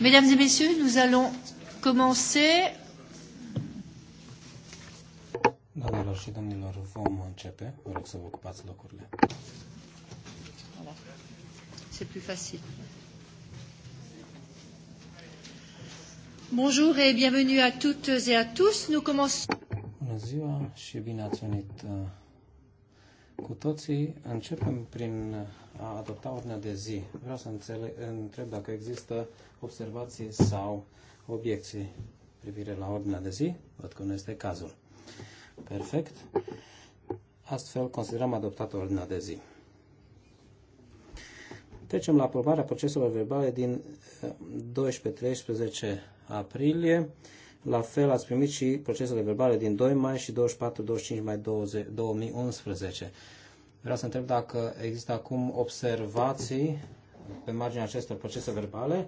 Mesdames et messieurs, nous allons commencer. Doamnelor și domnilor, vom începe. Vă rog să vă ocupați locurile. Voilà. C'est plus facile. Bonjour et bienvenue à toutes et à tous. Nous commençons. Bună ziua și bine ați venit uh, cu toții începem prin a adopta ordinea de zi. Vreau să înțeleg, întreb dacă există observații sau obiecții privire la ordinea de zi. Văd că nu este cazul. Perfect. Astfel considerăm adoptată ordinea de zi. Trecem la aprobarea proceselor verbale din 12-13 eh, aprilie. La fel ați primit și procesele verbale din 2 mai și 24-25 mai 20, 2011. Vreau să întreb dacă există acum observații pe marginea acestor procese verbale.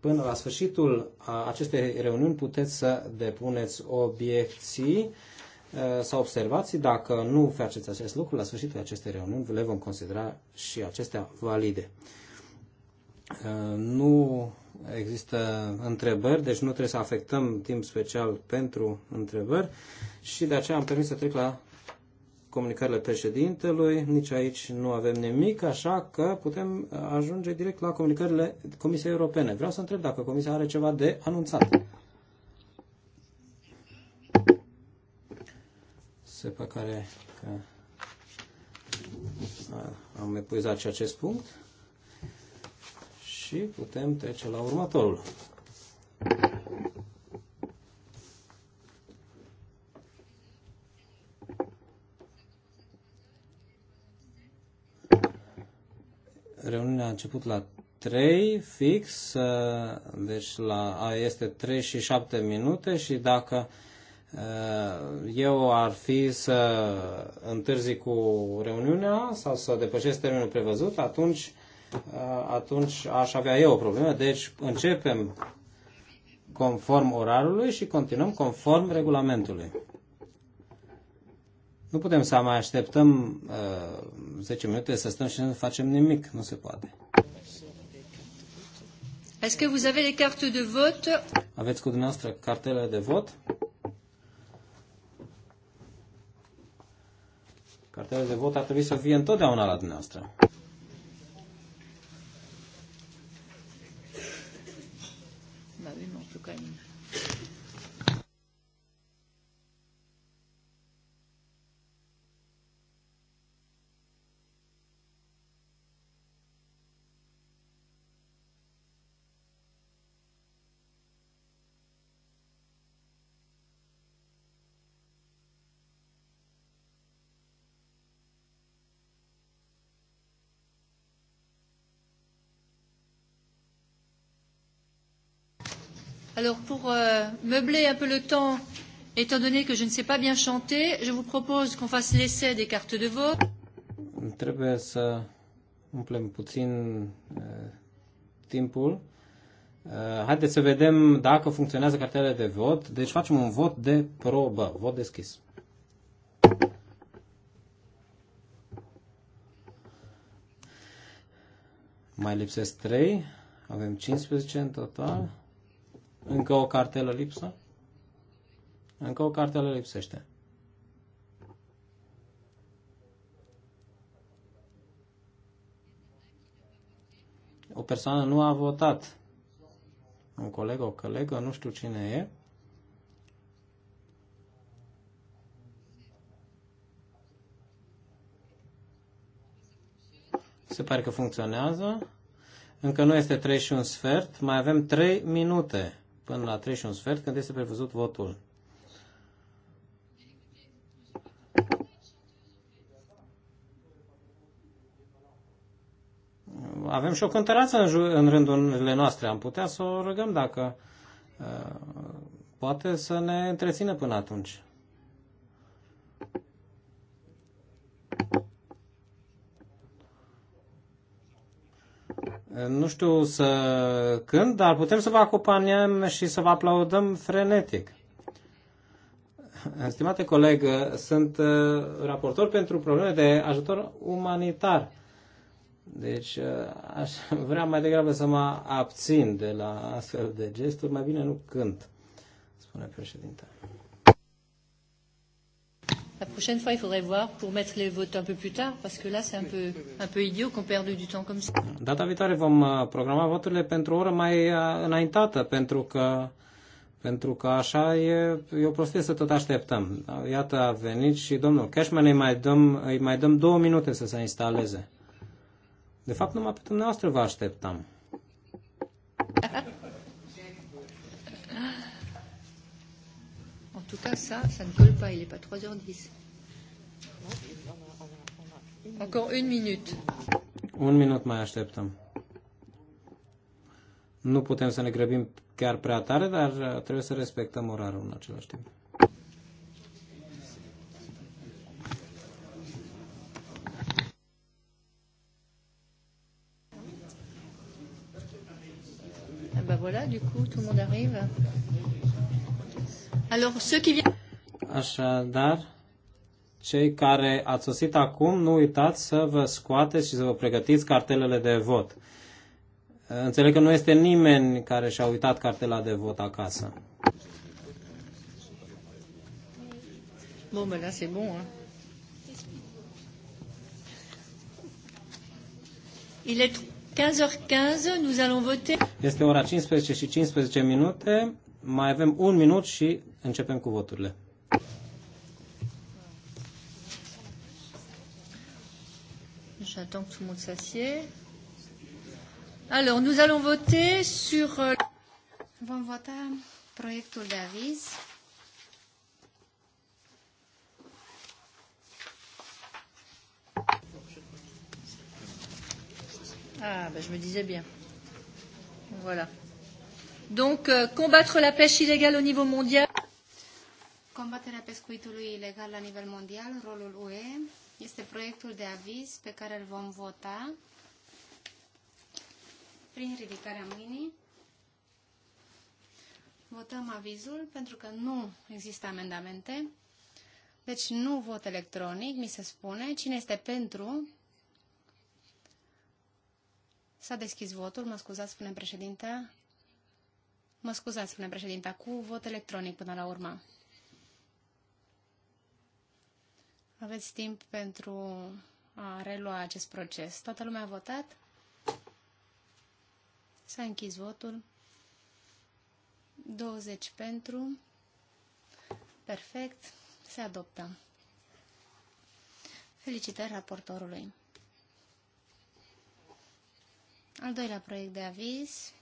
Până la sfârșitul acestei reuniuni puteți să depuneți obiecții sau observații. Dacă nu faceți acest lucru, la sfârșitul acestei reuniuni le vom considera și acestea valide. Nu există întrebări, deci nu trebuie să afectăm timp special pentru întrebări și de aceea am permis să trec la comunicările președintelui, nici aici nu avem nimic, așa că putem ajunge direct la comunicările Comisiei Europene. Vreau să întreb dacă Comisia are ceva de anunțat. Se pare că am epuizat și acest punct. Și putem trece la următorul. Reuniunea a început la 3 fix, deci la, este 3 și 7 minute și dacă ă, eu ar fi să întârzi cu reuniunea sau să depășesc termenul prevăzut, atunci Uh, atunci aș avea eu o problemă. Deci începem conform orarului și continuăm conform regulamentului. Nu putem să mai așteptăm uh, 10 minute să stăm și nu facem nimic. Nu se poate. Est-ce que vous avez les cartes de vote? Aveți cu dumneavoastră cartele de vot? Cartele de vot ar trebui să fie întotdeauna la dumneavoastră. Alors pour euh, meubler un peu le temps, étant donné que je ne sais pas bien chanter, je vous propose qu'on fasse l'essai des cartes de vote. Trebuie să umplem puțin uh, timpul. Uh, haideți să vedem dacă funcționează cartele de vot. Deci facem un vot de probă, vot deschis. Mai lipsesc 3, avem 15 în total. Încă o cartelă lipsă? Încă o cartelă lipsește. O persoană nu a votat. Un coleg, o colegă, nu știu cine e. Se pare că funcționează. Încă nu este 3 și un sfert. Mai avem 3 minute până la 3 și un sfert, când este prevăzut votul. Avem și o cântăreață în, în rândurile noastre. Am putea să o rugăm dacă uh, poate să ne întrețină până atunci. nu știu să când, dar putem să vă acompaniem și să vă aplaudăm frenetic. Stimate coleg, sunt uh, raportor pentru probleme de ajutor umanitar. Deci uh, aș vrea mai degrabă să mă abțin de la astfel de gesturi, mai bine nu cânt, spune președintele. La prochaine fois, il faudrait voir pour mettre les votes un peu plus tard, parce que là, c'est un peu, un peu idiot qu'on perde du temps comme ça. Data viitoare vom uh, programa voturile pentru o oră mai uh, înaintată, pentru că, pentru că așa e, e o prostie să tot așteptăm. Iată, a venit și domnul Cashman, îi mai dăm, îi mai dăm două minute să se instaleze. De fapt, numai pe dumneavoastră vă așteptam. tout cas, ça, ça ne colle pas. Il n'est pas 3h10. Encore une minute. Une minute, mai așteptăm. Nu putem să ne grăbim chiar prea tare, dar uh, trebuie să respectăm orarul în același timp. Ah, ben voilà, du coup, tout le monde arrive. Așadar, cei care ați sosit acum, nu uitați să vă scoateți și să vă pregătiți cartelele de vot. Înțeleg că nu este nimeni care și-a uitat cartela de vot acasă. Bun, da, bun. c'est bon, Il est 15h15, nous allons voter. Este ora 15 și 15 minute. Mai avem un minut și începem cu voturile. J'attends que tout le monde Alors, nous allons voter sur... Euh, Vom vota proiectul de aviz. Ah, ben je me disais bien. Voilà. Donc, euh, combattre la pêche illégale au niveau mondial. Combaterea pescuitului ilegal la nivel mondial, rolul UE, este proiectul de aviz pe care îl vom vota prin ridicarea mâinii. Votăm avizul pentru că nu există amendamente. Deci nu vot electronic, mi se spune. Cine este pentru? S-a deschis votul, mă scuzați, spune președinte. Mă scuzați, spune președinta, cu vot electronic până la urmă. Aveți timp pentru a relua acest proces. Toată lumea a votat? S-a închis votul. 20 pentru. Perfect. Se adoptă. Felicitări raportorului. Al doilea proiect de aviz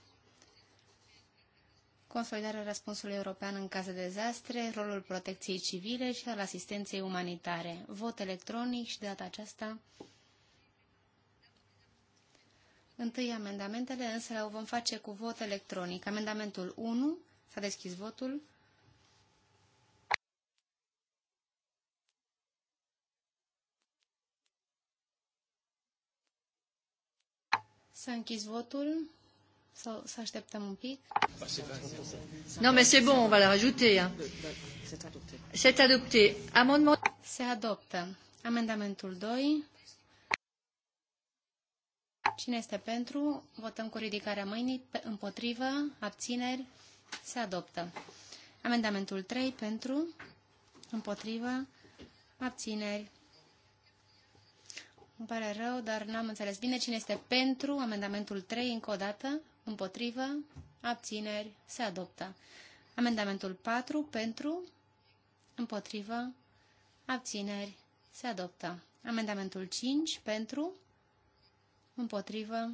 consolidarea răspunsului european în caz de dezastre, rolul protecției civile și al asistenței umanitare, vot electronic și de data aceasta Întâi amendamentele, însă le vom face cu vot electronic. Amendamentul 1, s-a deschis votul. S-a închis votul. Sau să așteptăm un pic? Nu, mais c'est bon, on va la rajouter. Hein. C'est adopté. Amendement... Se adoptă. Amendamentul 2. Cine este pentru? Votăm cu ridicarea mâinii. Împotrivă? Abțineri? Se adoptă. Amendamentul 3 pentru? Împotrivă? Abțineri? Îmi pare rău, dar n-am înțeles bine cine este pentru amendamentul 3 încă o dată. Împotrivă. Abțineri. Se adoptă. Amendamentul 4 pentru. Împotrivă. Abțineri. Se adoptă. Amendamentul 5 pentru. Împotrivă.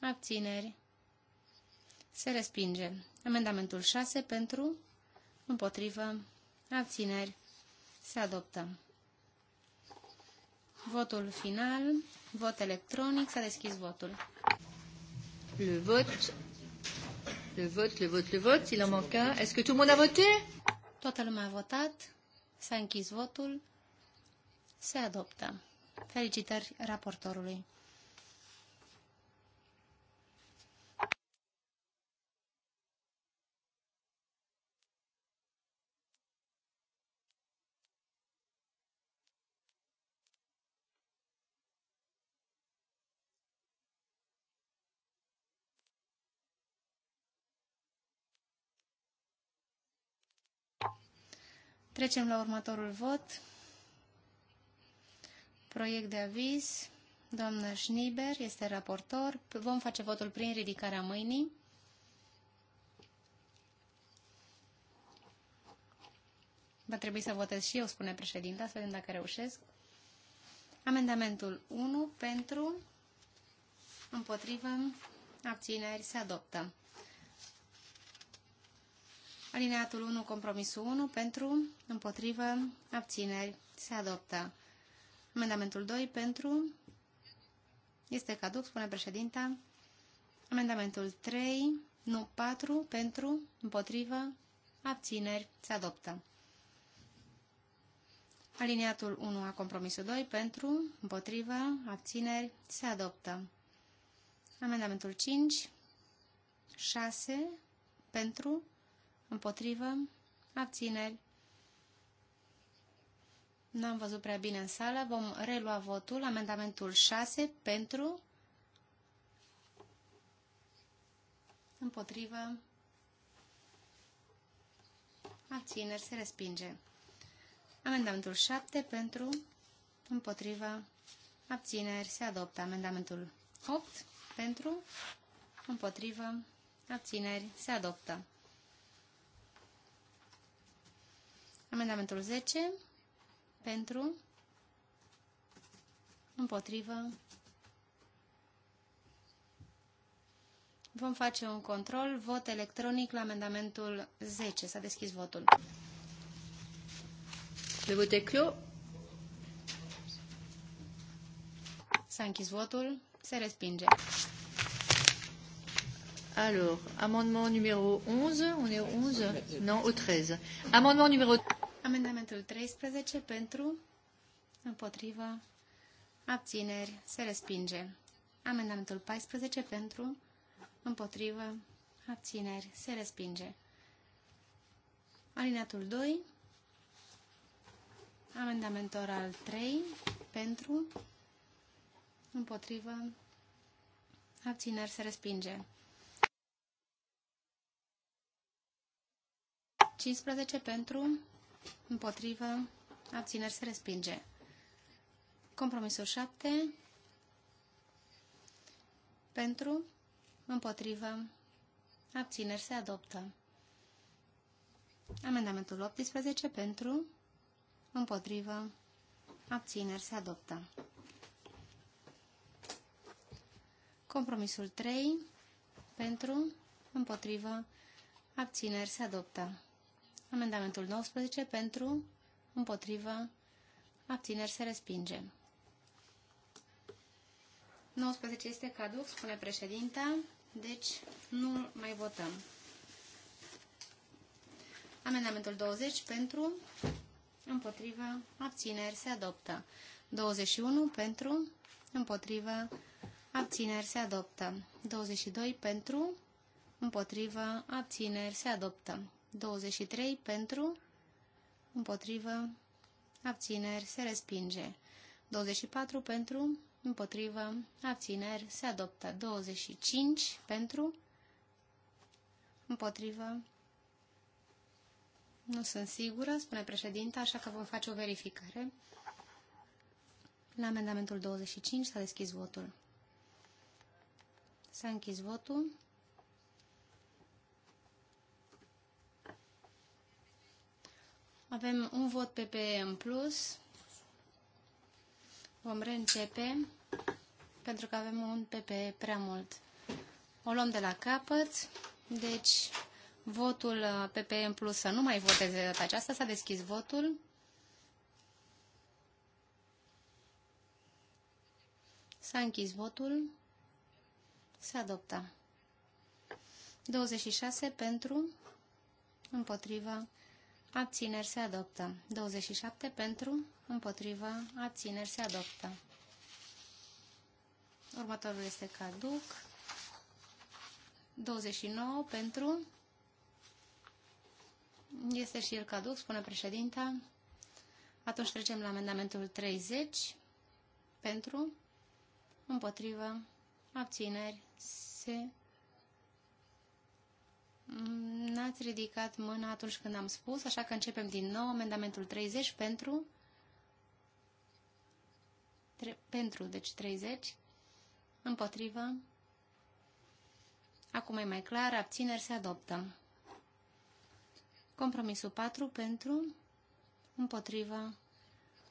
Abțineri. Se respinge. Amendamentul 6 pentru. Împotrivă. Abțineri. Se adoptă. Votul final. Vot electronic. S-a deschis votul. Le vote. Le vote, le vote, le vote. Il en manque un. Est-ce que tout le monde a voté Toată lumea a votat. S-a închis votul. Se adoptă. Felicitări raportorului. Trecem la următorul vot. Proiect de aviz. Doamna Schnieber este raportor. Vom face votul prin ridicarea mâinii. Va trebui să votez și eu, spune președinta, să vedem dacă reușesc. Amendamentul 1 pentru, împotrivă, abțineri se adoptă. Alineatul 1, compromisul 1, pentru, împotrivă, abțineri, se adoptă. Amendamentul 2, pentru, este caduc, spune președinta. Amendamentul 3, nu 4, pentru, împotrivă, abțineri, se adoptă. Aliniatul 1 a compromisului 2 pentru, împotrivă, abțineri, se adoptă. Amendamentul 5, 6 pentru, Împotrivă? Abțineri? N-am văzut prea bine în sală. Vom relua votul. Amendamentul 6 pentru. Împotrivă. Abțineri. Se respinge. Amendamentul 7 pentru. Împotrivă. Abțineri. Se adoptă. Amendamentul 8 pentru. Împotrivă. Abțineri. Se adoptă. Amendamentul 10 pentru, împotrivă. Vom face un control, vot electronic la amendamentul 10. S-a deschis votul. Le vote clos. S-a închis votul. Se respinge. Alors, amendement numéro 11, on est au 11 Non, au 13. Amendement numéro Amendamentul 13 pentru, împotrivă, abțineri, se respinge. Amendamentul 14 pentru, împotrivă, abțineri, se respinge. Alineatul 2, amendament oral 3, pentru, împotrivă, abțineri, se respinge. 15 pentru, împotrivă, abțineri se respinge. Compromisul 7, pentru, împotrivă, abțineri se adoptă. Amendamentul 18, pentru, împotrivă, abțineri se adoptă. Compromisul 3, pentru, împotrivă, abțineri se adoptă. Amendamentul 19 pentru, împotrivă, abțineri se respinge. 19 este caduc, spune președinta, deci nu mai votăm. Amendamentul 20 pentru, împotrivă, abțineri se adoptă. 21 pentru, împotrivă, abțineri se adoptă. 22 pentru, împotrivă, abțineri se adoptă. 23 pentru, împotrivă, abțineri, se respinge. 24 pentru, împotrivă, abțineri, se adoptă. 25 pentru, împotrivă, nu sunt sigură, spune președinta, așa că vom face o verificare. La amendamentul 25 s-a deschis votul. S-a închis votul. Avem un vot PPE în plus. Vom reîncepe pentru că avem un PP prea mult. O luăm de la capăt. Deci, votul PP uh, în plus să nu mai voteze de data aceasta. S-a deschis votul. S-a închis votul. Se adopta 26 pentru, împotriva, abțineri se adoptă. 27 pentru, împotrivă, abțineri se adoptă. Următorul este caduc. 29 pentru, este și el caduc, spune președinta. Atunci trecem la amendamentul 30 pentru, împotrivă, abțineri se adoptă N-ați ridicat mâna atunci când am spus, așa că începem din nou amendamentul 30 pentru... Tre pentru, deci 30. Împotrivă. Acum e mai clar, abțineri se adoptă. Compromisul 4 pentru... Împotrivă.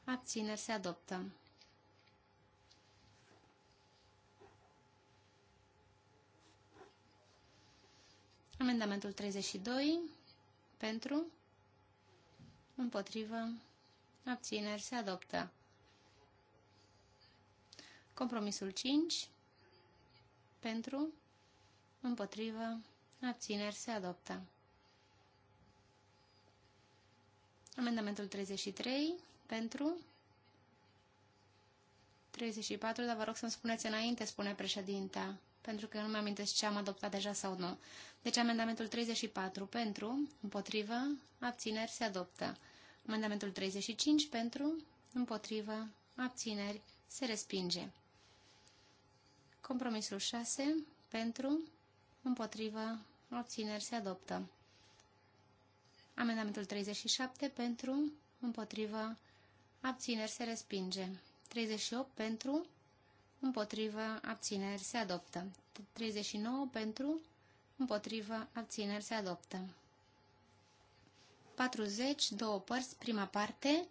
Abțineri se adoptă. Amendamentul 32 pentru, împotrivă, abțineri se adoptă. Compromisul 5 pentru, împotrivă, abțineri se adoptă. Amendamentul 33 pentru 34, dar vă rog să-mi spuneți înainte, spune președinta pentru că nu mi-am amintesc ce am adoptat deja sau nu. Deci amendamentul 34 pentru, împotrivă, abțineri se adoptă. Amendamentul 35 pentru, împotrivă, abțineri se respinge. Compromisul 6 pentru, împotrivă, abțineri se adoptă. Amendamentul 37 pentru, împotrivă, abțineri se respinge. 38 pentru, împotrivă, abțineri, se adoptă. 39 pentru, împotrivă, abțineri, se adoptă. 40, două părți, prima parte,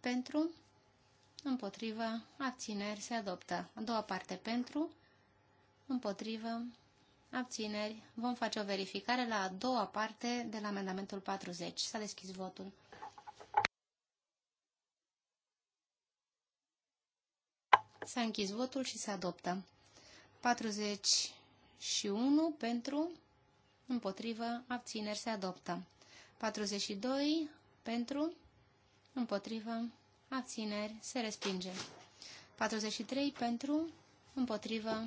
pentru, împotrivă, abțineri, se adoptă. A doua parte pentru, împotrivă, abțineri. Vom face o verificare la a doua parte de la amendamentul 40. S-a deschis votul. S-a închis votul și se adoptă. 41 pentru, împotrivă, abțineri se adoptă. 42 pentru, împotrivă, abțineri se respinge. 43 pentru, împotrivă,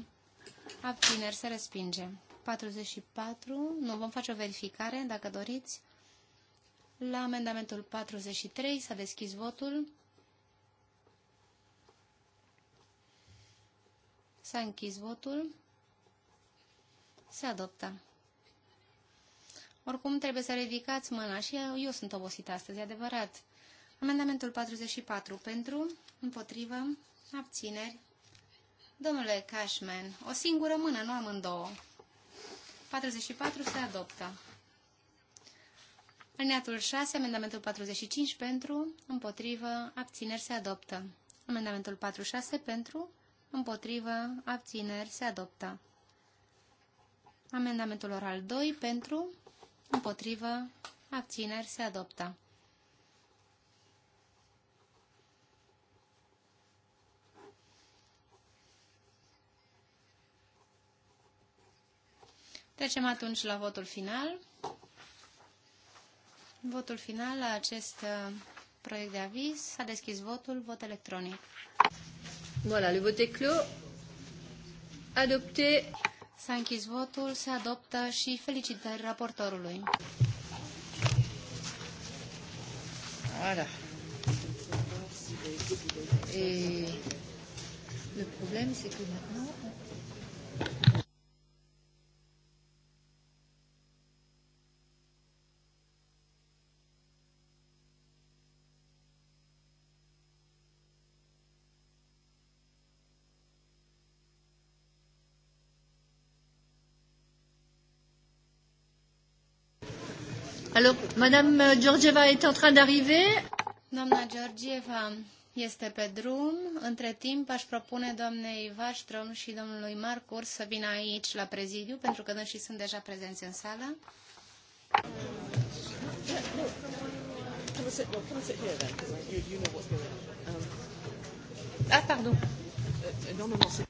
abțineri se respinge. 44, nu vom face o verificare, dacă doriți. La amendamentul 43 s-a deschis votul. S-a închis votul. Se adoptă. Oricum, trebuie să ridicați mâna și eu, eu sunt obosit astăzi, adevărat. Amendamentul 44 pentru, împotrivă, abțineri. Domnule Cashman, o singură mână, nu amândouă. 44 se adoptă. Alineatul 6, amendamentul 45 pentru, împotrivă, abțineri se adoptă. Amendamentul 46 pentru, împotrivă, abțineri, se adoptă. Amendamentul oral 2 pentru, împotrivă, abțineri, se adoptă. Trecem atunci la votul final. Votul final la acest uh, proiect de aviz. S-a deschis votul, vot electronic. Voilà, le vote est clos. Adopté. S-a închis votul, se adoptă și felicitări raportorului. Voilà. Et le problème, c'est que maintenant... Alors, Madame euh, Georgieva est en train d'arriver. Doamna Georgieva este pe drum. Între timp, aș propune doamnei Vaștrom și domnului Marcur să vină aici la prezidiu, pentru că noi și sunt deja prezenți în sală. Ah, pardon. Non, non, non, c'est...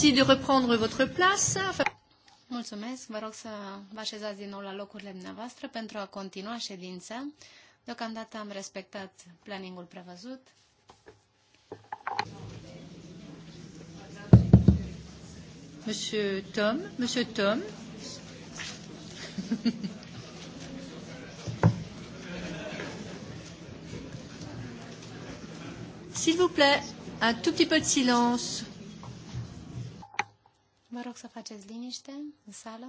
Merci de reprendre votre place. Mulțumesc, vă rog să vă așezați din nou la locurile dumneavoastră pentru a continua ședința. Deocamdată am respectat planningul prevăzut. Monsieur Tom, Monsieur Tom. S'il vous plaît, un tout petit peu de silence. Vă rog să faceți liniște în sală.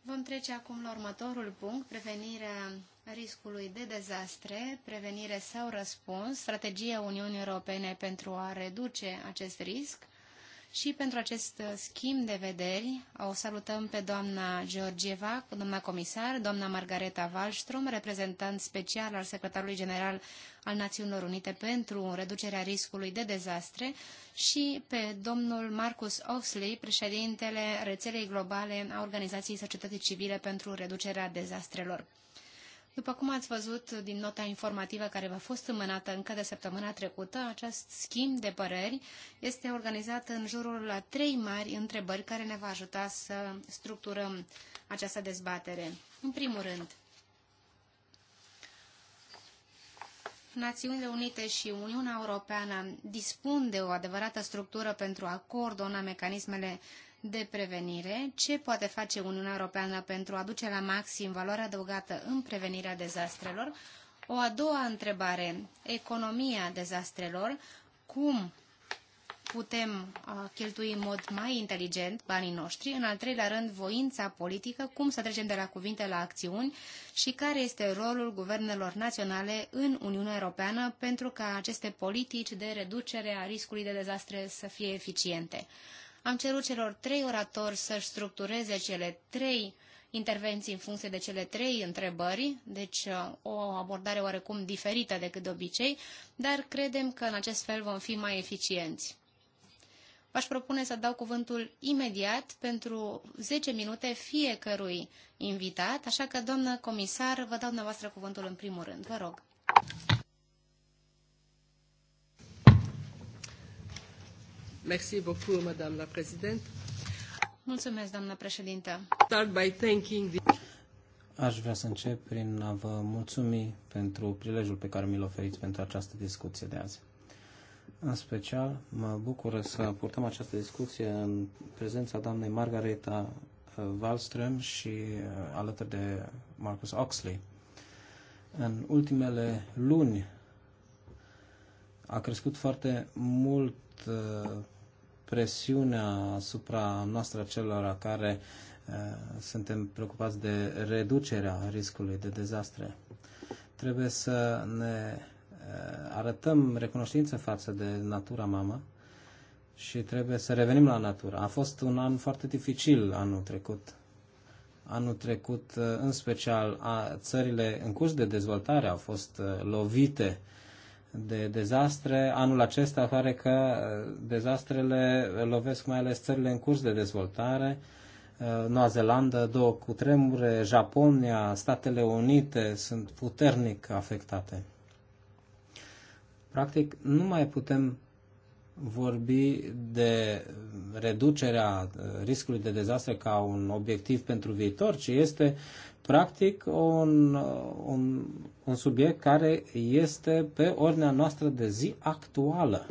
Vom trece acum la următorul punct, prevenirea riscului de dezastre, prevenire sau răspuns, strategia Uniunii Europene pentru a reduce acest risc și pentru acest uh, schimb de vederi o salutăm pe doamna Georgieva, doamna comisar, doamna Margareta Wallström, reprezentant special al secretarului general al Națiunilor Unite pentru reducerea riscului de dezastre și pe domnul Marcus Oxley, președintele rețelei globale a Organizației Societății Civile pentru reducerea dezastrelor. După cum ați văzut din nota informativă care v-a fost înmânată încă de săptămâna trecută, acest schimb de păreri este organizat în jurul la trei mari întrebări care ne va ajuta să structurăm această dezbatere. În primul rând, Națiunile Unite și Uniunea Europeană dispun de o adevărată structură pentru a coordona mecanismele de prevenire, ce poate face Uniunea Europeană pentru a duce la maxim valoarea adăugată în prevenirea dezastrelor, o a doua întrebare, economia dezastrelor, cum putem cheltui în mod mai inteligent banii noștri, în al treilea rând voința politică, cum să trecem de la cuvinte la acțiuni și care este rolul guvernelor naționale în Uniunea Europeană pentru ca aceste politici de reducere a riscului de dezastre să fie eficiente. Am cerut celor trei oratori să-și structureze cele trei intervenții în funcție de cele trei întrebări, deci uh, o abordare oarecum diferită decât de obicei, dar credem că în acest fel vom fi mai eficienți. V-aș propune să dau cuvântul imediat pentru 10 minute fiecărui invitat, așa că, doamnă comisar, vă dau dumneavoastră cuvântul în primul rând. Vă rog. Mulțumesc, doamnă președintă. Aș vrea să încep prin a vă mulțumi pentru prilejul pe care mi-l oferiți pentru această discuție de azi. În special, mă bucur să purtăm această discuție în prezența doamnei Margareta uh, Wallström și uh, alături de Marcus Oxley. În ultimele luni a crescut foarte mult uh, presiunea asupra noastră celor care uh, suntem preocupați de reducerea riscului de dezastre. Trebuie să ne uh, arătăm recunoștință față de natura mamă și trebuie să revenim la natură. A fost un an foarte dificil anul trecut. Anul trecut, uh, în special, a, țările în curs de dezvoltare au fost lovite uh, de dezastre. Anul acesta pare că uh, dezastrele lovesc mai ales țările în curs de dezvoltare, uh, Noua Zeelandă, două cutremure, Japonia, Statele Unite sunt puternic afectate. Practic, nu mai putem vorbi de reducerea uh, riscului de dezastre ca un obiectiv pentru viitor, ci este practic un, un, un subiect care este pe ordinea noastră de zi actuală,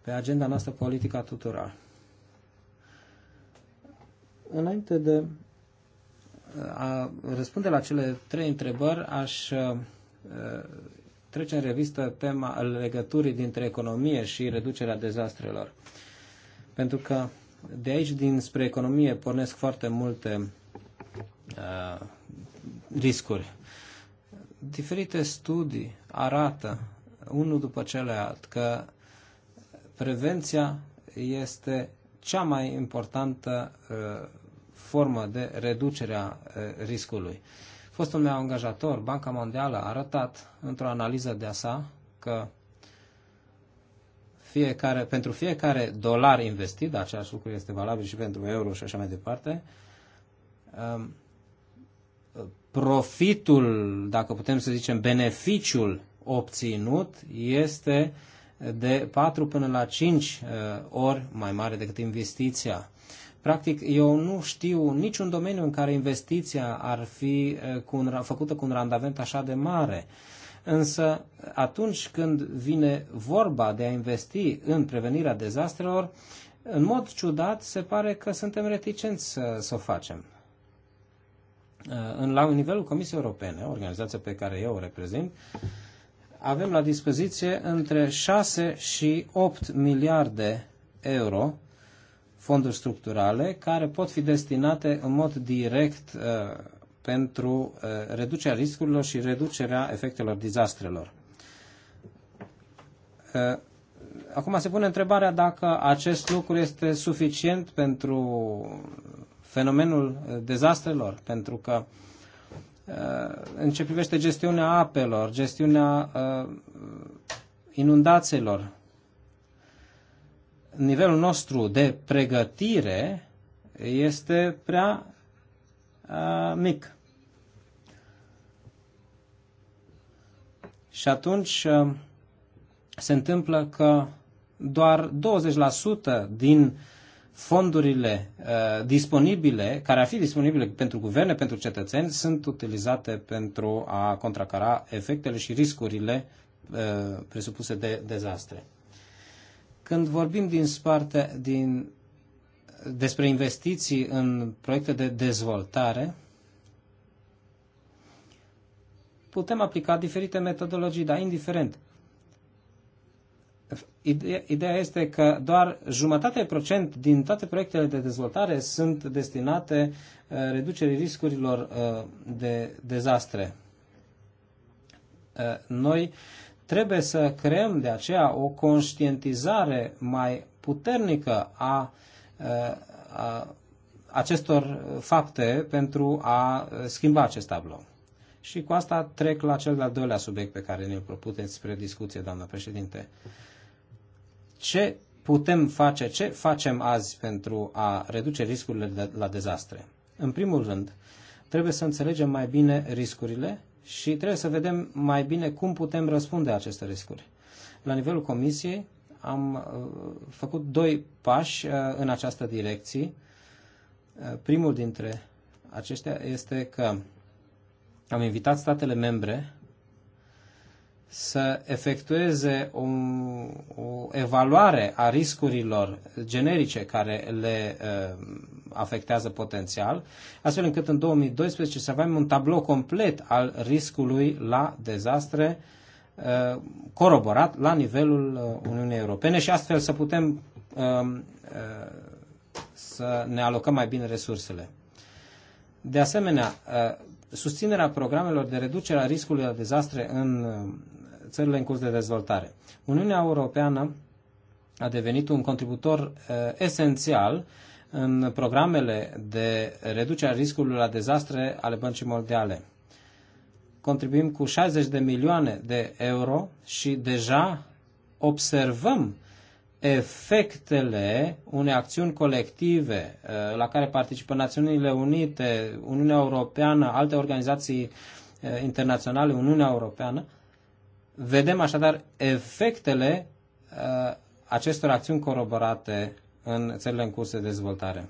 pe agenda noastră politică a tuturor. Înainte de a răspunde la cele trei întrebări, aș uh, trece în revistă tema legăturii dintre economie și reducerea dezastrelor. Pentru că de aici, dinspre economie, pornesc foarte multe uh, riscuri. Diferite studii arată, unul după celălalt, că prevenția este cea mai importantă uh, formă de reducere a uh, riscului. Fostul meu angajator, Banca Mondială, a arătat într-o analiză de-a sa că fiecare, pentru fiecare dolar investit, același lucru este valabil și pentru euro și așa mai departe, um, profitul, dacă putem să zicem, beneficiul obținut este de 4 până la 5 uh, ori mai mare decât investiția. Practic, eu nu știu niciun domeniu în care investiția ar fi uh, cu un, făcută cu un randament așa de mare. Însă, atunci când vine vorba de a investi în prevenirea dezastrelor, în mod ciudat se pare că suntem reticenți să, să o facem. Uh, în, la nivelul Comisiei Europene, organizația pe care eu o reprezint, avem la dispoziție între 6 și 8 miliarde euro fonduri structurale care pot fi destinate în mod direct uh, pentru uh, reducerea riscurilor și reducerea efectelor dizastrelor. Uh, acum se pune întrebarea dacă acest lucru este suficient pentru fenomenul uh, dezastrelor, pentru că uh, în ce privește gestiunea apelor, gestiunea uh, inundațiilor, nivelul nostru de pregătire este prea mic. Și atunci se întâmplă că doar 20% din uh, fondurile uh, disponibile, care ar fi disponibile pentru guverne, pentru cetățeni, sunt utilizate pentru a contracara efectele și riscurile uh, presupuse de dezastre. Când vorbim din sparte, din, despre investiții în proiecte de dezvoltare, putem aplica diferite metodologii, dar indiferent Ideea este că doar jumătate procent din toate proiectele de dezvoltare sunt destinate uh, reducerii riscurilor uh, de dezastre. Uh, noi trebuie să creăm de aceea o conștientizare mai puternică a, a acestor fapte pentru a schimba acest tablou. Și cu asta trec la cel de-al doilea subiect pe care ne-l propuneți spre discuție, doamnă președinte ce putem face, ce facem azi pentru a reduce riscurile de la dezastre. În primul rând, trebuie să înțelegem mai bine riscurile și trebuie să vedem mai bine cum putem răspunde aceste riscuri. La nivelul Comisiei am uh, făcut doi pași uh, în această direcție. Uh, primul dintre aceștia este că am invitat statele membre să efectueze o, o evaluare a riscurilor generice care le uh, afectează potențial, astfel încât în 2012 să avem un tablou complet al riscului la dezastre uh, coroborat la nivelul uh, Uniunii Europene și astfel să putem um, uh, să ne alocăm mai bine resursele. De asemenea, uh, susținerea programelor de reducere a riscului la dezastre în uh, țările în curs de dezvoltare. Uniunea Europeană a devenit un contributor eh, esențial în programele de reducere a riscului la dezastre ale băncii mondiale. Contribuim cu 60 de milioane de euro și deja observăm efectele unei acțiuni colective eh, la care participă Națiunile Unite, Uniunea Europeană, alte organizații eh, internaționale, Uniunea Europeană, Vedem așadar efectele uh, acestor acțiuni coroborate în țările în curs de dezvoltare.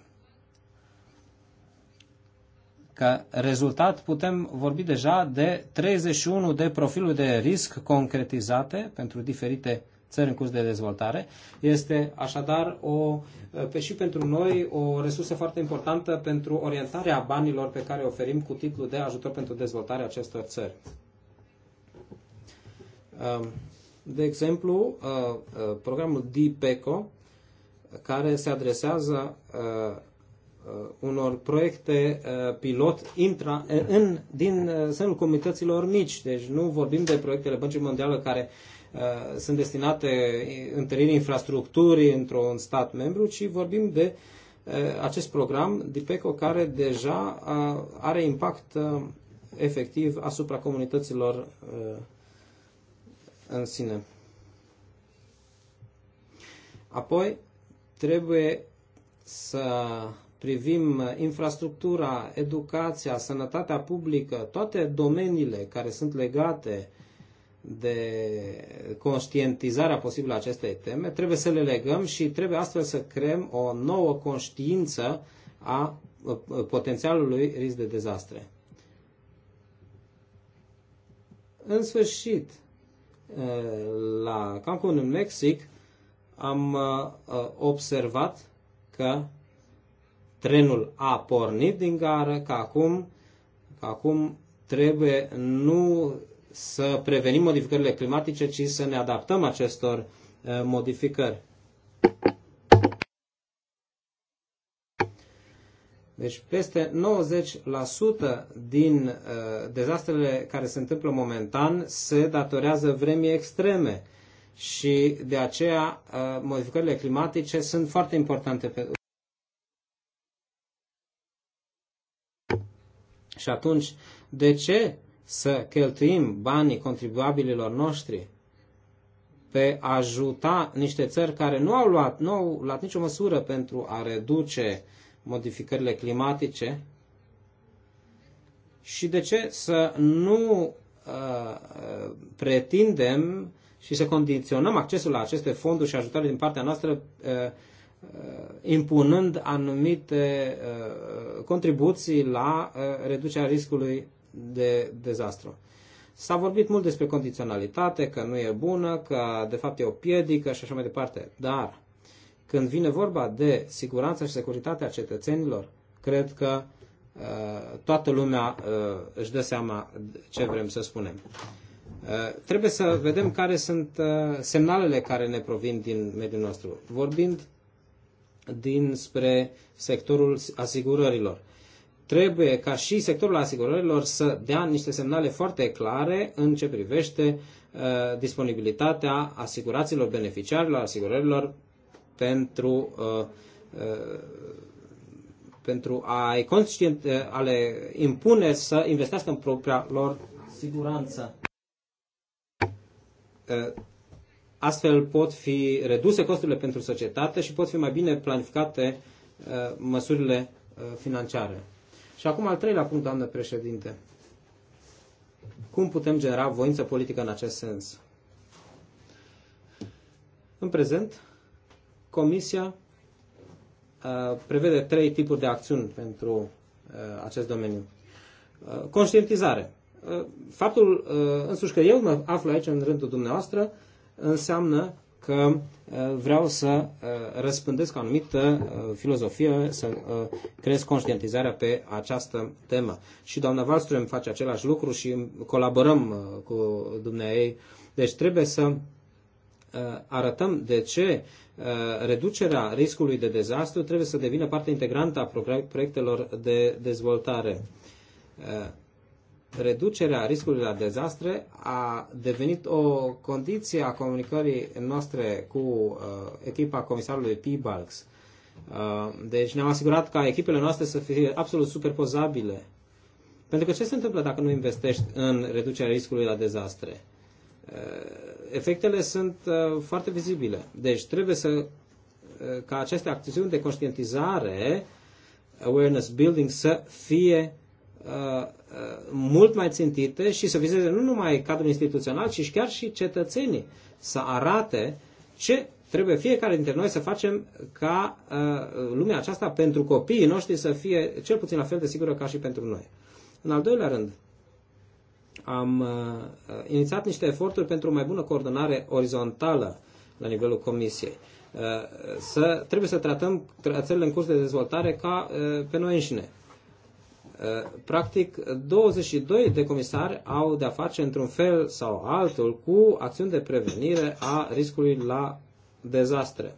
Ca rezultat putem vorbi deja de 31 de profiluri de risc concretizate pentru diferite țări în curs de dezvoltare. Este așadar o, pe și pentru noi o resursă foarte importantă pentru orientarea banilor pe care oferim cu titlul de ajutor pentru dezvoltarea acestor țări. De exemplu, programul DPECO, care se adresează unor proiecte pilot intra, în, din sânul comităților mici. Deci nu vorbim de proiectele Băncii Mondiale care sunt destinate întăririi infrastructurii într-un stat membru, ci vorbim de acest program DIPECO care deja are impact efectiv asupra comunităților în sine. Apoi, trebuie să privim infrastructura, educația, sănătatea publică, toate domeniile care sunt legate de conștientizarea posibilă a acestei teme, trebuie să le legăm și trebuie astfel să creăm o nouă conștiință a ă, ă, potențialului risc de dezastre. În sfârșit, la Cancun, în Mexic, am uh, observat că trenul a pornit din gară, că acum, că acum trebuie nu să prevenim modificările climatice, ci să ne adaptăm acestor uh, modificări. Deci peste 90% din uh, dezastrele care se întâmplă momentan se datorează vremii extreme și de aceea uh, modificările climatice sunt foarte importante. Pe... Și atunci, de ce să cheltuim banii contribuabililor noștri pe a ajuta niște țări care nu au luat, nu au luat nicio măsură pentru a reduce uh, modificările climatice și de ce să nu uh, uh, pretindem și să condiționăm accesul la aceste fonduri și ajutare din partea noastră uh, uh, impunând anumite uh, contribuții la uh, reducerea riscului de dezastru. S-a vorbit mult despre condiționalitate, că nu e bună, că de fapt e o piedică și așa mai departe, dar când vine vorba de siguranța și securitatea cetățenilor, cred că uh, toată lumea uh, își dă seama ce vrem să spunem. Uh, trebuie să vedem care sunt semnalele care ne provin din mediul nostru. Vorbind dinspre sectorul asigurărilor. Trebuie ca și sectorul asigurărilor să dea niște semnale foarte clare în ce privește disponibilitatea asiguraților beneficiarilor asigurărilor pentru, uh, uh, pentru a-i conștient, uh, a le impune să investească în propria lor siguranță. Astfel pot fi reduse costurile pentru societate și pot fi mai bine planificate măsurile financiare. Și acum al treilea punct, doamnă președinte. Cum putem genera voință politică în acest sens? În prezent, Comisia uh, prevede trei tipuri de acțiuni pentru uh, acest domeniu. Uh, conștientizare. Faptul însuși că eu mă aflu aici în rândul dumneavoastră înseamnă că vreau să răspândesc o anumită filozofie, să creez conștientizarea pe această temă. Și doamna Valström face același lucru și colaborăm cu dumneavoastră. Deci trebuie să Eh, arătăm de ce eh, reducerea riscului de dezastru trebuie să devină parte integrantă a proiectelor de dezvoltare. Eh, reducerea riscului la dezastre a devenit o condiție a comunicării noastre cu echipa comisarului P-Balks. Deci ne-am asigurat ca echipele noastre să fie absolut superpozabile. Pentru că ce se întâmplă dacă nu investești în reducerea riscului la dezastre? efectele sunt uh, foarte vizibile. Deci trebuie să, uh, ca aceste acțiuni de conștientizare, awareness building, să fie uh, mult mai țintite și să vizeze nu numai cadrul instituțional, ci chiar și cetățenii să arate ce trebuie fiecare dintre noi să facem ca uh, lumea aceasta pentru copiii noștri să fie cel puțin la fel de sigură ca și pentru noi. În al doilea rând, am uh, uh, inițiat niște eforturi pentru o mai bună coordonare orizontală la nivelul Comisiei. Uh, să, trebuie să tratăm țările în curs de dezvoltare ca uh, pe noi înșine. Uh, practic, 22 de comisari au de-a face într-un fel sau altul cu acțiuni de prevenire a riscului la dezastre.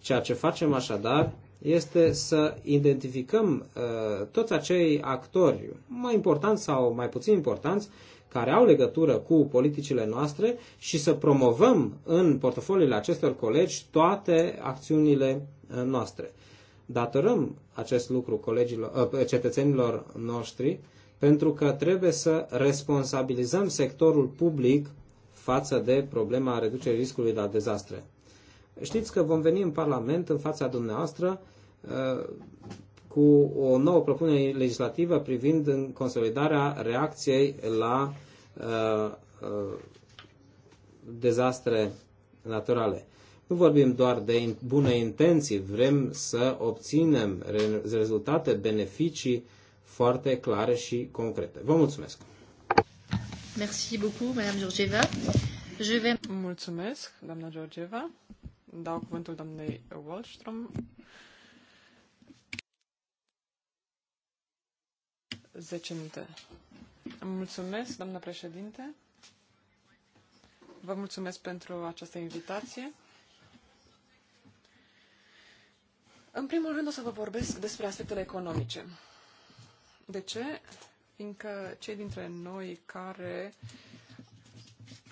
Ceea ce facem așadar este să identificăm uh, toți acei actori, mai importanți sau mai puțin importanți, care au legătură cu politicile noastre și să promovăm în portofoliile acestor colegi toate acțiunile uh, noastre. Datorăm acest lucru colegilor, uh, cetățenilor noștri pentru că trebuie să responsabilizăm sectorul public față de problema reducerii riscului la dezastre. Știți că vom veni în Parlament în fața dumneavoastră cu o nouă propunere legislativă privind în consolidarea reacției la uh, uh, dezastre naturale. Nu vorbim doar de bune intenții, vrem să obținem rezultate, beneficii foarte clare și concrete. Vă mulțumesc! Merci beaucoup, Madame Georgieva. Je vais... Mulțumesc, doamna Georgieva. Dau cuvântul doamnei Wallström 10 minute. Mulțumesc, doamnă președinte. Vă mulțumesc pentru această invitație. În primul rând o să vă vorbesc despre aspectele economice. De ce? Fiindcă cei dintre noi care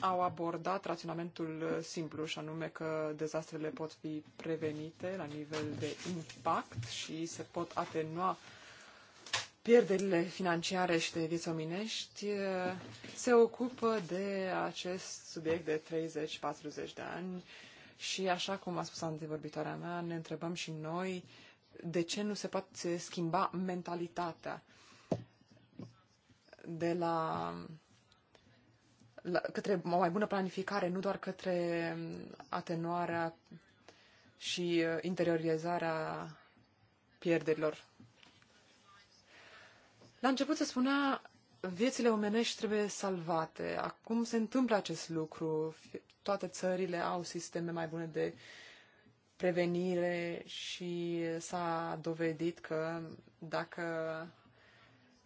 au abordat raționamentul simplu, și anume că dezastrele pot fi prevenite la nivel de impact și se pot atenua uh, pierderile financiare și de vieți omenești, eh, se ocupă de acest subiect de 30-40 de ani și, așa cum a spus antevorbitoarea mea, ne întrebăm și noi de ce nu se poate schimba mentalitatea de la, la către o mai bună planificare, nu doar către atenuarea și eh, interiorizarea pierderilor la început se spunea, viețile omenești trebuie salvate. Acum se întâmplă acest lucru. Toate țările au sisteme mai bune de prevenire și s-a dovedit că dacă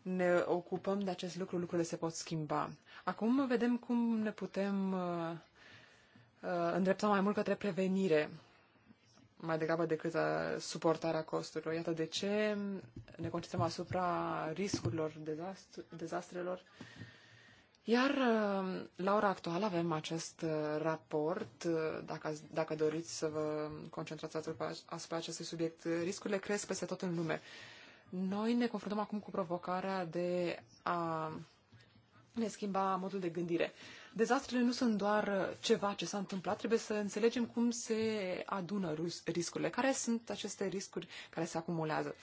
ne ocupăm de acest lucru, lucrurile se pot schimba. Acum vedem cum ne putem uh, uh, îndrepta mai mult către prevenire mai degrabă decât uh, suportarea costurilor. Iată de ce ne concentrăm asupra riscurilor dezastrelor. Iar uh, la ora actuală avem acest uh, raport. Dacă, dacă doriți să vă concentrați asupra, asupra acestui subiect, riscurile cresc peste tot în lume. Noi ne confruntăm acum cu provocarea de a ne schimba modul de gândire. Uh, dezastrele nu sunt doar uh, ceva ce s-a întâmplat, trebuie să înțelegem cum se adună riscurile, care sunt aceste riscuri care se acumulează.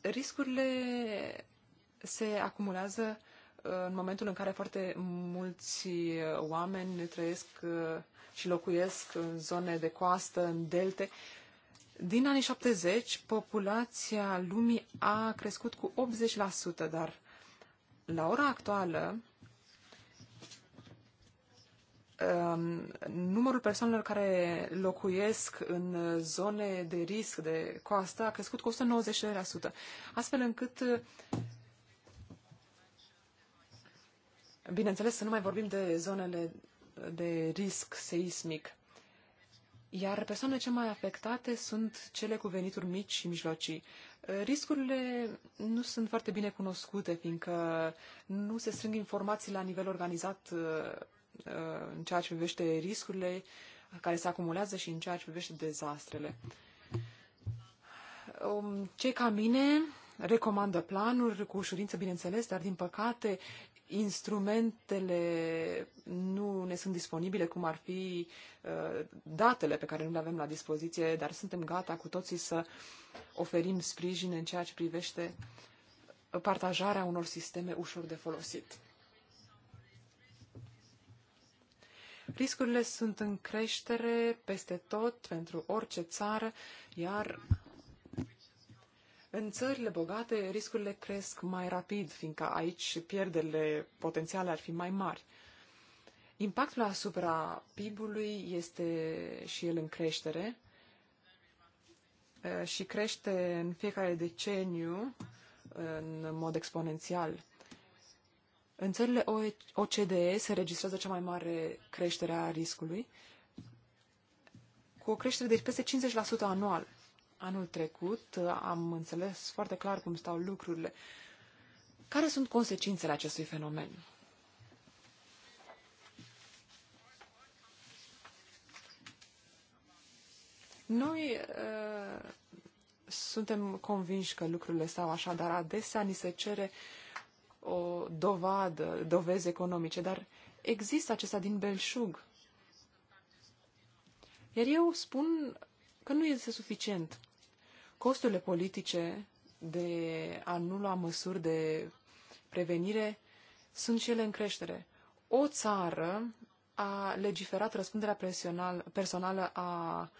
Riscurile se acumulează uh, în momentul în care foarte mulți uh, oameni trăiesc și locuiesc în zone de coastă, în delte. Din anii 70, populația lumii a crescut cu 80%, dar la ora actuală, Um, numărul persoanelor care locuiesc în zone de risc de coastă a crescut cu 190%, astfel încât Bineînțeles, să nu mai vorbim de zonele de risc seismic. Iar persoanele cele mai afectate sunt cele cu venituri mici și mijlocii. Riscurile nu sunt foarte bine cunoscute, fiindcă nu se strâng informații la nivel organizat Uh, în ceea ce privește riscurile care se acumulează și în ceea ce privește dezastrele. Um, cei ca mine recomandă planuri cu ușurință, bineînțeles, dar din păcate instrumentele nu ne sunt disponibile, cum ar fi uh, datele pe care nu le avem la dispoziție, dar suntem gata cu toții să oferim sprijin în ceea ce privește partajarea unor sisteme ușor de folosit. Riscurile sunt în creștere peste tot, pentru orice țară, iar în țările bogate riscurile cresc mai rapid, fiindcă aici pierderile potențiale ar fi mai mari. Impactul asupra PIB-ului este și el în creștere și crește în fiecare deceniu în mod exponențial. În țările OCDE se registrează cea mai mare creștere a riscului, cu o creștere de deci, peste 50% anual. Anul trecut uh, am înțeles foarte clar cum stau lucrurile. Care sunt consecințele acestui fenomen? Noi uh, suntem convinși că lucrurile stau așa, dar adesea ni se cere uh, o dovadă, dovezi economice, dar există acesta din belșug. Iar eu spun că nu este suficient. Costurile politice de a nu lua măsuri de prevenire sunt și ele în creștere. O țară a legiferat răspunderea personală a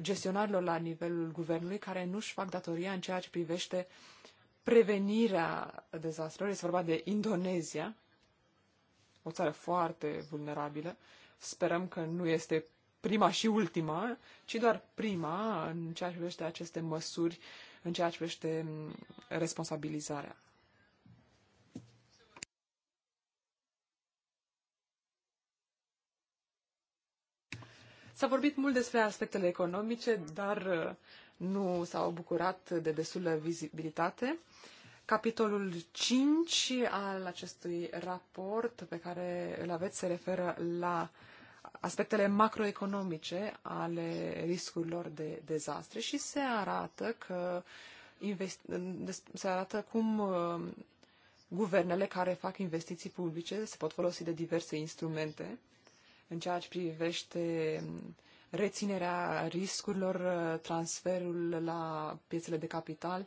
gestionarilor la nivelul guvernului care nu-și fac datoria în ceea ce privește uh, prevenirea dezastrelor, este vorba de Indonezia, o țară foarte vulnerabilă. Sperăm că nu este prima și ultima, ci doar prima în ceea ce privește aceste măsuri, în ceea ce privește mm, responsabilizarea. S-a vorbit mult despre aspectele economice, dar nu s-au bucurat de destulă vizibilitate. Capitolul 5 al acestui raport pe care îl aveți se referă la aspectele macroeconomice ale riscurilor de dezastre și se arată că se arată cum uh, guvernele care fac investiții publice se pot folosi de diverse instrumente în ceea ce privește um, reținerea riscurilor, uh, transferul la piețele de capital.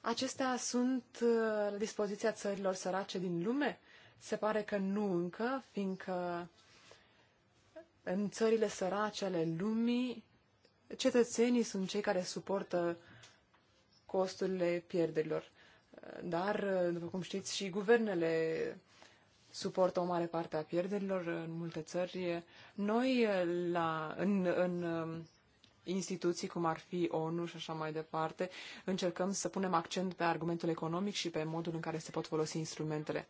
Acestea sunt uh, la dispoziția țărilor sărace din lume? Se pare că nu încă, fiindcă în țările sărace ale lumii, cetățenii sunt cei care suportă costurile pierderilor. Dar, uh, după cum știți, și guvernele suportă o mare parte a pierderilor în multe țări. Noi, la, în, în um, instituții cum ar fi ONU și așa mai departe, încercăm să punem accent pe argumentul economic și pe modul în care se pot folosi instrumentele.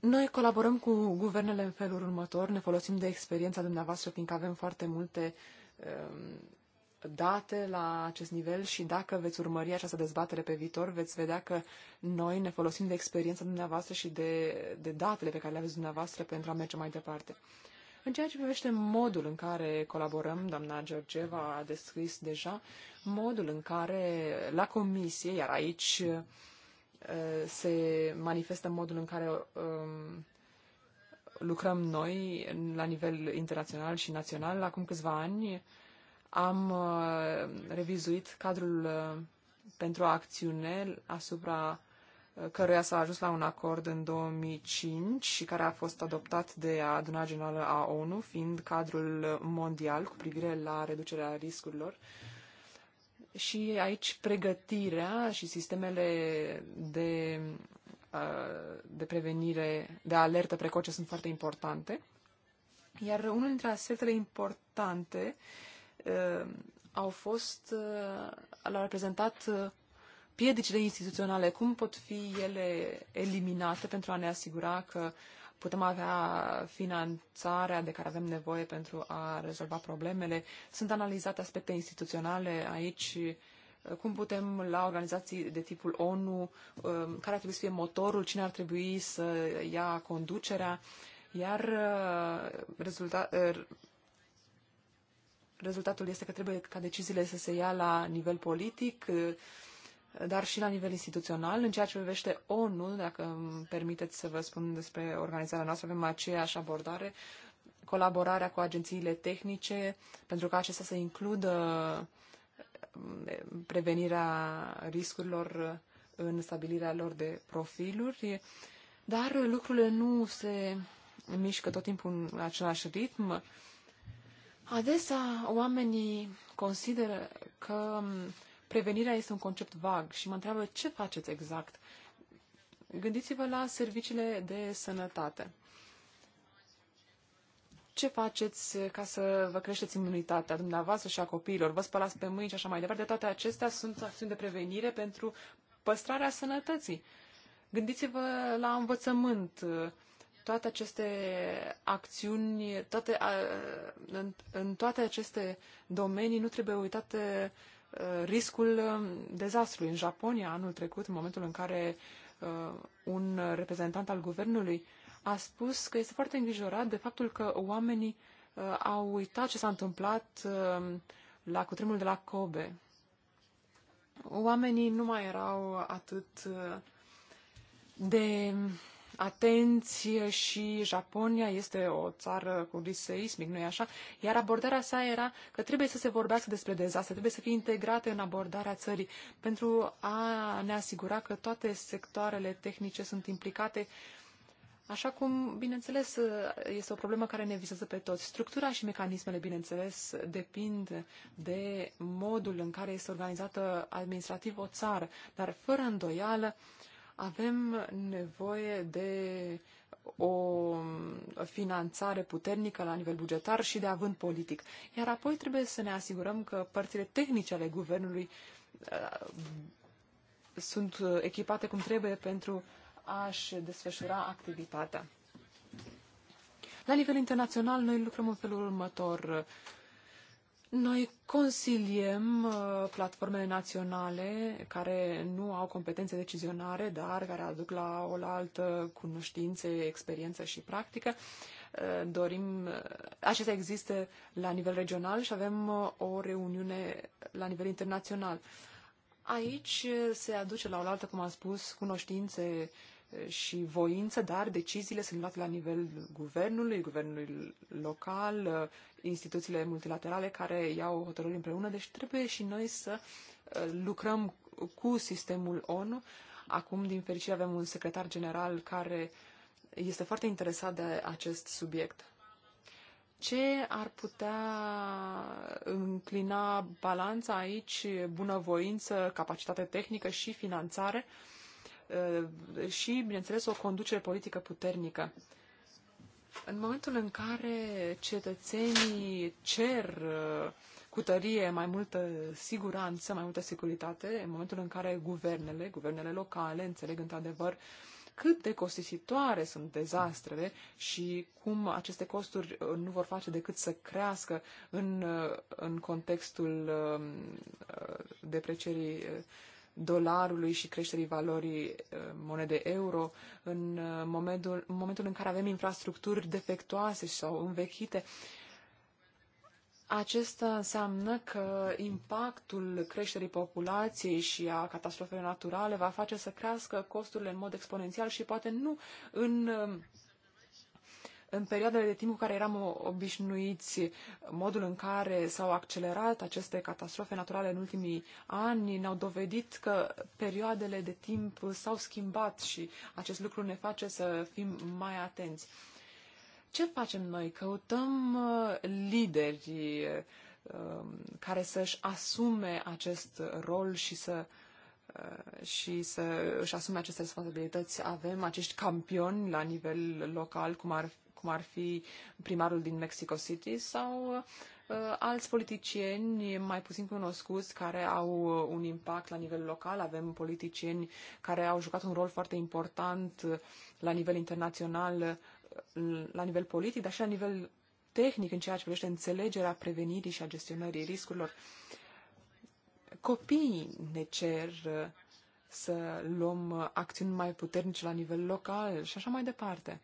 Noi colaborăm cu guvernele în felul următor, ne folosim de experiența dumneavoastră, fiindcă avem foarte multe um, date la acest nivel și dacă veți urmări această dezbatere pe viitor, veți vedea că noi ne folosim de experiența dumneavoastră și de, de datele pe care le aveți dumneavoastră pentru a merge mai departe. În ceea ce privește modul în care colaborăm, doamna Georgieva a descris deja modul în care la comisie, iar aici uh, se manifestă modul în care um, lucrăm noi la nivel internațional și național. Acum câțiva ani am uh, revizuit cadrul uh, pentru acțiune asupra uh, căruia s-a ajuns la un acord în 2005 și care a fost adoptat de Adunarea Generală a ONU, fiind cadrul mondial cu privire la reducerea riscurilor. Și aici pregătirea și sistemele de, de prevenire, de alertă precoce sunt foarte importante. Iar unul dintre aspectele importante uh, Uh, au fost, uh, l-au reprezentat uh, piedicile instituționale, cum pot fi ele eliminate pentru a ne asigura că putem avea finanțarea de care avem nevoie pentru a rezolva problemele. Sunt analizate aspecte instituționale aici, cum putem la organizații de tipul ONU, care ar trebui să fie motorul, cine ar trebui să ia conducerea, iar rezulta, Rezultatul este că trebuie ca deciziile să se ia la nivel politic, eh, dar și la nivel instituțional. În ceea ce privește ONU, dacă îmi permiteți să vă spun despre organizarea noastră, avem aceeași abordare, colaborarea cu agențiile tehnice, pentru ca acestea să includă eh, prevenirea riscurilor eh, în stabilirea lor de profiluri, dar lucrurile nu se mișcă tot timpul în același ritm. Adesea oamenii consideră că prevenirea este un concept vag și mă întreabă ce faceți exact. Gândiți-vă la serviciile de sănătate. Ce faceți ca să vă creșteți imunitatea dumneavoastră și a copiilor? Vă spălați pe mâini și așa mai departe. Toate acestea sunt acțiuni de prevenire pentru păstrarea sănătății. Gândiți-vă la învățământ, toate aceste acțiuni, toate, în, în toate aceste domenii nu trebuie uitate uh, riscul um, dezastrului. În Japonia, anul trecut, în momentul în care uh, un reprezentant al guvernului a spus că este foarte îngrijorat de faptul că oamenii uh, au uitat ce s-a întâmplat um, la cutremurul de la Kobe. Oamenii nu mai erau atât de atenți și Japonia este o țară cu risc seismic, nu-i așa? Iar abordarea sa era că trebuie să se vorbească despre dezastre, trebuie să fie integrate în abordarea țării pentru a ne asigura că toate sectoarele tehnice sunt implicate Așa cum, bineînțeles, este o problemă care ne vizează pe toți. Structura și mecanismele, bineînțeles, depind de modul în care este organizată administrativ o țară, dar fără îndoială avem nevoie de o finanțare puternică la nivel bugetar și de avânt politic. Iar apoi trebuie să ne asigurăm că părțile tehnice ale guvernului uh, sunt echipate cum trebuie pentru a-și desfășura activitatea. La nivel internațional, noi lucrăm în felul următor. Noi consiliem uh, platformele naționale care nu au competențe decizionare, dar care aduc la o altă cunoștințe, experiență și practică. Uh, dorim, uh, acestea există la nivel regional și avem o reuniune la nivel internațional. Aici se aduce la oaltă, cum am spus, cunoștințe și voință, dar deciziile sunt luate la nivel guvernului, guvernului local, uh, instituțiile multilaterale care iau hotărâri împreună, deci trebuie și noi să uh, lucrăm cu sistemul ONU. Acum, din fericire, avem un secretar general care este foarte interesat de acest subiect. Ce ar putea înclina balanța aici, bunăvoință, capacitate tehnică și finanțare? Uh, Uh, și, bineînțeles, o conducere politică puternică. În momentul în care cetățenii cer uh, cu tărie mai multă siguranță, mai multă securitate, în momentul în care guvernele, guvernele locale, înțeleg într-adevăr cât de costisitoare sunt dezastrele și cum aceste costuri uh, nu vor face decât să crească în, în contextul deprecierii dolarului și creșterii valorii eh, monede euro, în eh, momentul, în momentul în care avem infrastructuri defectoase sau învechite, acesta înseamnă că impactul creșterii populației și a catastrofelor naturale va face să crească costurile în mod exponențial și poate nu în eh, în perioadele de timp cu care eram obișnuiți, modul în care s-au accelerat aceste catastrofe naturale în ultimii ani ne-au dovedit că perioadele de timp s-au schimbat și acest lucru ne face să fim mai atenți. Ce facem noi? Căutăm uh, lideri uh, care să-și asume acest rol și să uh, și să își asume aceste responsabilități. Avem acești campioni la nivel local, cum ar cum ar fi primarul din Mexico City sau uh, alți politicieni mai puțin cunoscuți care au uh, un impact la nivel local. Avem politicieni care au jucat un rol foarte important uh, la nivel internațional, la nivel politic, dar și la nivel tehnic în ceea ce privește înțelegerea prevenirii și a gestionării riscurilor. Copiii ne cer să luăm acțiuni mai puternice la nivel local și așa mai departe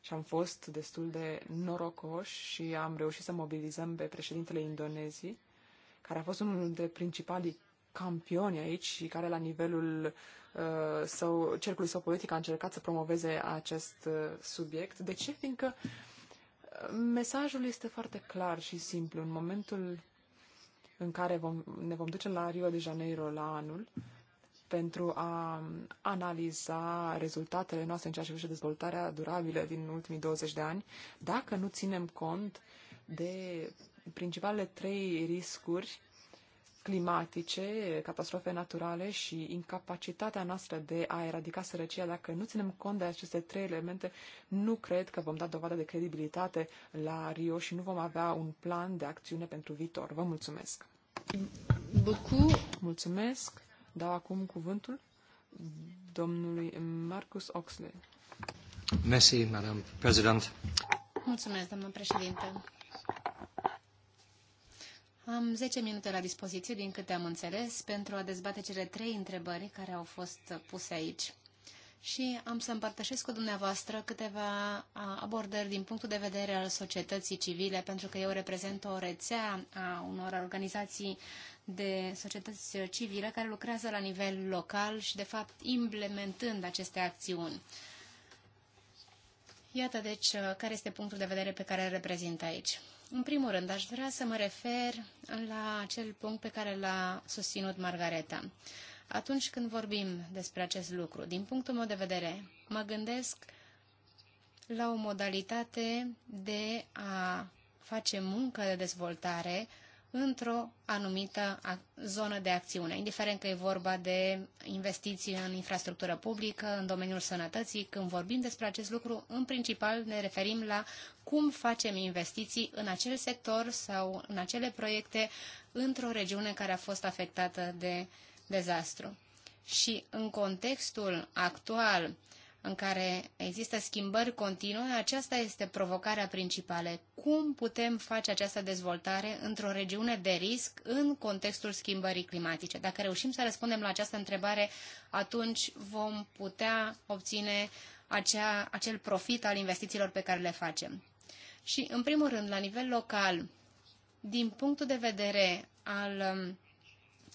și am fost destul de norocoși și am reușit să mobilizăm pe președintele Indonezii, care a fost unul dintre principalii campioni aici și care la nivelul uh, său, cercului său politic a încercat să promoveze acest uh, subiect. De ce? Fiindcă uh, mesajul este foarte clar și simplu. În momentul în care vom, ne vom duce la Rio de Janeiro la anul, uh, pentru a analiza rezultatele noastre în ceea ce privește dezvoltarea durabilă din ultimii 20 de ani, dacă nu ținem cont de principalele trei riscuri climatice, catastrofe naturale și incapacitatea noastră de a eradica sărăcia, dacă nu ținem cont de aceste trei elemente, nu cred că vom da dovadă de credibilitate la Rio și nu vom avea un plan de acțiune pentru viitor. Vă mulțumesc! Beaucoup. Mulțumesc! dau acum cuvântul domnului Marcus Oxley. Merci, Madame President. Mulțumesc, domnule președinte. Am 10 minute la dispoziție, din câte am înțeles, pentru a dezbate cele trei întrebări care au fost puse aici. Și am să împărtășesc cu dumneavoastră câteva abordări din punctul de vedere al societății civile, pentru că eu reprezint o rețea a unor organizații de societăți civile care lucrează la nivel local și, de fapt, implementând aceste acțiuni. Iată, deci, care este punctul de vedere pe care îl reprezint aici. În primul rând, aș vrea să mă refer la acel punct pe care l-a susținut Margareta. Atunci când vorbim despre acest lucru, din punctul meu de vedere, mă gândesc la o modalitate de a face muncă de dezvoltare într-o anumită zonă de acțiune, indiferent că e vorba de investiții în infrastructură publică, în domeniul sănătății. Când vorbim despre acest lucru, în principal ne referim la cum facem investiții în acel sector sau în acele proiecte într-o regiune care a fost afectată de dezastru. Și în contextul actual, în care există schimbări continue, aceasta este provocarea principală. Cum putem face această dezvoltare într-o regiune de risc în contextul schimbării climatice? Dacă reușim să răspundem la această întrebare, atunci vom putea obține acea, acel profit al investițiilor pe care le facem. Și, în primul rând, la nivel local, din punctul de vedere al um,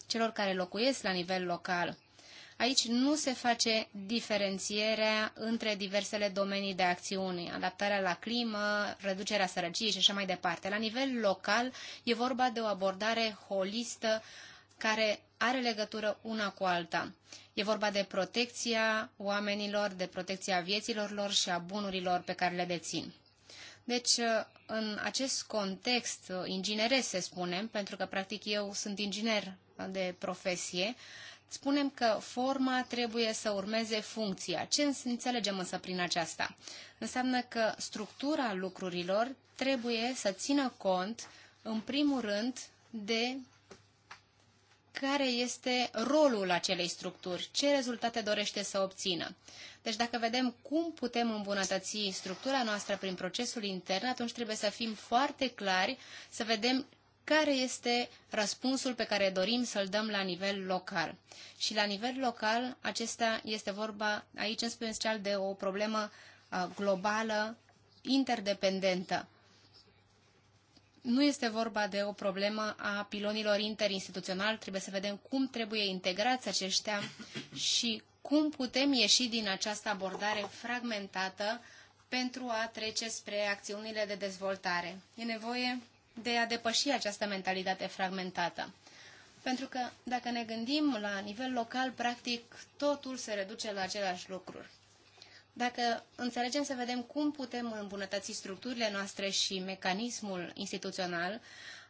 celor care locuiesc la nivel local, Aici nu se face diferențierea între diversele domenii de acțiune, adaptarea la climă, reducerea sărăciei și așa mai departe. La nivel local e vorba de o abordare holistă care are legătură una cu alta. E vorba de protecția oamenilor, de protecția vieților lor și a bunurilor pe care le dețin. Deci, în acest context ingineresc, să spunem, pentru că, practic, eu sunt inginer de profesie, spunem că forma trebuie să urmeze funcția. Ce înțelegem însă prin aceasta? Înseamnă că structura lucrurilor trebuie să țină cont, în primul rând, de care este rolul acelei structuri, ce rezultate dorește să obțină. Deci dacă vedem cum putem îmbunătăți structura noastră prin procesul intern, atunci trebuie să fim foarte clari, să vedem care este răspunsul pe care dorim să-l dăm la nivel local. Și la nivel local, acesta este vorba aici în special de o problemă uh, globală, interdependentă. Nu este vorba de o problemă a pilonilor interinstituționali, trebuie să vedem cum trebuie integrați aceștia și cum putem ieși din această abordare fragmentată pentru a trece spre acțiunile de dezvoltare. E nevoie de a depăși această mentalitate fragmentată. Pentru că dacă ne gândim la nivel local, practic totul se reduce la același lucruri. Dacă înțelegem să vedem cum putem îmbunătăți structurile noastre și mecanismul instituțional,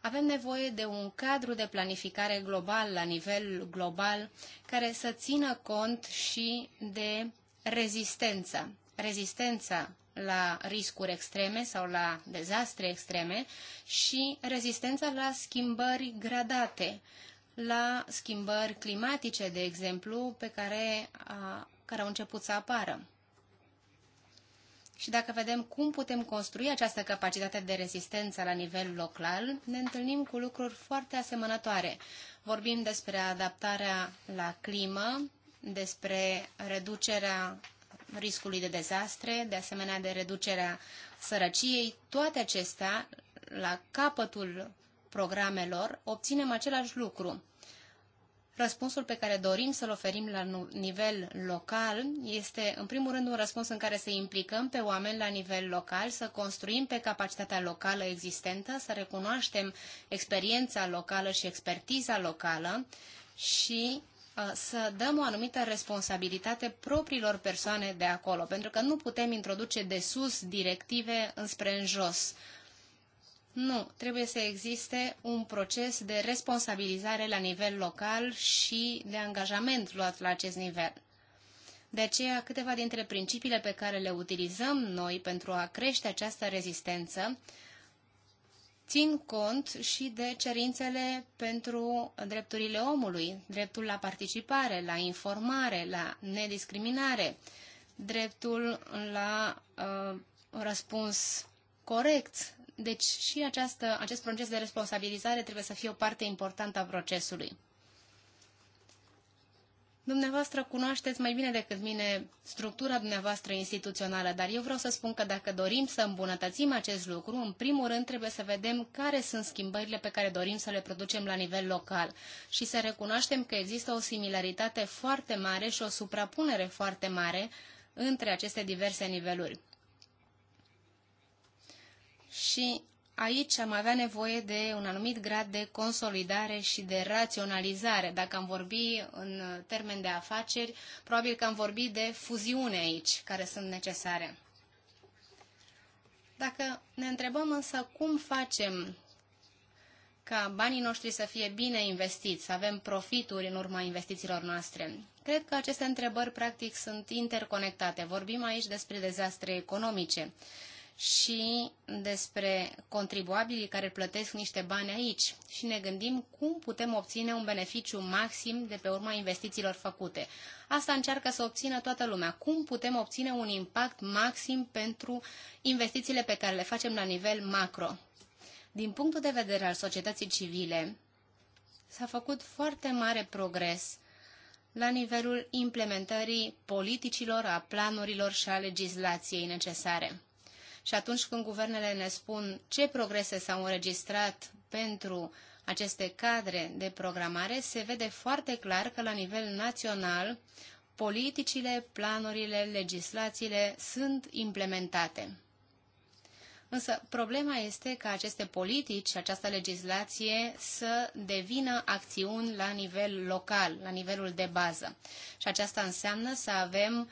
avem nevoie de un cadru de planificare global, la nivel global, care să țină cont și de rezistența, rezistența la riscuri extreme sau la dezastre extreme și rezistența la schimbări gradate, la schimbări climatice, de exemplu, pe care, a, care au început să apară. Și dacă vedem cum putem construi această capacitate de rezistență la nivel local, ne întâlnim cu lucruri foarte asemănătoare. Vorbim despre adaptarea la climă, despre reducerea riscului de dezastre, de asemenea de reducerea sărăciei, toate acestea, la capătul programelor, obținem același lucru. Răspunsul pe care dorim să-l oferim la nivel local este, în primul rând, un răspuns în care să implicăm pe oameni la nivel local, să construim pe capacitatea locală existentă, să recunoaștem experiența locală și expertiza locală și Uh, să dăm o anumită responsabilitate propriilor persoane de acolo, pentru că nu putem introduce de sus directive înspre în jos. Nu, trebuie să existe un proces de responsabilizare la nivel local și de angajament luat la acest nivel. De aceea, câteva dintre principiile pe care le utilizăm noi pentru a crește această rezistență țin cont și de cerințele pentru drepturile omului, dreptul la participare, la informare, la nediscriminare, dreptul la uh, răspuns corect. Deci și această, acest proces de responsabilizare trebuie să fie o parte importantă a procesului. Dumneavoastră cunoașteți mai bine decât mine structura dumneavoastră instituțională, dar eu vreau să spun că dacă dorim să îmbunătățim acest lucru, în primul rând trebuie să vedem care sunt schimbările pe care dorim să le producem la nivel local și să recunoaștem că există o similaritate foarte mare și o suprapunere foarte mare între aceste diverse niveluri. Și aici am avea nevoie de un anumit grad de consolidare și de raționalizare. Dacă am vorbi în termen de afaceri, probabil că am vorbi de fuziune aici, care sunt necesare. Dacă ne întrebăm însă cum facem ca banii noștri să fie bine investiți, să avem profituri în urma investițiilor noastre. Cred că aceste întrebări practic sunt interconectate. Vorbim aici despre dezastre economice și despre contribuabilii care plătesc niște bani aici și ne gândim cum putem obține un beneficiu maxim de pe urma investițiilor făcute. Asta încearcă să obțină toată lumea. Cum putem obține un impact maxim pentru investițiile pe care le facem la nivel macro? Din punctul de vedere al societății civile, s-a făcut foarte mare progres la nivelul implementării politicilor, a planurilor și a legislației necesare. Și atunci când guvernele ne spun ce progrese s-au înregistrat pentru aceste cadre de programare, se vede foarte clar că la nivel național politicile, planurile, legislațiile sunt implementate. Însă problema este ca aceste politici și această legislație să devină acțiuni la nivel local, la nivelul de bază. Și aceasta înseamnă să avem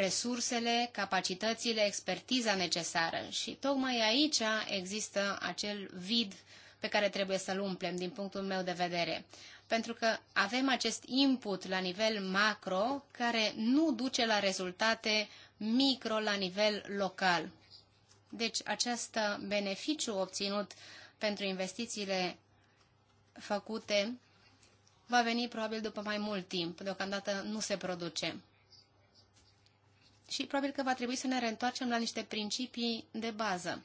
resursele, capacitățile, expertiza necesară. Și tocmai aici există acel vid pe care trebuie să-l umplem din punctul meu de vedere. Pentru că avem acest input la nivel macro care nu duce la rezultate micro la nivel local. Deci acest beneficiu obținut pentru investițiile făcute va veni probabil după mai mult timp. Deocamdată nu se produce și probabil că va trebui să ne reîntoarcem la niște principii de bază.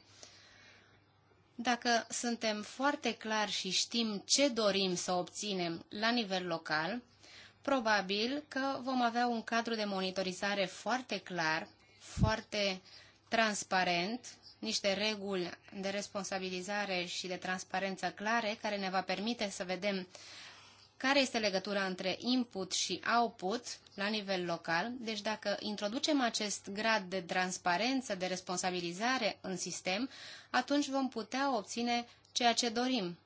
Dacă suntem foarte clari și știm ce dorim să obținem la nivel local, probabil că vom avea un cadru de monitorizare foarte clar, foarte transparent, niște reguli de responsabilizare și de transparență clare care ne va permite să vedem uh, care este legătura între input și output la nivel local. Deci dacă introducem acest grad de transparență, de responsabilizare în sistem, atunci vom putea obține ceea ce dorim.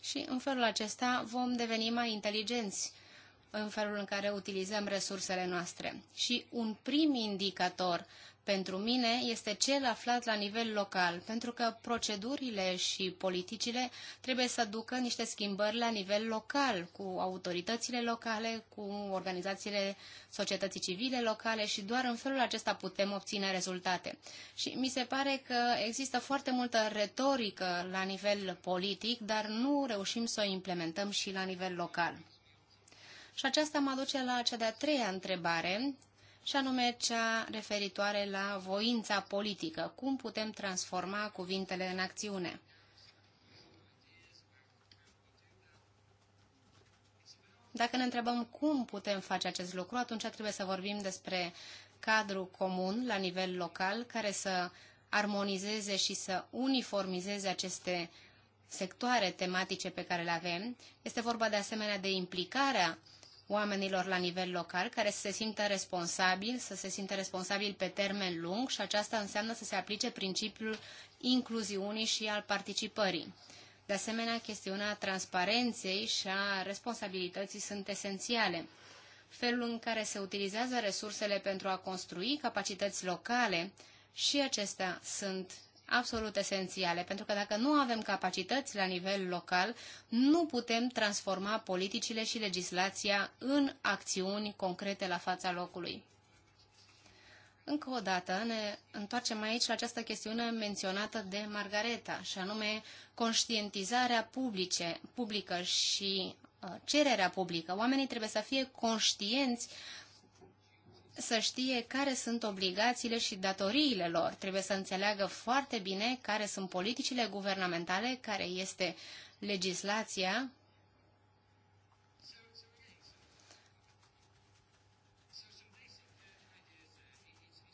Și în felul acesta vom deveni mai inteligenți în felul în care utilizăm resursele noastre. Și un prim indicator pentru mine este cel aflat la nivel local, pentru că procedurile și politicile trebuie să ducă niște schimbări la nivel local, cu autoritățile locale, cu organizațiile societății civile locale și doar în felul acesta putem obține rezultate. Și mi se pare că există foarte multă retorică la nivel politic, dar nu reușim să o implementăm și la nivel local. Și aceasta mă duce la cea de-a treia întrebare, și anume cea referitoare la voința politică. Cum putem transforma cuvintele în acțiune? Dacă ne întrebăm cum putem face acest lucru, atunci trebuie să vorbim despre cadru comun la nivel local care să armonizeze și să uniformizeze aceste sectoare tematice pe care le avem. Este vorba de asemenea de implicarea oamenilor la nivel local care să se simtă responsabil, să se simtă responsabil pe termen lung și aceasta înseamnă să se aplice principiul incluziunii și al participării. De asemenea, chestiunea transparenței și a responsabilității sunt esențiale. Felul în care se utilizează resursele pentru a construi capacități locale și acestea sunt absolut esențiale, pentru că dacă nu avem capacități la nivel local, nu putem transforma politicile și legislația în acțiuni concrete la fața locului. Încă o dată ne întoarcem aici la această chestiune menționată de Margareta, și anume conștientizarea publice, publică și uh, cererea publică. Oamenii trebuie să fie conștienți să știe care sunt obligațiile și datoriile lor. Trebuie să înțeleagă foarte bine care sunt politicile guvernamentale, care este legislația.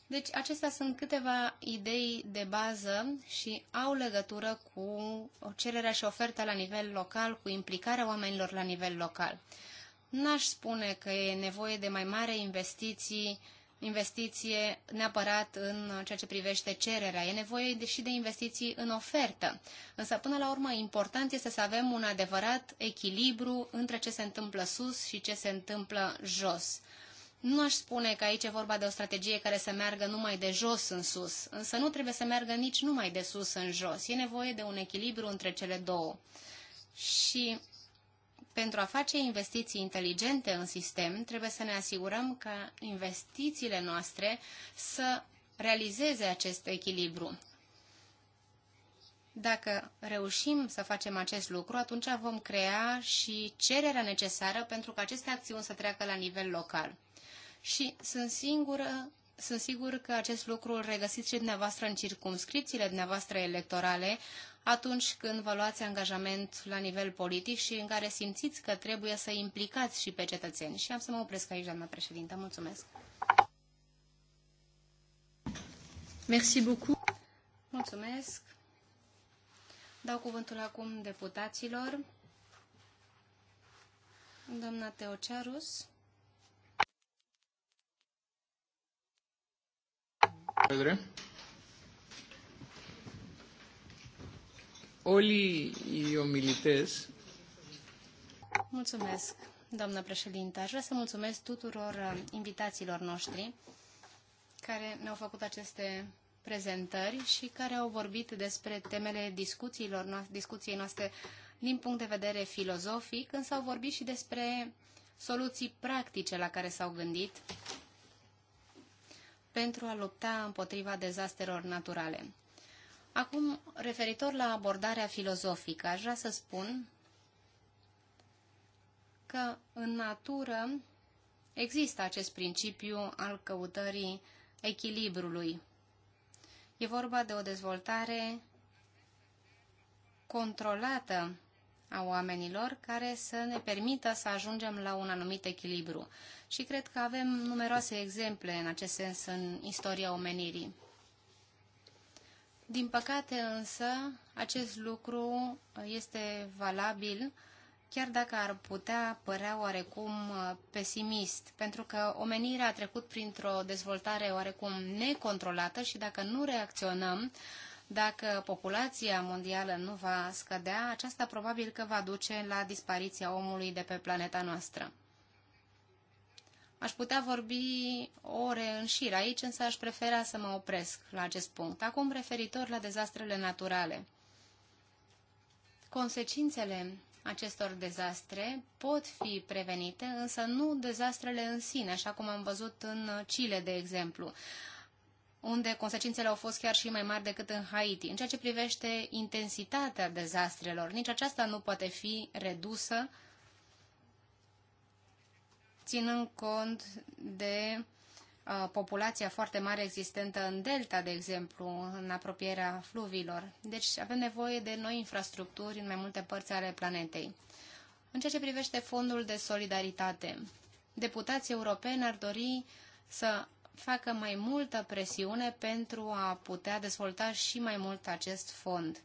Deci acestea sunt câteva idei de bază și au legătură cu cererea și oferta la nivel local, cu implicarea oamenilor la nivel local. N-aș spune că e nevoie de mai mare investiții, investiție neapărat în ceea ce privește cererea. E nevoie de, și de investiții în ofertă. Însă, până la urmă, important este să avem un adevărat echilibru între ce se întâmplă sus și ce se întâmplă jos. Nu aș spune că aici e vorba de o strategie care să meargă numai de jos în sus, însă nu trebuie să meargă nici numai de sus în jos. E nevoie de un echilibru între cele două. Și pentru a face investiții inteligente în sistem, trebuie să ne asigurăm că investițiile noastre să realizeze acest echilibru. Dacă reușim să facem acest lucru, atunci vom crea și cererea necesară pentru ca aceste acțiuni să treacă la nivel local. Și sunt singură sunt sigur că acest lucru îl regăsiți și dumneavoastră în circumscripțiile dumneavoastră electorale, atunci când vă luați angajament la nivel politic și în care simțiți că trebuie să implicați și pe cetățeni. Și am să mă opresc aici, doamna președintă. Mulțumesc! Merci beaucoup. Mulțumesc! Dau cuvântul acum deputaților. Doamna Teocearus. Pedre. Όλοι οι ομιλητές... Mulțumesc, doamnă președintă. Aș vrea să mulțumesc tuturor uh, invitațiilor noștri care ne-au făcut aceste prezentări și care au vorbit despre temele discuțiilor noastre, discuției noastre din punct de vedere filozofic, însă au vorbit și despre soluții practice la care s-au gândit pentru a lupta împotriva dezastrelor naturale. Acum, referitor la abordarea filozofică, aș vrea să spun că în natură există acest principiu al căutării echilibrului. E vorba de o dezvoltare controlată a oamenilor care să ne permită să ajungem la un anumit echilibru. Și cred că avem numeroase exemple în acest sens în istoria omenirii. Din păcate însă, acest lucru este valabil chiar dacă ar putea părea oarecum uh, pesimist, pentru că omenirea a trecut printr-o dezvoltare oarecum necontrolată și dacă nu reacționăm, dacă populația mondială nu va scădea, aceasta probabil că va duce la dispariția omului de pe planeta noastră. Aș putea vorbi ore în șir aici, însă aș prefera să mă opresc la acest punct. Acum, referitor la dezastrele naturale. Consecințele acestor dezastre pot fi prevenite, însă nu dezastrele în sine, așa cum am văzut în Chile, de exemplu unde consecințele au fost chiar și mai mari decât în Haiti. În ceea ce privește intensitatea dezastrelor, nici aceasta nu poate fi redusă ținând cont de uh, populația foarte mare existentă în delta, de exemplu, în apropierea fluvilor. Deci avem nevoie de noi infrastructuri în mai multe părți ale planetei. În ceea ce privește fondul de solidaritate, deputații europeni ar dori să facă mai multă presiune pentru a putea dezvolta și mai mult acest fond.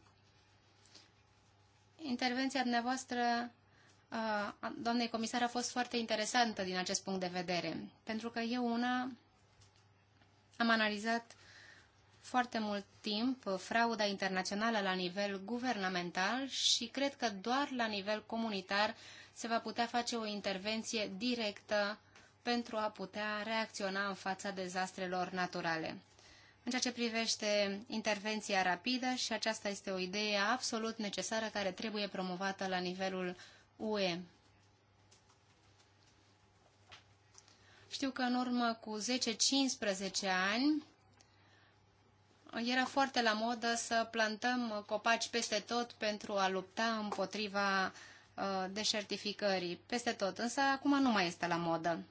Intervenția dumneavoastră doamnei comisar a fost foarte interesantă din acest punct de vedere, pentru că eu una am analizat foarte mult timp frauda internațională la nivel guvernamental și cred că doar la nivel comunitar se va putea face o intervenție directă pentru a putea reacționa în fața dezastrelor naturale. În ceea ce privește intervenția rapidă, și aceasta este o idee absolut necesară care trebuie promovată la nivelul UE. Știu că în urmă cu 10-15 ani era foarte la modă să plantăm copaci peste tot pentru a lupta împotriva uh, deșertificării, peste tot. Însă acum nu mai este la modă.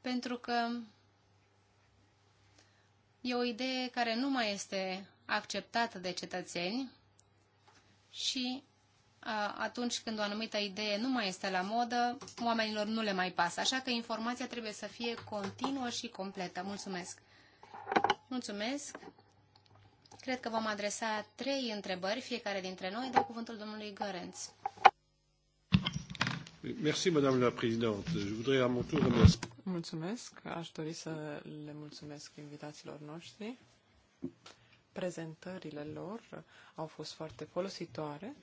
Pentru că e o idee care nu mai este acceptată de cetățeni și atunci când o anumită idee nu mai este la modă, oamenilor nu le mai pasă. Așa că informația trebuie să fie continuă și completă. Mulțumesc! Mulțumesc! Cred că vom adresa trei întrebări, fiecare dintre noi, de cuvântul domnului Gărenț. Merci, Madame la Présidente. Je voudrais à mon tour remercier. Mulțumesc. Aș dori să le mulțumesc invitațiilor noștri. Prezentările lor au fost foarte folositoare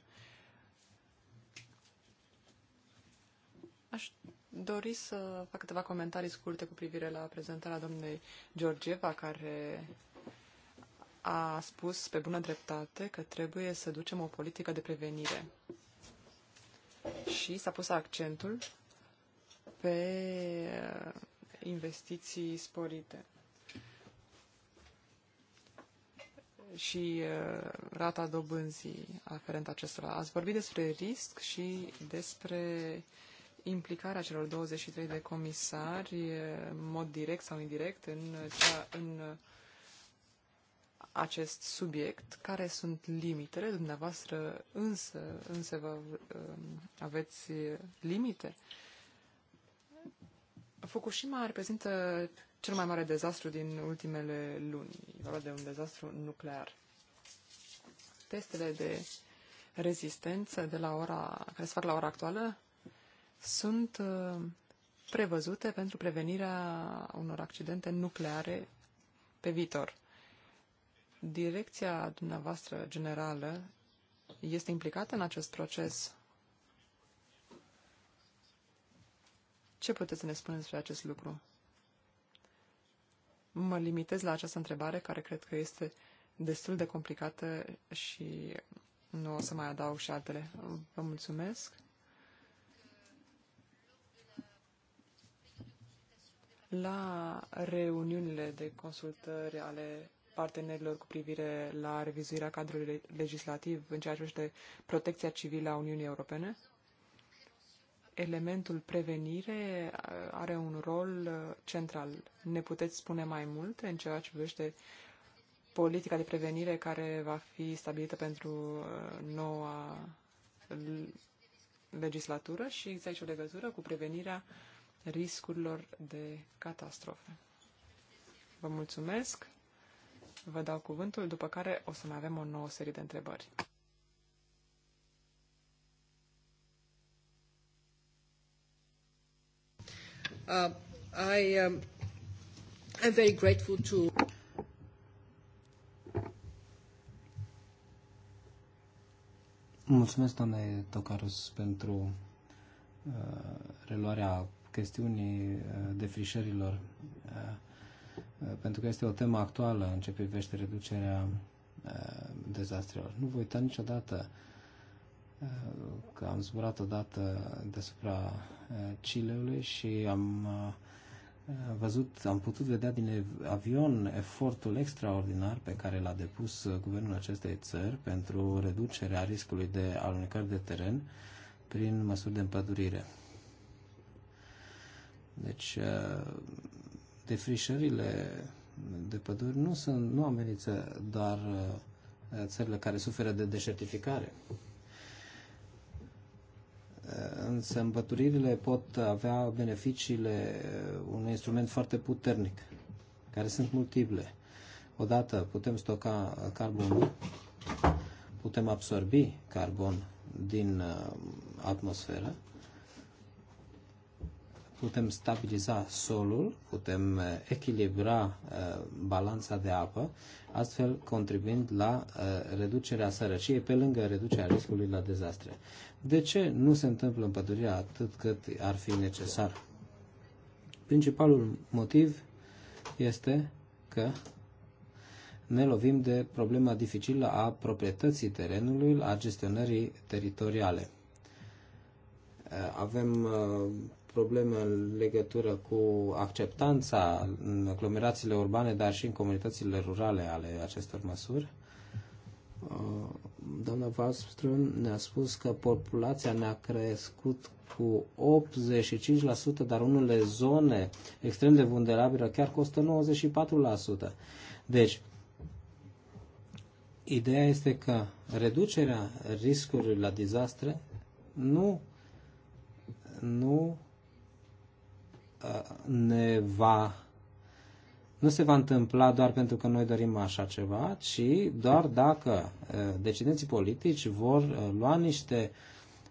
Aș dori să fac câteva comentarii scurte cu privire la prezentarea domnului Georgieva, care a spus pe bună dreptate că trebuie să ducem o politică de prevenire. Și s-a pus accentul pe investiții sporite. și uh, rata dobânzii aferent acestora. Ați vorbit despre risc și despre implicarea celor 23 de comisari, în mod direct sau indirect, în, cea, în acest subiect, care sunt limitele dumneavoastră însă, însă vă, um, aveți limite. Fukushima reprezintă cel mai mare dezastru din ultimele luni. vorba de un dezastru nuclear. Testele de rezistență de la ora, care se fac la ora actuală sunt uh, prevăzute pentru prevenirea unor accidente nucleare pe viitor. Direcția dumneavoastră generală este implicată în acest proces? Ce puteți să ne spuneți despre acest lucru? Mă limitez la această întrebare, care cred că este destul de complicată și nu o să mai adaug și altele. Vă mulțumesc. La reuniunile de consultări ale partenerilor cu privire la revizuirea cadrului legislativ în ceea ce privește protecția civilă a Uniunii Europene, elementul prevenire uh, are un rol uh, central. Ne puteți spune mai multe în ceea ce privește politica de prevenire care va fi stabilită pentru uh, noua legislatură și există aici o legătură cu prevenirea uh, riscurilor de catastrofe. Vă mulțumesc, vă dau cuvântul, după care o să mai avem o nouă serie de întrebări. Uh, I am um, very grateful to Mulțumesc, doamne Tocarus, pentru uh, reluarea chestiunii uh, defrișărilor, uh, uh, pentru că este o temă actuală în ce privește reducerea dezastrelor. Nu voi uita niciodată că am zburat odată deasupra Chileului și am văzut, am putut vedea din avion efortul extraordinar pe care l-a depus guvernul acestei țări pentru reducerea riscului de alunecări de teren prin măsuri de împădurire. Deci, uh, defrișările de păduri nu, sunt, nu amenință doar uh, țările care suferă de deșertificare. Uh, însă îmbăturirile pot avea beneficiile unui instrument foarte puternic, care sunt multiple. Odată putem stoca carbonul, putem absorbi carbon din atmosferă, putem stabiliza solul, putem uh, echilibra uh, balanța de apă, astfel contribuind la uh, reducerea sărăciei, pe lângă reducerea riscului la dezastre. De ce nu se întâmplă împădurirea atât cât ar fi necesar? Principalul motiv este că ne lovim de problema dificilă a proprietății terenului, a gestionării teritoriale avem probleme în legătură cu acceptanța în aglomerațiile urbane, dar și în comunitățile rurale ale acestor măsuri. Uh, doamna Wallström ne-a spus că populația ne-a crescut cu 85%, dar unele zone extrem de vulnerabile chiar costă 94%. Deci, ideea este că reducerea riscurilor la dezastre nu, nu ne va, nu se va întâmpla doar pentru că noi dorim așa ceva, ci doar dacă eh, decidenții politici vor eh, lua niște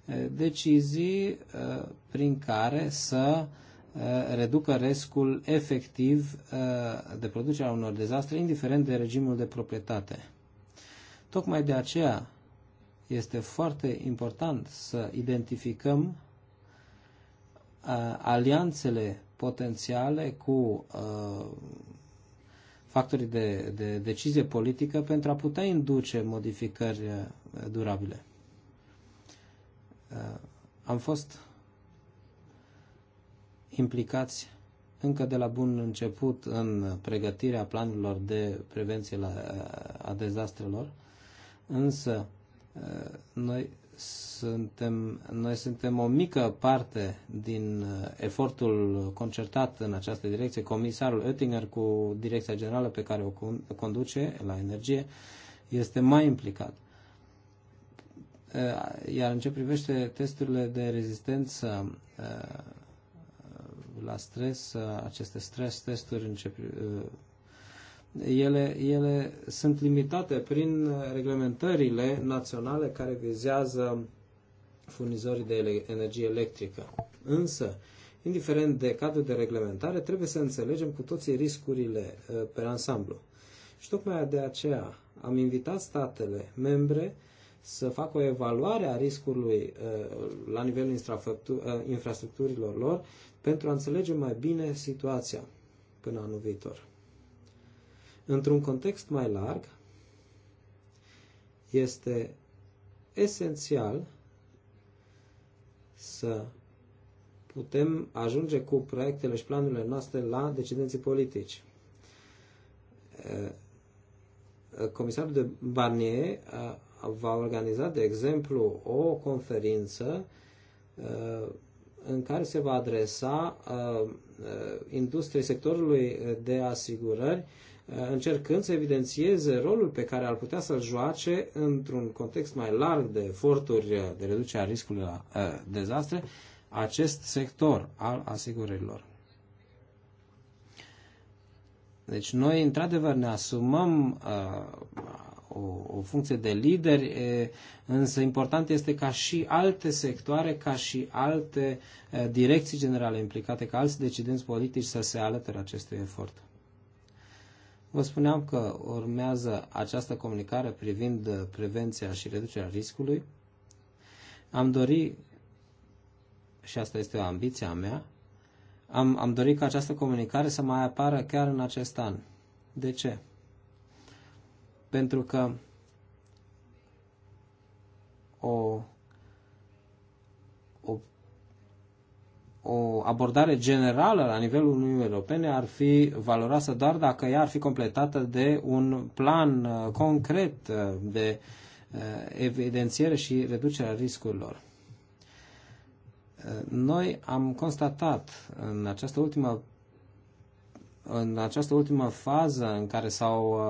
eh, decizii prin care să reducă riscul efectiv de producerea unor dezastre, indiferent de regimul de proprietate. Tocmai de aceea este foarte important să identificăm alianțele potențiale cu factorii de, de decizie politică pentru a putea induce modificări durabile. Am fost implicați încă de la bun început în pregătirea planurilor de prevenție la, a dezastrelor, însă noi suntem, noi suntem o mică parte din uh, efortul concertat în această direcție. Comisarul Oettinger cu direcția generală pe care o conduce la energie este mai implicat. Uh, iar în ce privește testurile de rezistență uh, la stres, aceste stres testuri în ce, ele, ele sunt limitate prin reglementările naționale care vizează furnizorii de energie electrică. Însă, indiferent de cadrul de reglementare, trebuie să înțelegem cu toții riscurile uh, pe ansamblu. Și tocmai de aceea am invitat statele membre să facă o evaluare a riscului uh, la nivelul uh, infrastructurilor lor pentru a înțelege mai bine situația până anul viitor. Într-un context mai larg, este esențial să putem ajunge cu proiectele și planurile noastre la decidenții politici. Eh, comisarul de Barnier eh, va organiza, de exemplu, o conferință eh, în care se va adresa industriei sectorului de asigurări încercând să evidențieze rolul pe care ar putea să-l joace într-un context mai larg de eforturi de reducere a riscului la eh, dezastre acest sector al asigurărilor. Deci noi, într-adevăr, ne asumăm eh, o, o funcție de lider, e, însă important este ca și alte sectoare, ca și alte uh, direcții generale implicate, ca alți decidenți politici să se alăture acestui efort. Vă spuneam că urmează această comunicare privind uh, prevenția și reducerea riscului. Am dorit, și asta este o ambiție a mea, am, am dorit ca această comunicare să mai apară chiar în acest an. De ce? Pentru că o, o o abordare generală la nivelul Uniunii Europene ar fi valoroasă doar dacă ea ar fi completată de un plan uh, concret uh, de uh, evidențiere și reducerea riscurilor. Noi am constatat în această ultimă în această ultimă fază în care s-au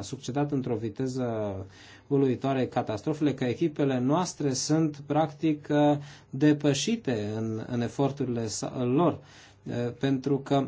succedat într-o viteză uluitoare catastrofele, că echipele noastre sunt practic uh, depășite în, în eforturile lor, uh, pentru că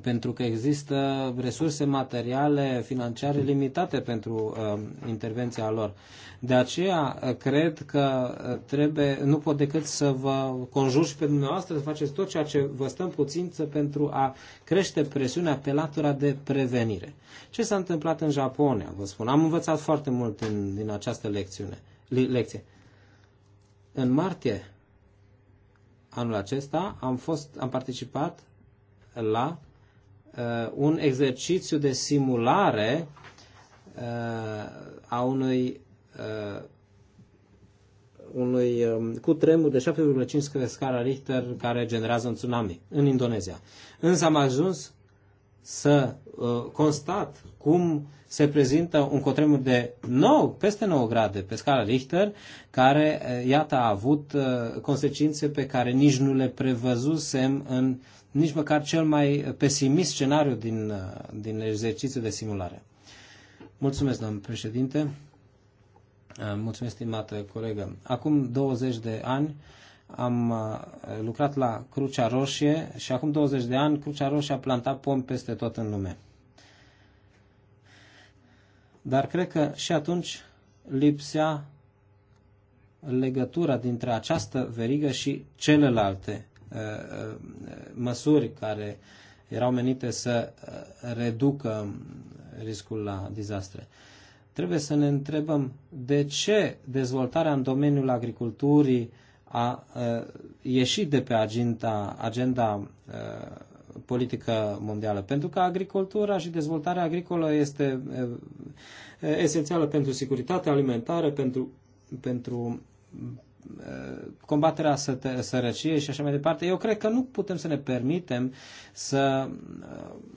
pentru că există resurse materiale, financiare limitate pentru uh, intervenția lor. De aceea, uh, cred că uh, trebuie, nu pot decât să vă conjur și pe dumneavoastră să faceți tot ceea ce vă stăm puțință pentru a crește presiunea pe latura de prevenire. Ce s-a întâmplat în Japonia, vă spun, am învățat foarte mult în, din această lecțiune, lecție. În martie anul acesta am, fost, am participat la Uh, un exercițiu de simulare uh, a unui uh, unui um, cutremur de 7,5 pe scara Richter care generează un tsunami în Indonezia. Însă am ajuns să uh, constat cum se prezintă un cutremur de 9, peste 9 grade pe scala Richter, care, uh, iată, a avut uh, consecințe pe care nici nu le prevăzusem în nici măcar cel mai pesimist scenariu din, uh, din exercițiul de simulare. Mulțumesc, domnul președinte. Uh, mulțumesc, stimată colegă. Acum 20 de ani, uh, am uh, lucrat la Crucea Roșie și acum 20 de ani Crucea Roșie a plantat pomi peste tot în lume. Dar cred că și atunci lipsea legătura dintre această verigă și celelalte uh, uh, măsuri care erau menite să reducă riscul la dizastre. Trebuie să ne întrebăm de ce dezvoltarea în domeniul agriculturii uh, a ieșit de pe agenda, agenda politică mondială, pentru că agricultura și dezvoltarea agricolă este esențială pentru securitatea alimentară, pentru, pentru combaterea sărăciei și așa mai departe. Eu cred că nu putem să ne permitem să,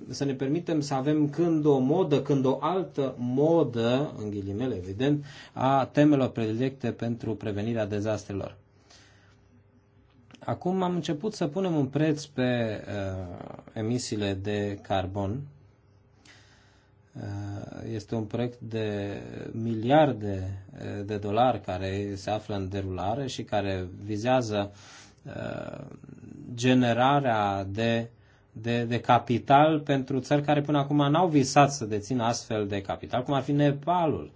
să ne permitem să avem când o modă, când o altă modă, în ghilimele evident, a temelor predilecte pentru prevenirea dezastrelor. Acum am început să punem un preț pe uh, emisiile de carbon. Uh, este un proiect de miliarde uh, de dolari care se află în derulare și care vizează uh, generarea de, de, de capital pentru țări care până acum n-au visat să dețină astfel de capital, cum ar fi Nepalul.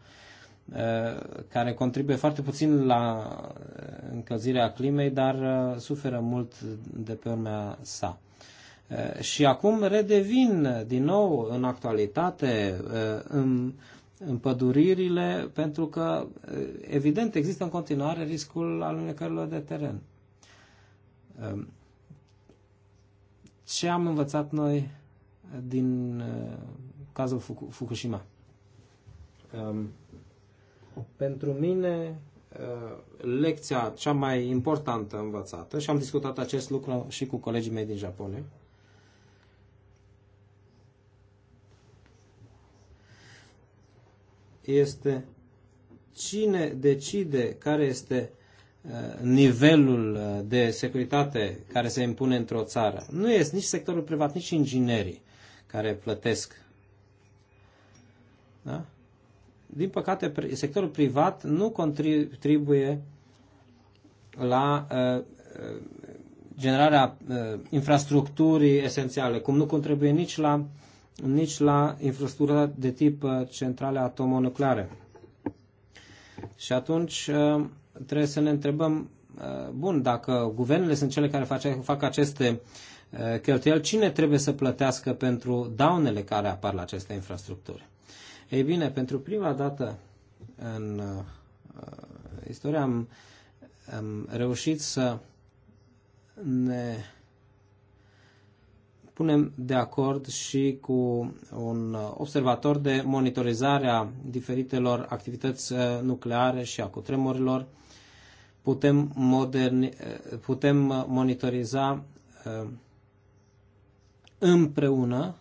Uh, care contribuie foarte puțin la uh, încălzirea climei, dar uh, suferă mult de pe urmea sa. Și acum redevin din nou în actualitate în împăduririle, pentru că, evident, există în continuare riscul alunecărilor de teren. Ce am învățat noi din cazul Fukushima? Um, pentru mine, uh, lecția cea mai importantă învățată, și am discutat acest lucru și cu colegii mei din Japonia, este cine decide care este uh, nivelul uh, de securitate care se impune într-o țară. Nu este nici sectorul privat, nici inginerii care plătesc Din păcate, sectorul privat nu contribuie la uh, uh, generarea uh, infrastructurii esențiale, cum nu contribuie nici la, nici la infrastructura de tip centrale atomonucleare. Și atunci trebuie să ne întrebăm, bun, dacă guvernele sunt cele care face, fac aceste cheltuieli, cine trebuie să plătească pentru daunele care apar la aceste infrastructuri? Ei bine, pentru prima dată în uh, istoria am, am reușit să ne punem de acord și cu un observator de monitorizare a diferitelor activități uh, nucleare și a cutremurilor. Putem, moderni, uh, putem monitoriza împreună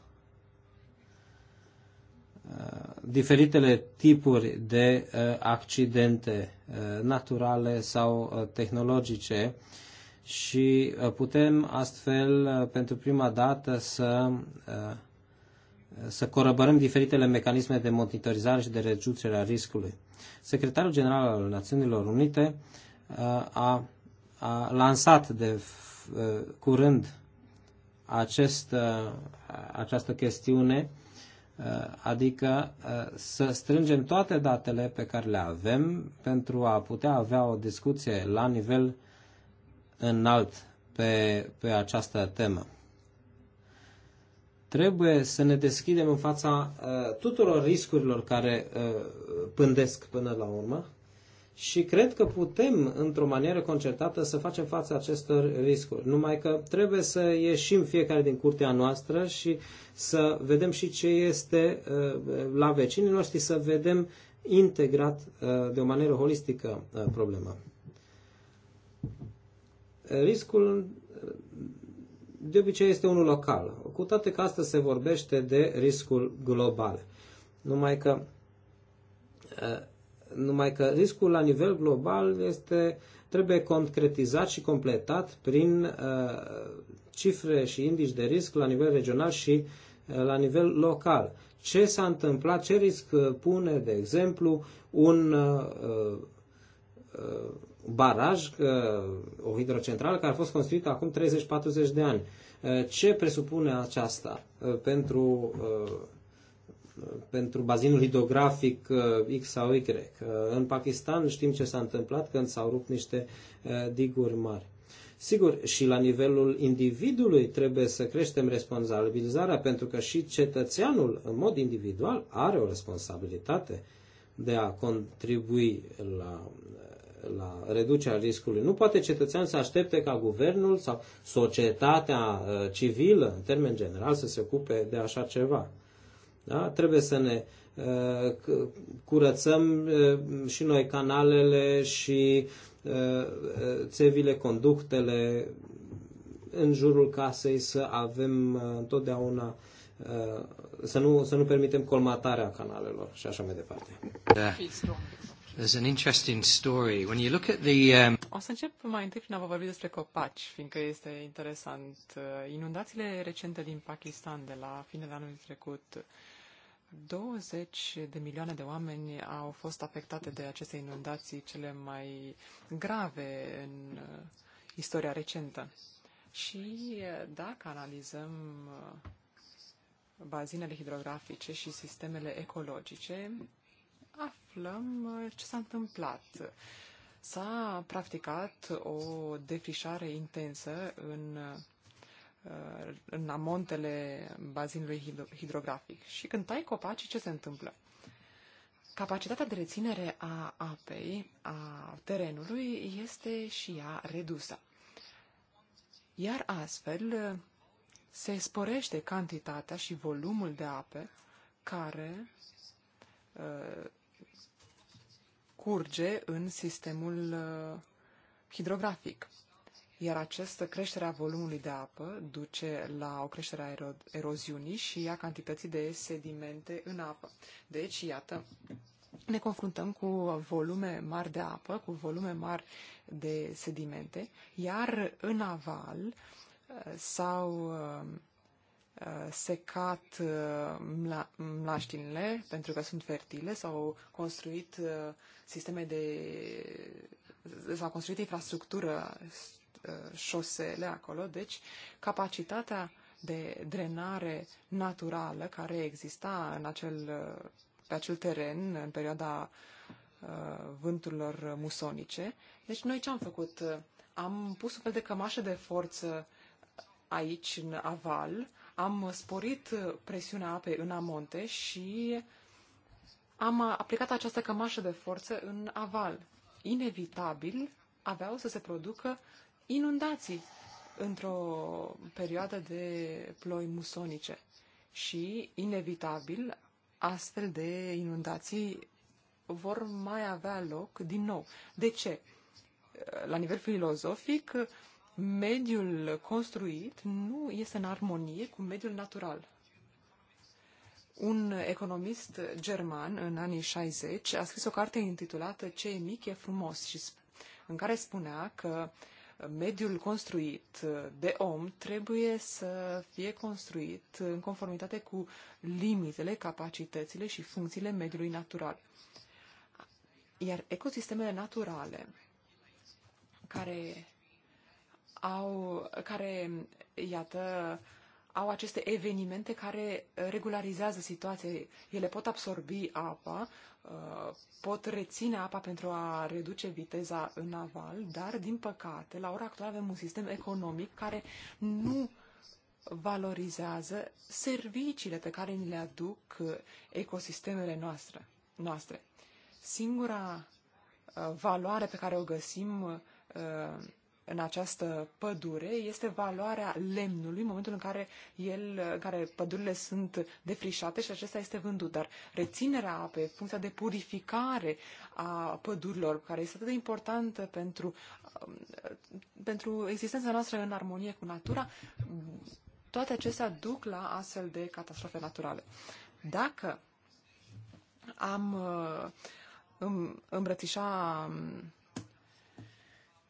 diferitele tipuri de uh, accidente uh, naturale sau uh, tehnologice și putem astfel pentru prima dată să, să corăbărăm diferitele mecanisme de monitorizare și de reducere a riscului. Secretarul General al Națiunilor Unite a, a lansat de curând acest, această chestiune Uh, adică uh, să strângem toate datele pe care le avem pentru a putea avea o discuție la nivel înalt pe, pe această temă. Trebuie să ne deschidem în fața uh, tuturor riscurilor care pândesc până la urmă și cred că putem, într-o manieră concertată, să facem față acestor riscuri. Numai că trebuie să ieșim fiecare din curtea noastră și să vedem și ce este uh, la vecinii noștri, să vedem integrat uh, de o manieră holistică uh, problema. Riscul de obicei este unul local, cu toate că astăzi se vorbește de riscul global. Numai că numai că riscul la nivel global este, trebuie concretizat și completat prin uh, cifre și indici de risc la nivel regional și uh, la nivel local. Ce s-a întâmplat, ce risc uh, pune, de exemplu, un uh, uh baraj, uh, o hidrocentrală care a fost construită acum 30-40 de ani. Ce presupune aceasta pentru pentru bazinul hidrografic uh, X sau Y. Uh, în Pakistan știm ce s-a întâmplat când s-au rupt niște uh, diguri mari. Sigur, și la nivelul individului trebuie să creștem responsabilizarea, pentru că și cetățeanul, în mod individual, are o responsabilitate de a contribui la, la reducerea riscului. Nu poate cetățean să aștepte ca guvernul sau societatea civilă, în termen general, să se ocupe de așa ceva. Da? Trebuie să ne uh, curățăm uh, și noi canalele și uh, țevile, conductele în jurul casei să avem întotdeauna să nu, să nu permitem colmatarea canalelor și așa mai departe. Da. There's an interesting story. When you look at the, um... O să încep mai întâi prin a vă vorbi despre copaci, fiindcă este interesant. Inundațiile recente din Pakistan de la finele anului trecut 20 de milioane de oameni au fost afectate de aceste inundații cele mai grave în uh, istoria recentă. Și uh, dacă analizăm uh, bazinele hidrografice și sistemele ecologice, aflăm ce s-a întâmplat. S-a practicat o defrișare intensă în Uh, în amontele bazinului hidrografic. Și când tai copacii, ce se întâmplă? Capacitatea de reținere a apei, a terenului, este și ea redusă. Iar astfel se sporește cantitatea și volumul de ape care uh, curge în sistemul uh, hidrografic iar această creștere a volumului de apă duce la o creștere a ero- eroziunii și a cantității de sedimente în apă. Deci, iată, ne confruntăm cu volume mari de apă, cu volume mari de sedimente, iar în aval uh, s-au uh, uh, secat mlaștinile pentru că sunt fertile, s-au construit sisteme de s-a construit infrastructură Uh, șosele acolo, deci capacitatea de drenare naturală care exista în acel, uh, pe acel teren în perioada uh, vânturilor musonice. Deci noi ce am făcut? Am pus un fel de cămașă de forță aici, în aval, am sporit presiunea apei în amonte și am aplicat această cămașă de forță în aval. Inevitabil aveau să se producă inundații într-o perioadă de ploi musonice și, inevitabil, astfel de inundații vor mai avea loc din nou. De ce? La nivel filozofic, mediul construit nu este în armonie cu mediul natural. Un economist german în anii 60 a scris o carte intitulată Ce e mic e frumos și în care spunea că uh, mediul construit uh, de om trebuie să fie construit în conformitate cu limitele, capacitățile și funcțiile mediului natural. Iar ecosistemele naturale care au, care, iată, uh, au aceste evenimente care uh, regularizează situația. Ele pot absorbi apa, uh, pot reține apa pentru a reduce viteza în aval, dar, din păcate, la ora actuală avem un sistem economic care nu valorizează serviciile pe care ni le aduc uh, ecosistemele noastre. noastre. Singura valoare pe care o găsim în această pădure este valoarea lemnului în momentul în care, el, în care pădurile sunt defrișate și acesta este vândut. Dar reținerea apei, funcția de purificare a pădurilor, care este atât de importantă pentru, um, pentru existența noastră în armonie cu natura, toate acestea duc la astfel de catastrofe naturale. Dacă am uh, îmbrățișa um,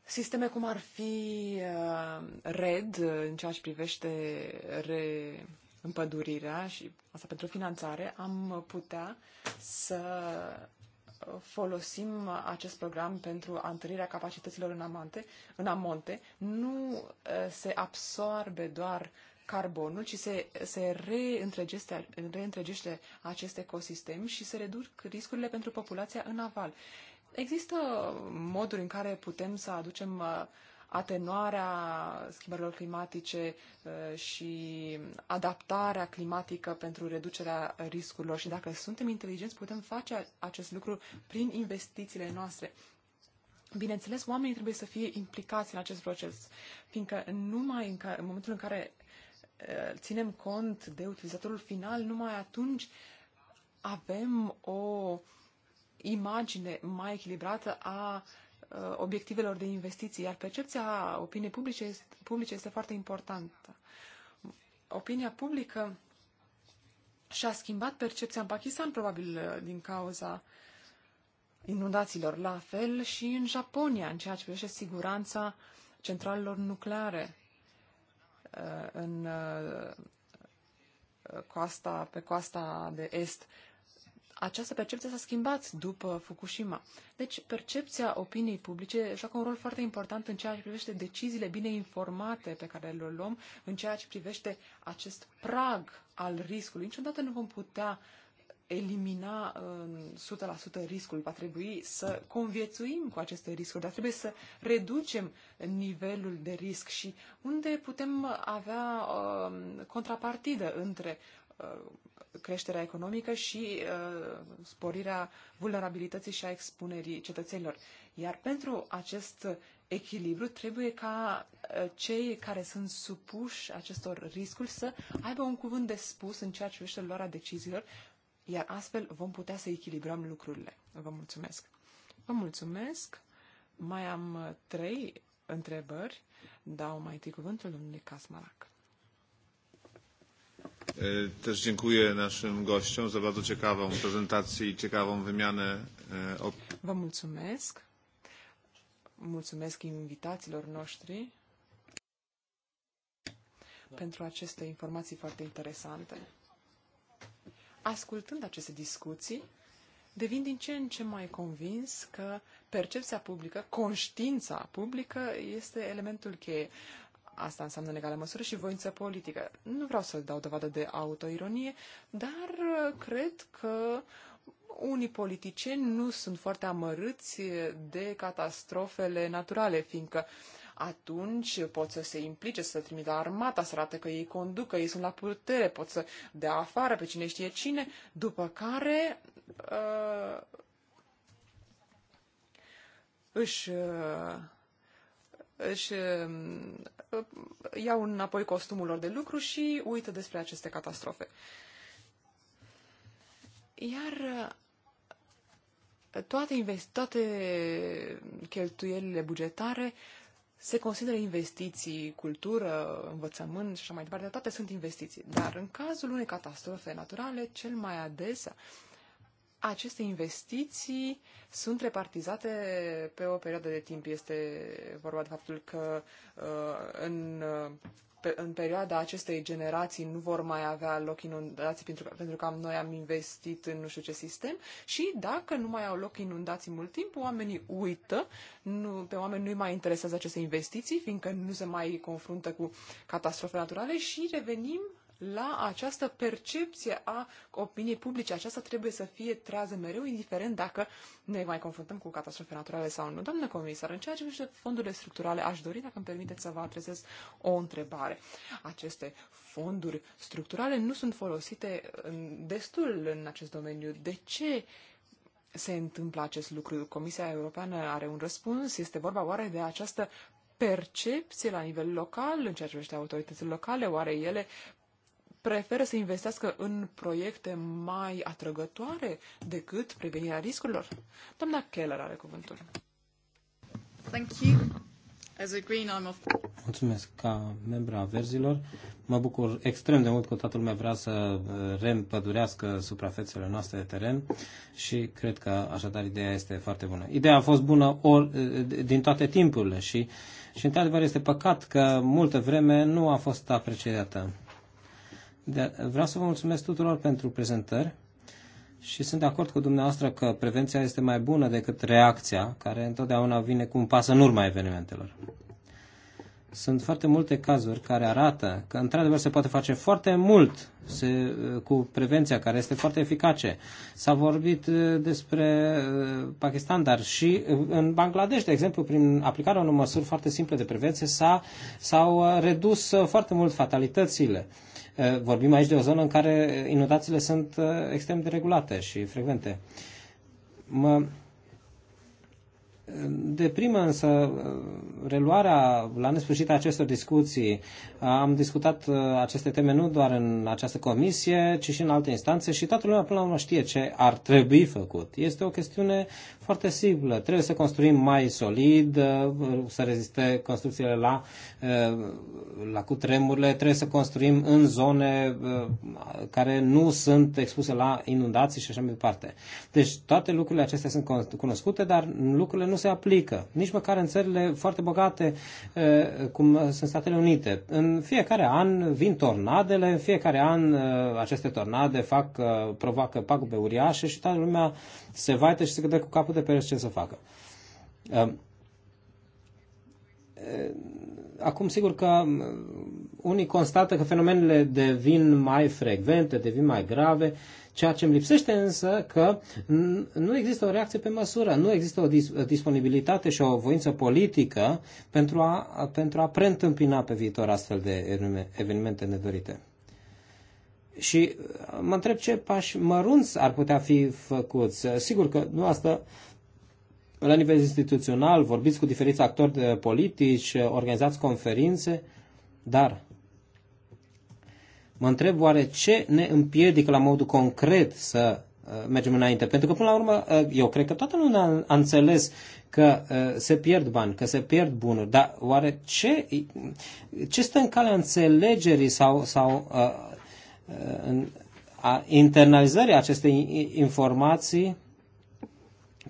Sisteme cum ar fi uh, RED, uh, în ceea ce privește re împădurirea și asta pentru finanțare, am putea să folosim acest program pentru întărirea capacităților în, amante, în amonte, nu uh, se absorbe doar carbonul, ci se, se reîntregește, reîntregește acest ecosistem și se reduc riscurile pentru populația în aval. Există moduri în care putem să aducem uh, atenuarea schimbărilor climatice uh, și adaptarea climatică pentru reducerea riscurilor. Și dacă suntem inteligenți, putem face acest lucru prin investițiile noastre. Bineînțeles, oamenii trebuie să fie implicați în acest proces, fiindcă numai în, care, în momentul în care uh, ținem cont de utilizatorul final, numai atunci avem o uh, imagine mai echilibrată a uh, obiectivelor de investiții, iar percepția opiniei publice este, publice este foarte importantă. Opinia publică și-a schimbat percepția în Pakistan, probabil uh, din cauza inundațiilor, la fel și în Japonia, în ceea ce privește siguranța centralelor nucleare uh, în coasta, pe coasta de est această percepție s-a schimbat după Fukushima. Deci, percepția opiniei publice joacă un rol foarte important în ceea ce privește deciziile bine informate pe care le luăm, în ceea ce privește acest prag al riscului. Niciodată nu vom putea elimina uh, um, 100% riscul. Va trebui să conviețuim cu aceste riscuri, dar trebuie să reducem nivelul de risc și unde putem avea uh, contrapartidă între Uh, creșterea economică și uh, sporirea vulnerabilității și a expunerii cetățenilor. Iar pentru acest echilibru trebuie ca uh, cei care sunt supuși acestor riscuri să aibă un cuvânt de spus în ceea ce privește luarea deciziilor, iar astfel vom putea să echilibrăm lucrurile. Vă mulțumesc! Vă mulțumesc! Mai am uh, trei întrebări. Dau mai întâi cuvântul domnului Casmarac. Też dziękuję naszym gościom za bardzo ciekawą prezentację i ciekawą wymianę opinii. Vă mulțumesc. Mulțumesc invitațiilor noștri pentru aceste informații foarte interesante. Ascultând aceste discuții, devin din ce în ce mai convins că percepția publică, conștiința publică este elementul cheie asta înseamnă în egală măsură și voință politică. Nu vreau să dau dovadă de autoironie, dar uh, cred că unii politicieni nu sunt foarte amărâți de catastrofele naturale, fiindcă atunci pot să se implice, să trimită armata, să arate că ei conduc, că ei sunt la putere, pot să dea afară pe cine știe cine, după care uh, își uh, își um, iau înapoi costumul lor de lucru și uită despre aceste catastrofe. Iar uh, toate, toate cheltuielile bugetare se consideră investiții, cultură, învățământ și așa mai departe, toate sunt investiții. Dar în cazul unei catastrofe naturale, cel mai adesea, uh, aceste investiții sunt repartizate pe o perioadă de timp. Este vorba de faptul că uh, în, uh, în perioada acestei generații nu vor mai avea loc inundații pentru că, pentru că noi am investit în nu știu ce sistem și dacă nu mai au loc inundații mult timp, oamenii uită, nu, pe oameni nu-i mai interesează aceste investiții, fiindcă nu se mai confruntă cu catastrofe naturale și revenim la această percepție a opiniei publice. Aceasta trebuie să fie trează mereu, indiferent dacă ne mai confruntăm cu catastrofe naturale sau nu. Doamnă comisar, în ceea ce privește fondurile structurale, aș dori, dacă îmi permiteți, să vă adresez o întrebare. Aceste fonduri structurale nu sunt folosite destul în acest domeniu. De ce se întâmplă acest lucru? Comisia Europeană are un răspuns? Este vorba oare de această percepție la nivel local în ceea ce privește autoritățile locale? Oare ele preferă să investească în proiecte mai atrăgătoare decât prevenirea riscurilor? Doamna Keller are cuvântul. Thank you. As a green, I'm of... Mulțumesc ca membru a verzilor. Mă bucur extrem de mult că toată lumea vrea să uh, reîmpădurească suprafețele noastre de teren și cred că așadar ideea este foarte bună. Ideea a fost bună or, uh, din toate timpurile și, și într-adevăr este păcat că multă vreme nu a fost apreciată. De, vreau să vă mulțumesc tuturor pentru prezentări și sunt de acord cu dumneavoastră că prevenția este mai bună decât reacția, care întotdeauna vine cu un pas în urma evenimentelor. Sunt foarte multe cazuri care arată că, într-adevăr, se poate face foarte mult se, cu prevenția, care este foarte eficace. S-a vorbit uh, despre uh, Pakistan, dar și în Bangladesh, de exemplu, prin aplicarea unor măsuri foarte simple de prevenție, s-au uh, redus foarte mult fatalitățile. Uh, Eh, vorbim aici de o zonă în care inundațiile sunt eh, extrem de regulate și frecvente. Mă de primă însă, reluarea la nesfârșit a acestor discuții, am discutat uh, aceste teme nu doar în această comisie, ci și în alte instanțe și toată lumea până la urmă știe ce ar trebui făcut. Este o chestiune foarte simplă. Trebuie să construim mai solid, uh, să reziste construcțiile la, uh, la cutremurile, trebuie să construim în zone care nu sunt expuse la inundații și așa mai departe. Deci toate lucrurile acestea sunt cunoscute, dar lucrurile nu se aplică, nici măcar în țările foarte bogate, eh, cum sunt Statele Unite. În fiecare an vin tornadele, în fiecare an eh, aceste tornade fac, eh, provoacă pagube uriașe și toată lumea se vaită și se gândește cu capul de pereți ce să facă. Acum, sigur că mm, unii constată că fenomenele devin mai frecvente, devin mai grave, uh, Ceea ce îmi lipsește însă că nu există o reacție pe măsură, nu există o disponibilitate și o voință politică pentru a, pentru a preîntâmpina pe viitor astfel de evenimente nedorite. Și uh, mă întreb ce pași mărunți ar putea fi făcuți. Uh, sigur că nu asta la nivel instituțional, vorbiți cu diferiți actori uh, politici, organizați conferințe, dar mă întreb oare ce ne împiedică la modul concret să uh, mergem înainte. Pentru că, până la urmă, uh, eu cred că toată lumea a înțeles că uh, se pierd bani, că se pierd bunuri, dar oare ce, ce stă în calea înțelegerii sau, sau a internalizării acestei informații?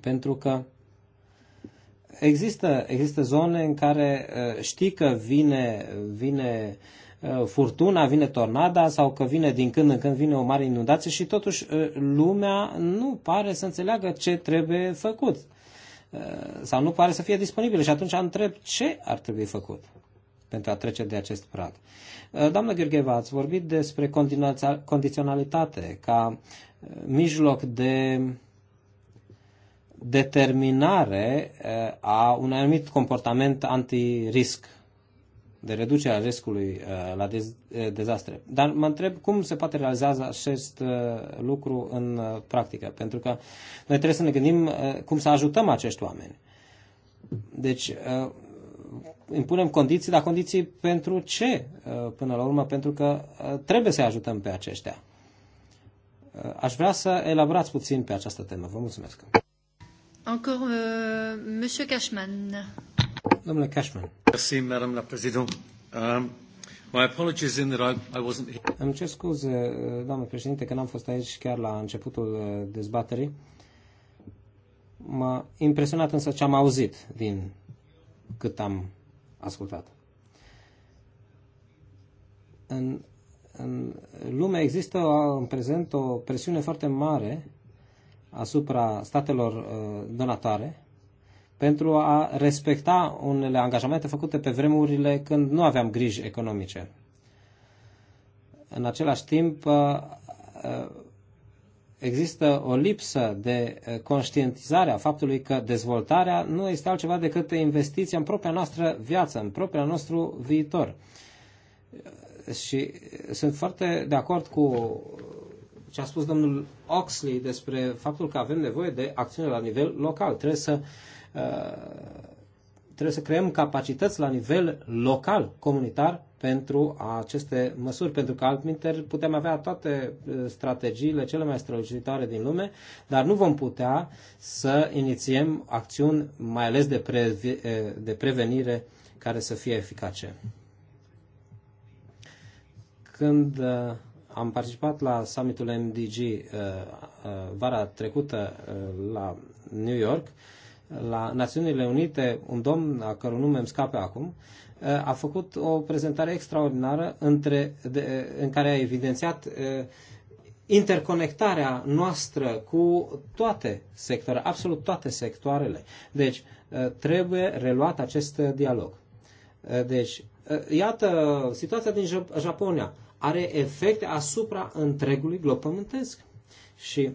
Pentru că există, există zone în care știi că vine, vine uh, Uh, furtuna, vine tornada sau că vine din când în când vine o mare inundație și totuși uh, lumea nu pare să înțeleagă ce trebuie făcut uh, sau nu pare să fie disponibilă și atunci întreb ce ar trebui făcut pentru a trece de acest prag. Doamna Gheorgheva, ați vorbit despre condiționalitate ca mijloc de determinare a unui anumit comportament antirisc de reducerea riscului uh, la uh, dezastre. Dar mă întreb cum se poate realiza acest uh, lucru în uh, practică, pentru că noi trebuie să ne gândim cum să ajutăm acești oameni. Deci, impunem condiții, dar condiții pentru ce, până la urmă, pentru că trebuie să ajutăm pe aceștia. Aș vrea să elaborați puțin pe această temă. Vă mulțumesc. Încă uh, Monsieur Cashman. Domnule Cashman. Merci, Madame la Présidente. Um, my apologies in that I, I wasn't here. Îmi cer scuze, uh, doamnă președinte, că n-am fost aici chiar la începutul uh, dezbaterii. M-a impresionat însă ce am auzit din cât am ascultat. În, în lume există uh, în prezent o presiune foarte mare asupra statelor donatoare pentru a respecta unele angajamente făcute pe vremurile când nu aveam griji economice. În același timp, uh, uh, există o lipsă de uh, conștientizare a faptului că dezvoltarea nu este altceva decât investiția în propria noastră viață, în propria nostru viitor. Și sunt foarte de acord cu ce a spus domnul Oxley despre faptul că avem nevoie de acțiune la nivel local. Trebuie să Uh, trebuie să creăm capacități la nivel local, comunitar, pentru aceste măsuri, pentru că altminteri putem avea toate uh, strategiile cele mai strălucitoare din lume, dar nu vom putea să inițiem acțiuni, mai ales de, pre, uh, de prevenire, care să fie eficace. Când am participat la summitul MDG vara trecută la New York, la Națiunile Unite, un domn a cărui nume îmi scape acum, eh, a făcut o prezentare extraordinară între, de, eh, în care a evidențiat eh, interconectarea noastră cu toate sectoarele, absolut toate sectoarele. Deci, trebuie reluat acest dialog. Deci, iată, situația din Japonia are efecte asupra întregului glob pământesc. Și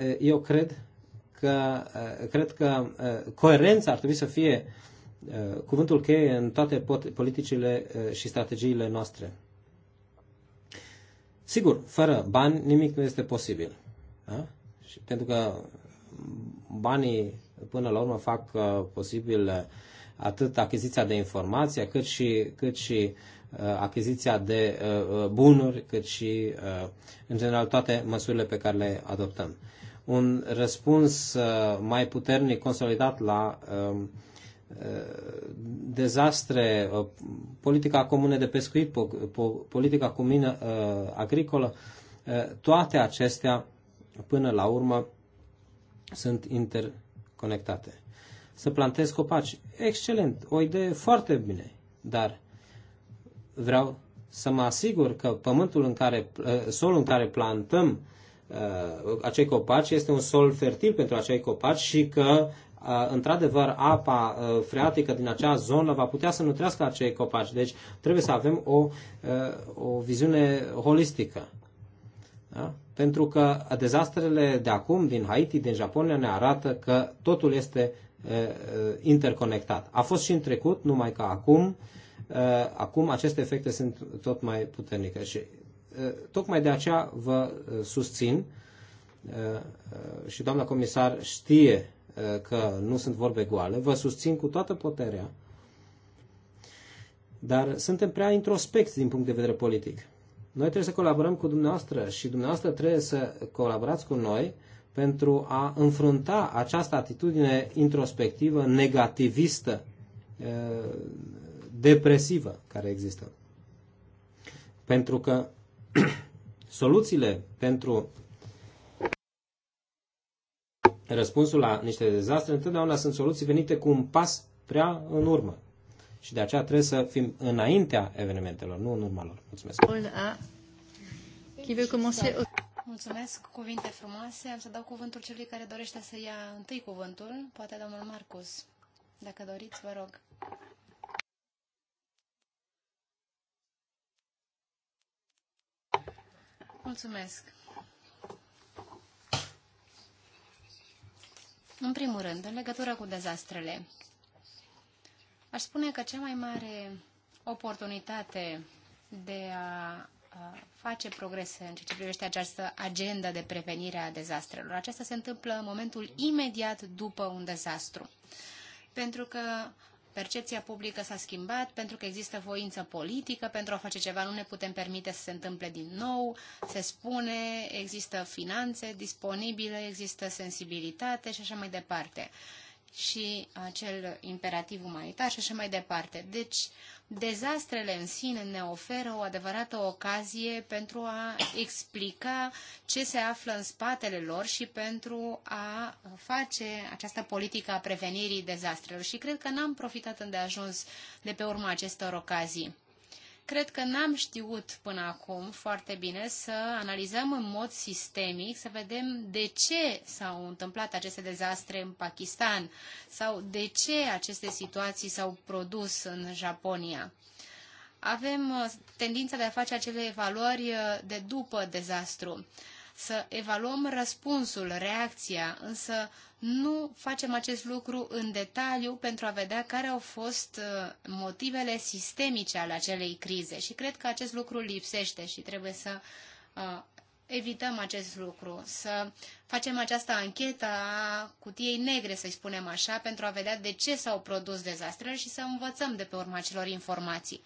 Eh, eu cred că, eh, cred că eh, coerența ar trebui să fie cuvântul cheie în toate politicile și strategiile noastre. Sigur, fără bani nimic nu este posibil. Da? Și pentru că banii până la urmă fac posibil atât achiziția de informație, cât și, cât și achiziția de bunuri, cât și, în general, toate măsurile pe care le adoptăm un răspuns uh, mai puternic consolidat la um, uh, dezastre, uh, politica comună de pescuit, politica comună agricolă, toate acestea până la urmă sunt interconectate. Să plantez copaci, excelent, o idee foarte bine, dar vreau să mă asigur că pământul în care, solul în care plantăm Uh, acei copaci este un sol fertil pentru acei copaci și că uh, într-adevăr apa uh, freatică din acea zonă va putea să nutrească acei copaci. Deci trebuie să avem o, o viziune holistică. Da? Pentru că dezastrele de acum din Haiti, din Japonia, ne arată că totul este interconectat. A fost și în trecut, numai că acum, acum aceste efecte sunt tot mai puternice. Și tocmai de aceea vă uh, susțin uh, uh, și doamna comisar știe că nu sunt vorbe goale, vă susțin cu toată puterea, dar suntem prea introspecți din punct de vedere politic. Noi trebuie să colaborăm cu dumneavoastră și dumneavoastră trebuie să colaborați cu noi pentru a înfrunta această atitudine introspectivă, negativistă, depresivă care există. Pentru că Soluțiile pentru răspunsul la niște dezastre întotdeauna sunt soluții venite cu un pas prea în urmă. Și de aceea trebuie să fim înaintea evenimentelor, nu în urma lor. Mulțumesc. Da. Mulțumesc, cuvinte frumoase. Am să dau cuvântul celui care dorește să ia întâi cuvântul, poate domnul Marcus. Dacă doriți, vă rog. Mulțumesc. În primul rând, în legătură cu dezastrele, aș spune că cea mai mare oportunitate de a face progrese în ceea ce privește această agenda de prevenire a dezastrelor. Aceasta se întâmplă în momentul imediat după un dezastru. Pentru că Percepția publică s-a schimbat pentru că există voință politică pentru a face ceva, nu ne putem permite să se întâmple din nou, se spune, există finanțe disponibile, există sensibilitate și așa mai departe și acel imperativ umanitar și așa mai departe. Deci, dezastrele în sine ne oferă o adevărată ocazie pentru a explica ce se află în spatele lor și pentru a face această politică a prevenirii dezastrelor. Și cred că n-am profitat îndeajuns de pe urma acestor ocazii cred că n-am știut până acum foarte bine să analizăm în mod sistemic, să vedem de ce s-au întâmplat aceste dezastre în Pakistan sau de ce aceste situații s-au produs în Japonia. Avem uh, tendința de a face acele evaluări uh, de după dezastru să evaluăm răspunsul, reacția, însă nu facem acest lucru în detaliu pentru a vedea care au fost uh, motivele sistemice ale acelei crize și cred că acest lucru lipsește și trebuie să uh, evităm acest lucru, să facem această anchetă a cutiei negre, să-i spunem așa, pentru a vedea de ce s-au produs dezastrele și să învățăm de pe urma acelor informații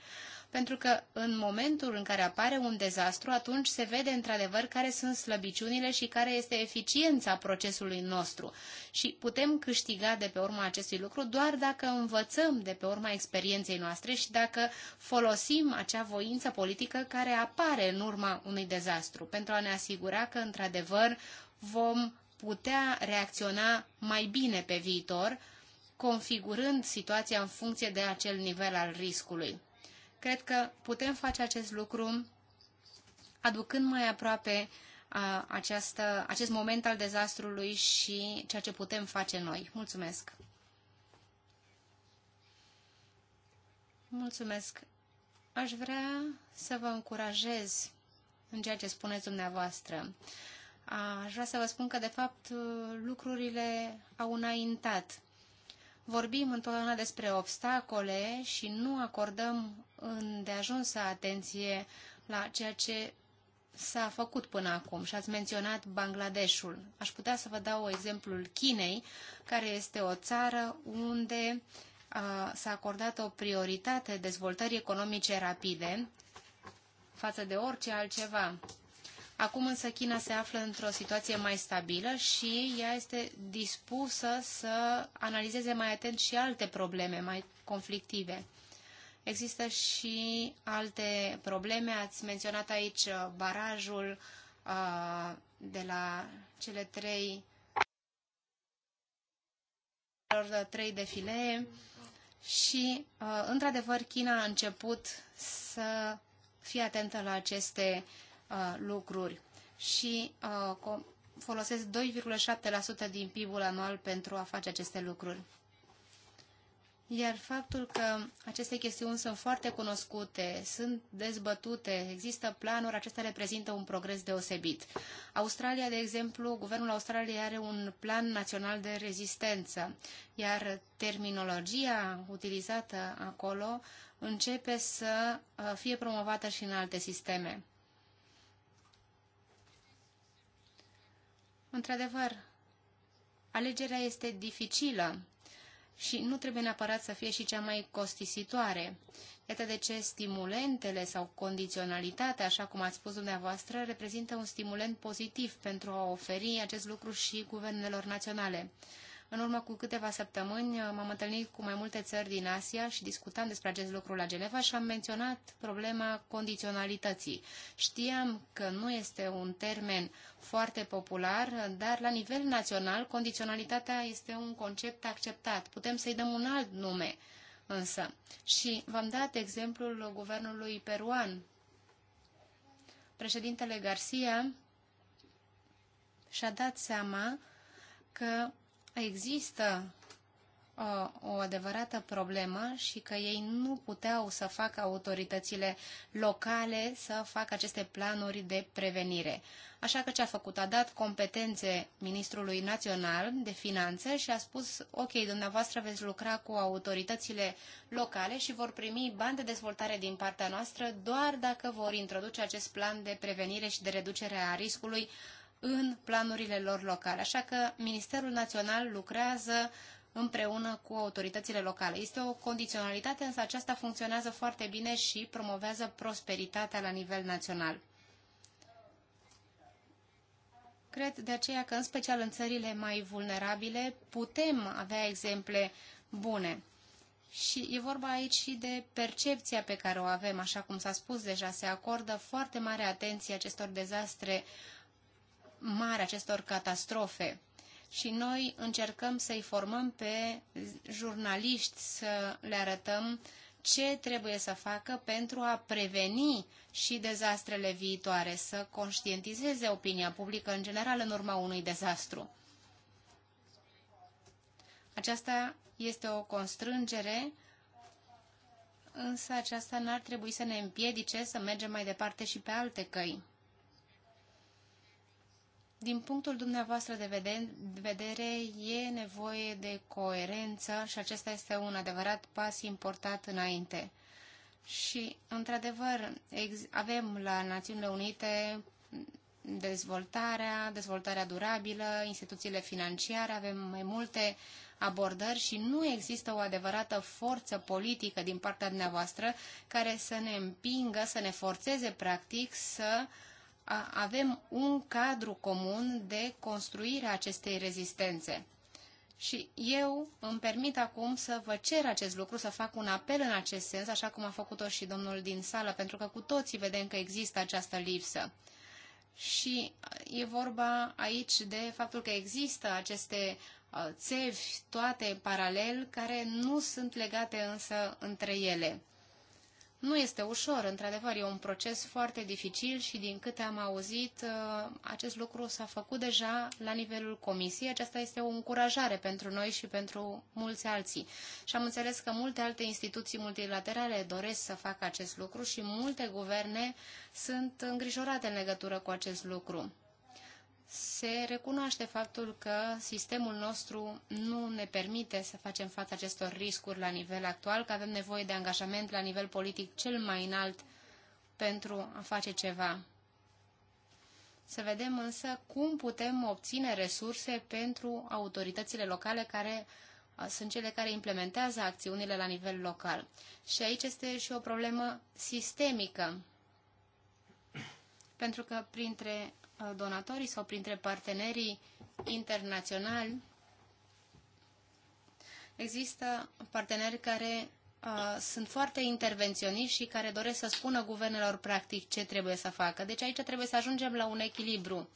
pentru că în momentul în care apare un dezastru, atunci se vede într-adevăr care sunt slăbiciunile și care este eficiența procesului nostru. Și putem câștiga de pe urma acestui lucru doar dacă învățăm de pe urma experienței noastre și dacă folosim acea voință politică care apare în urma unui dezastru, pentru a ne asigura că, într-adevăr, vom putea reacționa mai bine pe viitor, configurând situația în funcție de acel nivel al riscului. Cred că putem face acest lucru aducând mai aproape a, această, acest moment al dezastrului și ceea ce putem face noi. Mulțumesc! Mulțumesc! Aș vrea să vă încurajez în ceea ce spuneți dumneavoastră. Aș vrea să vă spun că, de fapt, lucrurile au înaintat vorbim întotdeauna despre obstacole și nu acordăm îndeajunsă atenție la ceea ce s-a făcut până acum și ați menționat Bangladeshul. Aș putea să vă dau exemplul Chinei, care este o țară unde s-a acordat o prioritate dezvoltării economice rapide față de orice altceva. Acum însă China se află într-o situație mai stabilă și ea este dispusă să analizeze mai atent și alte probleme mai conflictive. Există și alte probleme. Ați menționat aici uh, barajul uh, de la cele trei uh, trei defilee și, uh, într-adevăr, China a început să fie atentă la aceste Uh, lucruri și uh, folosesc 2,7% din PIB-ul anual pentru a face aceste lucruri. Iar faptul că aceste chestiuni sunt foarte cunoscute, sunt dezbătute, există planuri, acestea reprezintă un progres deosebit. Australia, de exemplu, guvernul Australiei are un plan național de rezistență, iar terminologia utilizată acolo începe să uh, fie promovată și în alte sisteme. Într-adevăr, alegerea este dificilă și nu trebuie neapărat să fie și cea mai costisitoare. Iată de ce stimulentele sau condiționalitatea, așa cum ați spus dumneavoastră, reprezintă un stimulent pozitiv pentru a oferi acest lucru și guvernelor naționale. În urmă cu câteva săptămâni uh, m-am întâlnit cu mai multe țări din Asia și discutam despre acest lucru la Geneva și am menționat problema condiționalității. Știam că nu este un termen foarte popular, dar la nivel național condiționalitatea este un concept acceptat. Putem să-i dăm un alt nume însă. Și v-am dat exemplul guvernului peruan. Președintele Garcia și-a dat seama că există o, uh, o adevărată problemă și că ei nu puteau să facă autoritățile locale să facă aceste planuri de prevenire. Așa că ce a făcut? A dat competențe Ministrului Național de Finanțe și a spus, ok, dumneavoastră veți lucra cu autoritățile locale și vor primi bani de dezvoltare din partea noastră doar dacă vor introduce acest plan de prevenire și de reducere a riscului în planurile lor locale. Așa că Ministerul Național lucrează împreună cu autoritățile locale. Este o condiționalitate, însă aceasta funcționează foarte bine și promovează prosperitatea la nivel național. Cred de aceea că, în special în țările mai vulnerabile, putem avea exemple bune. Și e vorba aici și de percepția pe care o avem, așa cum s-a spus deja, se acordă foarte mare atenție acestor dezastre mari, acestor catastrofe. Și noi încercăm să-i formăm pe jurnaliști, să le arătăm ce trebuie să facă pentru a preveni și dezastrele viitoare, să conștientizeze opinia publică în general în urma unui dezastru. Aceasta este o constrângere, însă aceasta n-ar trebui să ne împiedice să mergem mai departe și pe alte căi. Din punctul dumneavoastră de vedere, e nevoie de coerență și acesta este un adevărat pas important înainte. Și, într-adevăr, avem la Națiunile Unite dezvoltarea, dezvoltarea durabilă, instituțiile financiare, avem mai multe abordări și nu există o adevărată forță politică din partea dumneavoastră care să ne împingă, să ne forțeze practic să uh, avem un cadru comun de construire a acestei rezistențe. Și eu îmi permit acum să vă cer acest lucru, să fac un apel în acest sens, așa cum a făcut-o și domnul din sală, pentru că cu toții vedem că există această lipsă. Și e vorba aici de faptul că există aceste țevi, toate paralel, care nu sunt legate însă între ele. Nu este ușor, într-adevăr, e un proces foarte dificil și din câte am auzit, uh, acest lucru s-a făcut deja la nivelul comisiei. Aceasta este o încurajare pentru noi și pentru mulți alții. Și am înțeles că multe alte instituții multilaterale doresc să facă acest lucru și multe guverne sunt îngrijorate în legătură cu acest lucru se recunoaște faptul că sistemul nostru nu ne permite să facem față acestor riscuri la nivel actual, că avem nevoie de angajament la nivel politic cel mai înalt pentru a face ceva. Să vedem însă cum putem obține resurse pentru autoritățile locale care sunt cele care implementează acțiunile la nivel local. Și aici este și o problemă sistemică, pentru că printre donatorii sau printre partenerii internaționali, există parteneri care uh, sunt foarte intervenționiști și care doresc să spună guvernelor practic ce trebuie să facă. Deci aici trebuie să ajungem la un echilibru.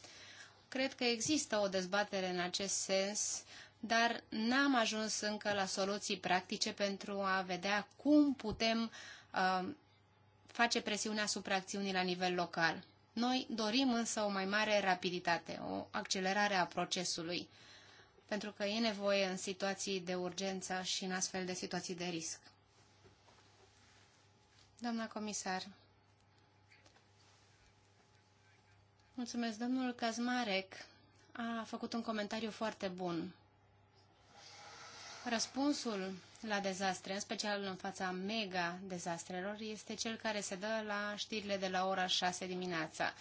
Cred că există o dezbatere în acest sens, dar n-am ajuns încă la soluții practice pentru a vedea cum putem uh, face presiunea asupra acțiunii la nivel local. Noi dorim însă o mai mare rapiditate, o accelerare a procesului, pentru că e nevoie în situații de urgență și în astfel de situații de risc. Doamna comisar, mulțumesc. Domnul Kazmarek a făcut un comentariu foarte bun Răspunsul la dezastre, în special în fața mega-dezastrelor, este cel care se dă la știrile de la ora 6 dimineața.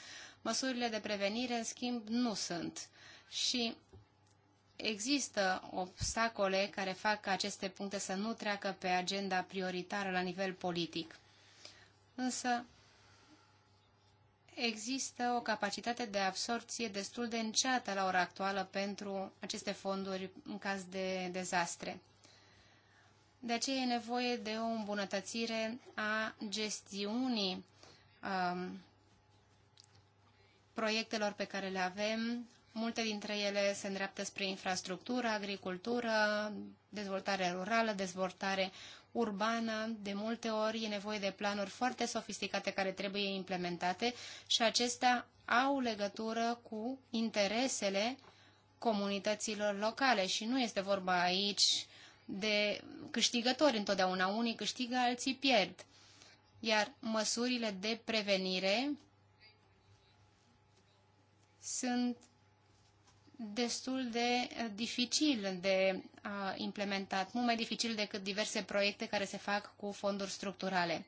Măsurile de prevenire, în schimb, nu sunt. Și există obstacole care fac ca aceste puncte să nu treacă pe agenda prioritară la nivel politic. Însă, există o capacitate de absorpție destul de înceată la ora actuală pentru aceste fonduri în caz de dezastre. De aceea e nevoie de o îmbunătățire a gestiunii um, proiectelor pe care le avem. Multe dintre ele se îndreaptă spre infrastructură, agricultură, dezvoltare rurală, dezvoltare urbană, de multe ori e nevoie de planuri foarte sofisticate care trebuie implementate și acestea au legătură cu interesele comunităților locale și nu este vorba aici de câștigători întotdeauna. Unii câștigă, alții pierd. Iar măsurile de prevenire sunt destul de eh, dificil de implementat, mult mai dificil decât diverse proiecte care se fac cu fonduri structurale.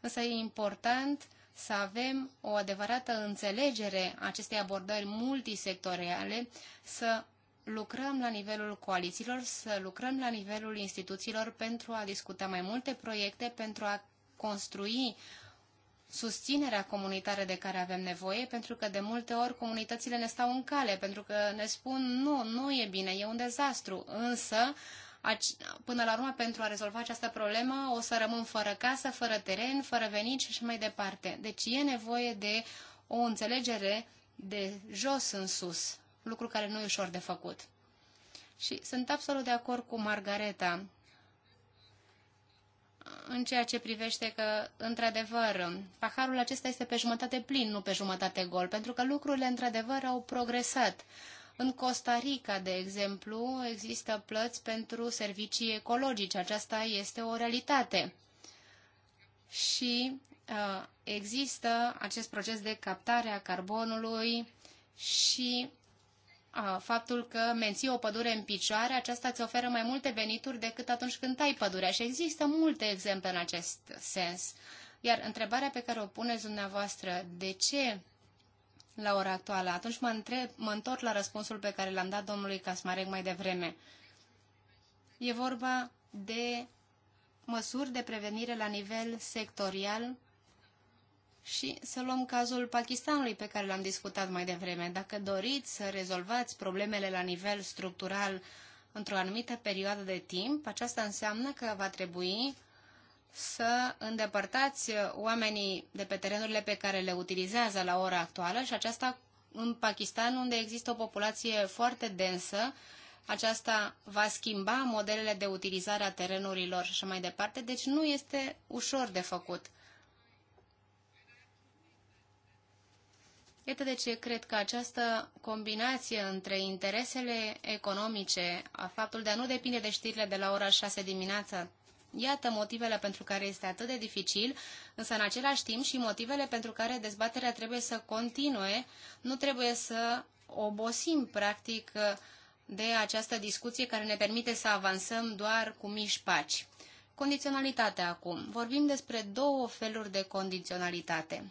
Însă e important să avem o adevărată înțelegere acestei abordări multisectoriale, să lucrăm la nivelul coalițiilor, să lucrăm la nivelul instituțiilor pentru a discuta mai multe proiecte, pentru a construi susținerea comunitară de care avem nevoie, pentru că de multe ori comunitățile ne stau în cale, pentru că ne spun nu, nu e bine, e un dezastru, însă până la urmă, pentru a rezolva această problemă, o să rămân fără casă, fără teren, fără venit și așa mai departe. Deci e nevoie de o înțelegere de jos în sus, lucru care nu e ușor de făcut. Și sunt absolut de acord cu Margareta în ceea ce privește că, într-adevăr, paharul acesta este pe jumătate plin, nu pe jumătate gol, pentru că lucrurile, într-adevăr, au progresat. În Costa Rica, de exemplu, există plăți pentru servicii ecologice. Aceasta este o realitate. Și uh, există acest proces de captare a carbonului și faptul că menții o pădure în picioare, aceasta îți oferă mai multe venituri decât atunci când tai pădurea și există multe exemple în acest sens. Iar întrebarea pe care o puneți dumneavoastră, de ce la ora actuală, atunci mă, întreb, mă întorc la răspunsul pe care l-am dat domnului Casmarec mai devreme. E vorba de măsuri de prevenire la nivel sectorial și să luăm cazul Pakistanului pe care l-am discutat mai devreme. Dacă doriți să rezolvați problemele la nivel structural într-o anumită perioadă de timp, aceasta înseamnă că va trebui să îndepărtați oamenii de pe terenurile pe care le utilizează la ora actuală și aceasta în Pakistan, unde există o populație foarte densă, aceasta va schimba modelele de utilizare a terenurilor și mai departe, deci nu este ușor de făcut. Iată de ce cred că această combinație între interesele economice, a faptul de a nu depinde de știrile de la ora 6 dimineața, iată motivele pentru care este atât de dificil, însă în același timp și motivele pentru care dezbaterea trebuie să continue, nu trebuie să obosim practic de această discuție care ne permite să avansăm doar cu mici paci. Condiționalitatea acum. Vorbim despre două feluri de condiționalitate.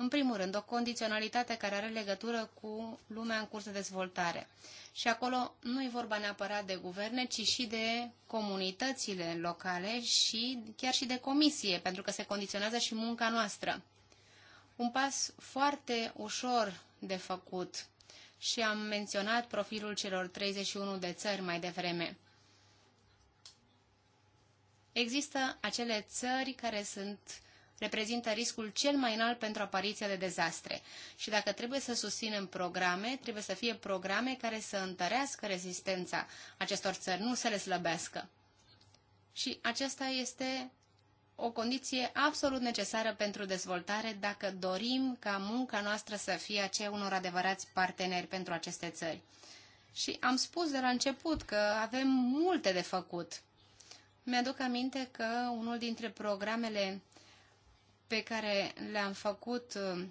În primul rând, o condiționalitate care are legătură cu lumea în curs de dezvoltare. Și acolo nu e vorba neapărat de guverne, ci și de comunitățile locale și chiar și de comisie, pentru că se condiționează și munca noastră. Un pas foarte ușor de făcut și am menționat profilul celor 31 de țări mai devreme. Există acele țări care sunt reprezintă riscul cel mai înalt pentru apariția de dezastre. Și dacă trebuie să susținem programe, trebuie să fie programe care să întărească rezistența acestor țări, nu să le slăbească. Și aceasta este o condiție absolut necesară pentru dezvoltare dacă dorim ca munca noastră să fie aceea unor adevărați parteneri pentru aceste țări. Și am spus de la început că avem multe de făcut. Mi-aduc aminte că unul dintre programele pe care le-am făcut, uh,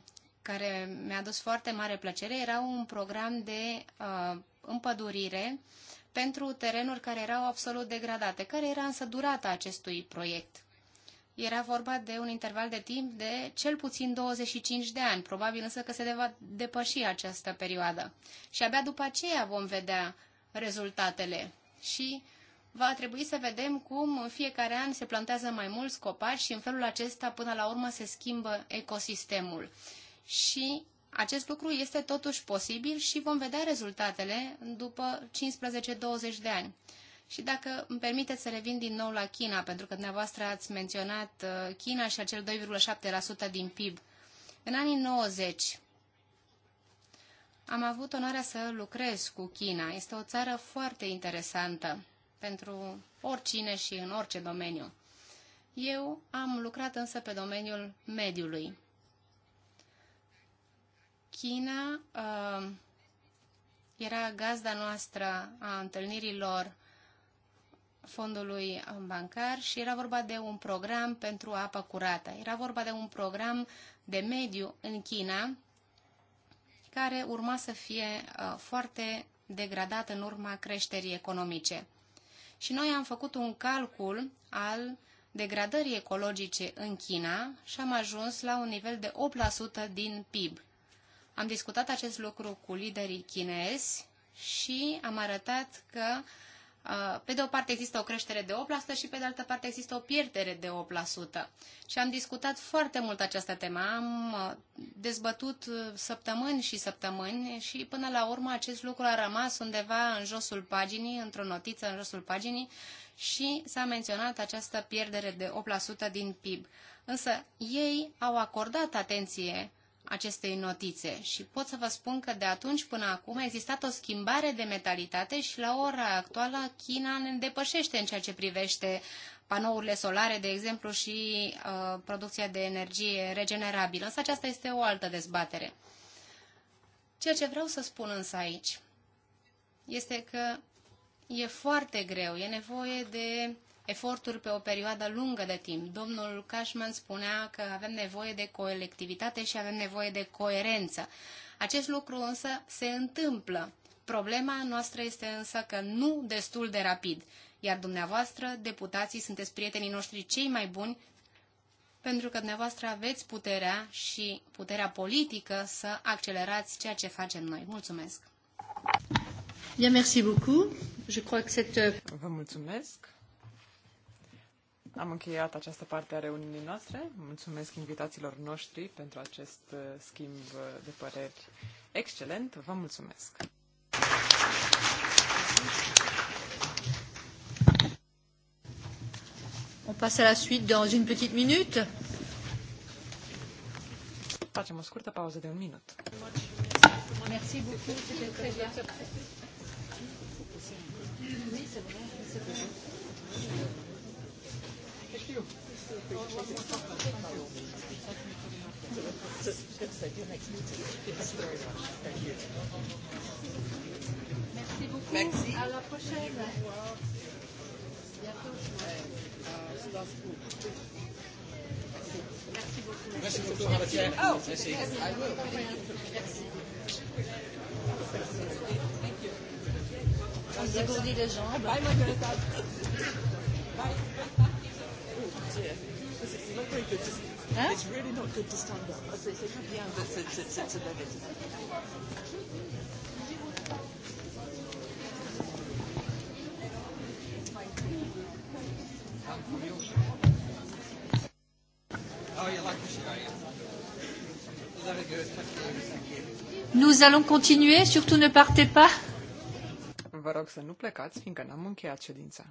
care mi-a dus foarte mare plăcere, era un program de uh, împădurire pentru terenuri care erau absolut degradate. Care era însă durata acestui proiect? Era vorba de un interval de timp de cel puțin 25 de ani, probabil însă că se va depăși această perioadă. Și abia după aceea vom vedea rezultatele. Și uh, va trebui să vedem cum în fiecare an se plantează mai mulți copaci și în felul acesta până la urmă se schimbă ecosistemul. Și acest lucru este totuși posibil și vom vedea rezultatele după 15-20 de ani. Și dacă îmi permiteți să revin din nou la China, pentru că dumneavoastră ați menționat uh, China și acel 2,7% din PIB. În anii 90 am avut onoarea să lucrez cu China. Este o țară foarte interesantă pentru oricine și în orice domeniu. Eu am lucrat însă pe domeniul mediului. China uh, era gazda noastră a întâlnirilor fondului bancar și era vorba de un program pentru apă curată. Era vorba de un program de mediu în China care urma să fie uh, foarte degradat în urma creșterii economice și noi am făcut un calcul al degradării ecologice în China și am ajuns la un nivel de 8% din PIB. Am discutat acest lucru cu liderii chinezi și am arătat că Uh, pe de o parte există o creștere de 8% și pe de altă parte există o pierdere de 8%. Și am discutat foarte mult această temă, am uh, dezbătut uh, săptămâni și săptămâni și până la urmă acest lucru a rămas undeva în josul paginii, într-o notiță în josul paginii și s-a menționat această pierdere de 8% din PIB. Însă ei au acordat atenție acestei notițe și pot să vă spun că de atunci până acum a existat o schimbare de mentalitate și la ora actuală China ne depășește în ceea ce privește panourile solare, de exemplu, și uh, producția de energie regenerabilă. Însă aceasta este o altă dezbatere. Ceea ce vreau să spun însă aici este că e foarte greu, e nevoie de eforturi pe o perioadă lungă de timp. Domnul Cashman spunea că avem nevoie de colectivitate și avem nevoie de coerență. Acest lucru însă se întâmplă. Problema noastră este însă că nu destul de rapid, iar dumneavoastră, deputații, sunteți prietenii noștri cei mai buni, pentru că dumneavoastră aveți puterea și puterea politică să accelerați ceea ce facem noi. Mulțumesc! Bien, merci beaucoup. Je crois que cette... Vă mulțumesc. Am încheiat această parte a reuniunii noastre. Mulțumesc invitațiilor noștri pentru acest uh, schimb de păreri excelent. Vă mulțumesc! On passe à la suite dans une petite minute. Facem o scurtă pauză de un minut. Merci beaucoup, c'était très bien. Oui, c'est vrai, c'est vrai știu. Merci beaucoup. Merci. À la prochaine. Bientôt. Merci beaucoup. Merci beaucoup. Merci. Oh, merci. Merci. will. Merci. Merci. you. Merci. s'égourdit Merci. jambes. Merci. Margarita. very good to huh? It's really not good to stand up. Nous allons continuer, surtout ne partez pas. Vă rog să nu plecați, fiindcă n-am încheiat ședința.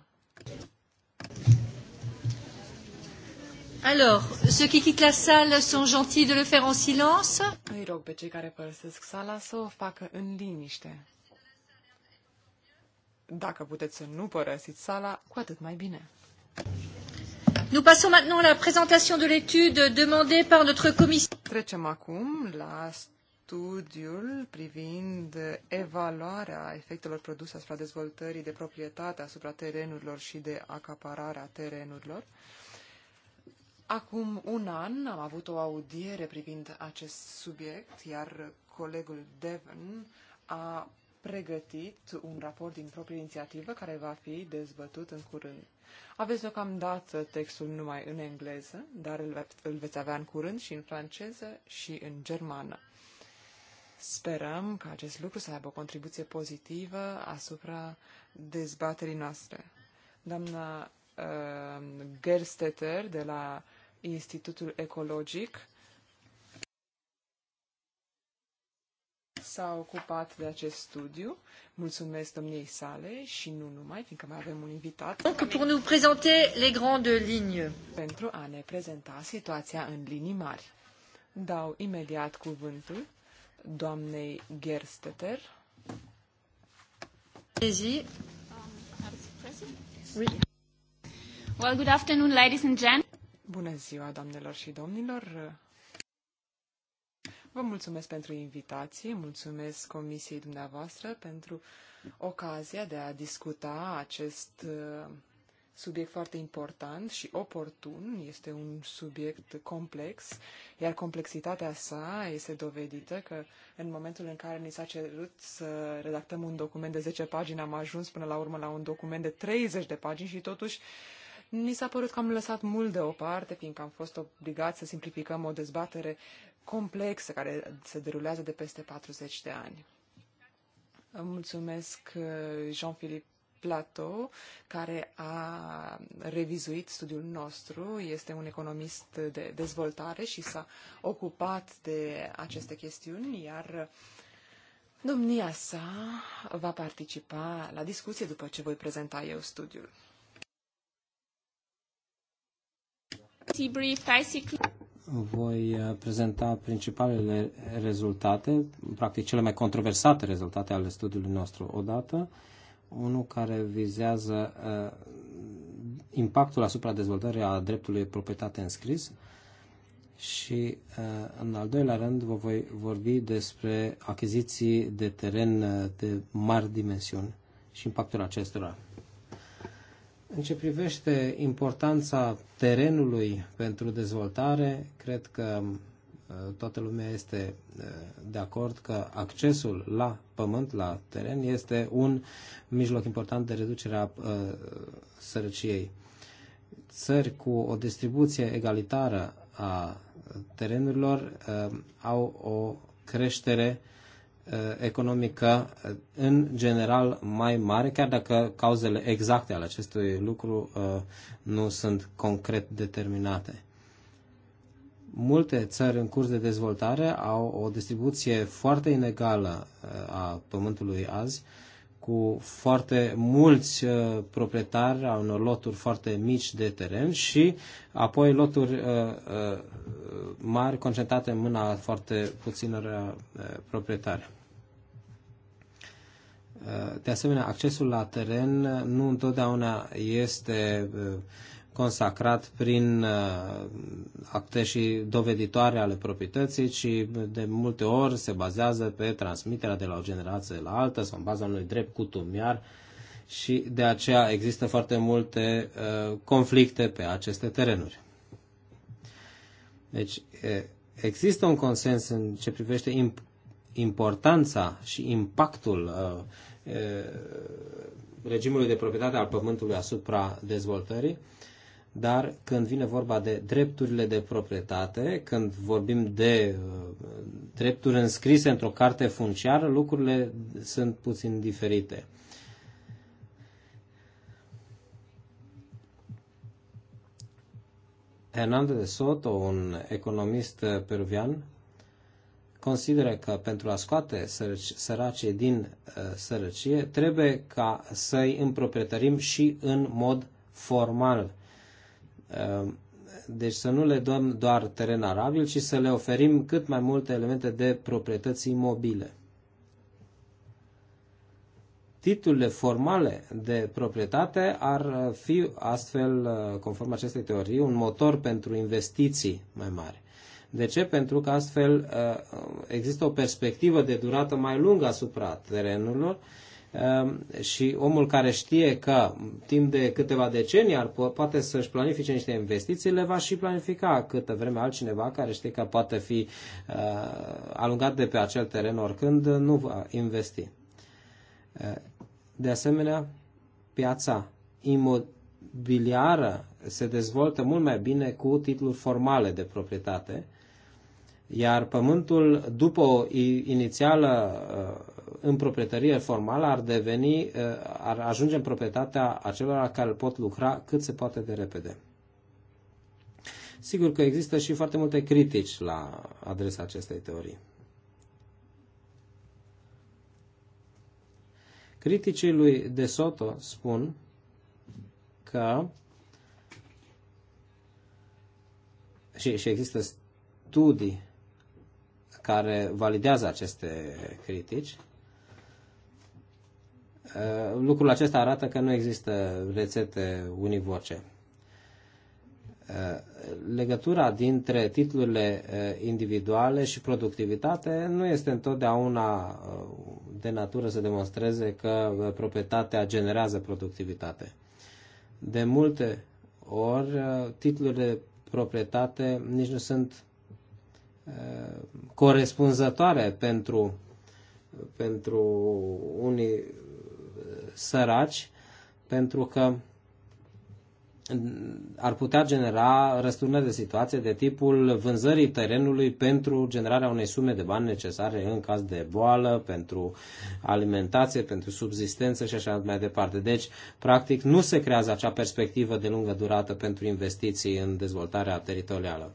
Alors, ceux qui quittent la salle sont gentils de le faire en silence. Îi rog pe cei care părăsesc sala să o facă în liniște. Dacă puteți să nu părăsiți sala, cu atât mai bine. Nous passons maintenant à la présentation de l'étude demandée par notre commission. Trecem acum la studiul privind evaluarea efectelor produse asupra dezvoltării de proprietate asupra terenurilor și de acapararea terenurilor. Acum un an am avut o audiere privind acest subiect, iar colegul Devon a pregătit un raport din proprie inițiativă care va fi dezbătut în curând. Aveți deocamdată textul numai în engleză, dar îl, ve- îl veți avea în curând și în franceză și în germană. Sperăm că acest lucru să aibă o contribuție pozitivă asupra dezbaterii noastre. Doamna uh, Gerstetter de la Institutul Ecologic s-a ocupat de acest studiu. Mulțumesc domniei sale și nu numai, fiindcă mai avem un invitat. Donc, pour nous présenter les grandes lignes. Pentru a ne prezenta situația în linii mari. Dau imediat cuvântul doamnei Gersteter. Zi. Um, oui. Well, good afternoon, ladies and gentlemen. Bună ziua, doamnelor și domnilor! Vă mulțumesc pentru invitație, mulțumesc comisiei dumneavoastră pentru ocazia de a discuta acest uh, subiect foarte important și oportun. Este un subiect complex, iar complexitatea sa este dovedită că în momentul în care ni s-a cerut să redactăm un document de 10 pagini, am ajuns până la urmă la un document de 30 de pagini și totuși Ni s-a părut că am lăsat mult de o parte, fiindcă am fost obligați să simplificăm o dezbatere complexă care se derulează de peste 40 de ani. Mulțumesc uh, Jean-Philippe Plateau, care a revizuit studiul nostru, este un economist de dezvoltare și s-a ocupat de aceste chestiuni, iar domnia sa va participa la discuție după ce voi prezenta eu studiul. Voi uh, prezenta principalele rezultate, practic cele mai controversate rezultate ale studiului nostru odată, unul care vizează uh, impactul asupra dezvoltării a dreptului proprietate înscris și uh, în al doilea rând vă voi vorbi despre achiziții de teren uh, de mari dimensiuni și impactul acestora. În ce privește importanța terenului pentru dezvoltare, cred că uh, toată lumea este uh, de acord că accesul la pământ, la teren, este un mijloc important de reducere a uh, sărăciei. Țări cu o distribuție egalitară a terenurilor au o creștere Eh, economică eh, în general mai mare, chiar dacă cauzele exacte ale acestui lucru eh, nu sunt concret determinate. Multe țări în curs de dezvoltare au o distribuție foarte inegală a pământului azi, cu foarte mulți proprietari a unor loturi foarte mici de teren și apoi loturi mari concentrate în mâna foarte puținor proprietari. Uh, de asemenea, accesul la teren uh, nu întotdeauna este uh, consacrat prin acte și doveditoare ale proprietății, ci de multe ori se bazează pe transmiterea de la o generație la alta sau în baza unui drept cutumiar și de aceea există foarte multe conflicte pe aceste terenuri. Deci, există un consens în ce privește importanța și impactul uh, uh, regimului de proprietate al pământului asupra dezvoltării, dar când vine vorba de drepturile de proprietate, când vorbim de uh, drepturi înscrise într-o carte funciară, lucrurile sunt puțin diferite. Hernando de Soto, un economist peruvian, consideră că pentru a scoate săracii din uh, sărăcie, trebuie ca să-i împroprietărim și în mod formal. Uh, deci să nu le dăm doar teren arabil, ci să le oferim cât mai multe elemente de proprietăți imobile. Titlurile formale de proprietate ar fi astfel, uh, conform acestei teorii, un motor pentru investiții mai mari de ce? Pentru că astfel uh, există o perspectivă de durată mai lungă asupra terenurilor uh, și omul care știe că timp de câteva decenii ar po- poate să-și planifice niște investiții, le va și planifica câtă vreme altcineva care știe că poate fi uh, alungat de pe acel teren oricând, nu va investi. Uh, de asemenea, piața imobiliară se dezvoltă mult mai bine cu titluri formale de proprietate, iar pământul, după o inițială uh, proprietărie formală, ar deveni, uh, ar ajunge în proprietatea acelora care îl pot lucra cât se poate de repede. Sigur că există și foarte multe critici la adresa acestei teorii. Criticii lui De Soto spun că și, și există studii care validează aceste critici. Uh, lucrul acesta arată că nu există rețete univoce. Uh, legătura dintre titlurile uh, individuale și productivitate nu este întotdeauna de natură să demonstreze că proprietatea generează productivitate. De multe ori, titlurile proprietate nici nu sunt Uh, corespunzătoare pentru, pentru unii uh, săraci, pentru că ar putea genera răsturnări de situație de tipul vânzării terenului pentru generarea unei sume de bani necesare în caz de boală, pentru alimentație, pentru subzistență și așa mai departe. Deci, practic, nu se creează acea perspectivă de lungă durată pentru investiții în dezvoltarea teritorială.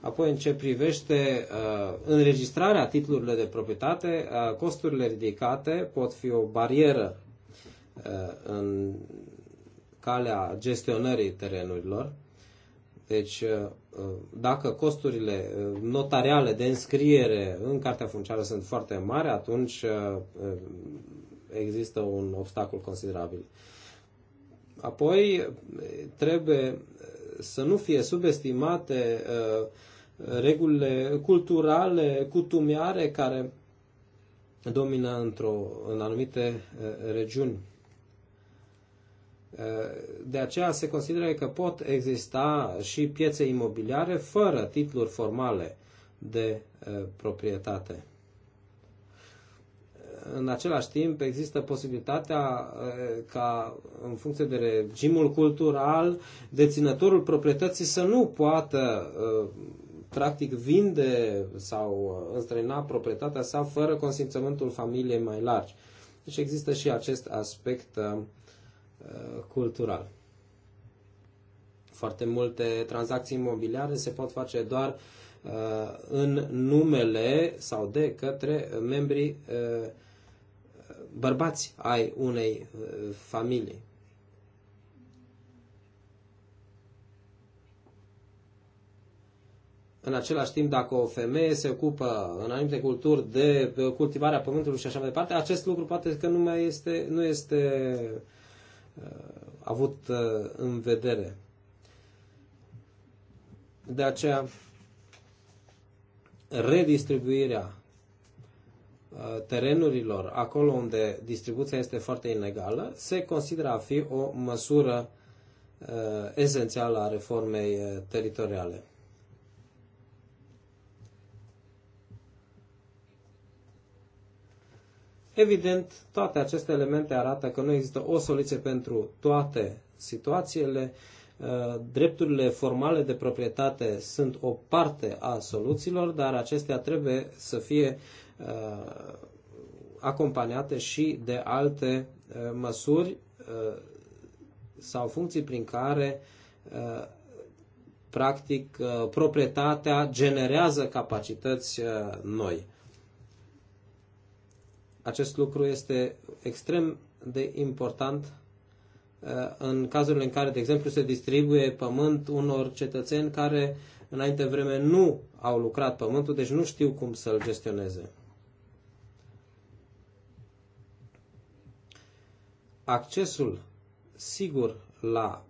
Apoi, în ce privește uh, înregistrarea titlurilor de proprietate, uh, costurile ridicate pot fi o barieră uh, în calea gestionării terenurilor. Deci, uh, uh, dacă costurile uh, notariale de înscriere în cartea funciară sunt foarte mari, atunci există un obstacol considerabil. Apoi, trebuie să nu fie subestimate uh, regulile culturale, cutumiare care domină într-o, în anumite uh, regiuni. Uh, de aceea se consideră că pot exista și piețe imobiliare fără titluri formale de proprietate în același timp există posibilitatea eh, ca, în funcție de regimul cultural, deținătorul proprietății să nu poată eh, practic vinde sau eh, înstrăina proprietatea sa fără consimțământul familiei mai largi. Deci există și acest aspect cultural. Foarte multe tranzacții imobiliare se pot face doar în numele sau de către membrii uh, bărbați ai unei uh, familii. În același timp, dacă o femeie se ocupă în anumite culturi de cultivarea pământului și așa mai departe, acest lucru poate că nu mai este, nu este uh, avut uh, în vedere. De aceea, redistribuirea Uh, terenurilor, acolo unde distribuția este foarte inegală, se consideră a fi o măsură uh, esențială a reformei uh, teritoriale. Evident, toate aceste elemente arată că nu există o soluție pentru toate situațiile. Drepturile formale de proprietate sunt o parte a soluțiilor, dar acestea trebuie să fie Uh, acompaniate și de alte uh, măsuri uh, sau funcții prin care practic proprietatea generează capacități noi. Acest lucru este extrem de important în cazurile în care, de exemplu, se distribuie pământ unor cetățeni care înainte vreme nu au lucrat pământul, deci nu știu cum să-l gestioneze. accesul sigur la,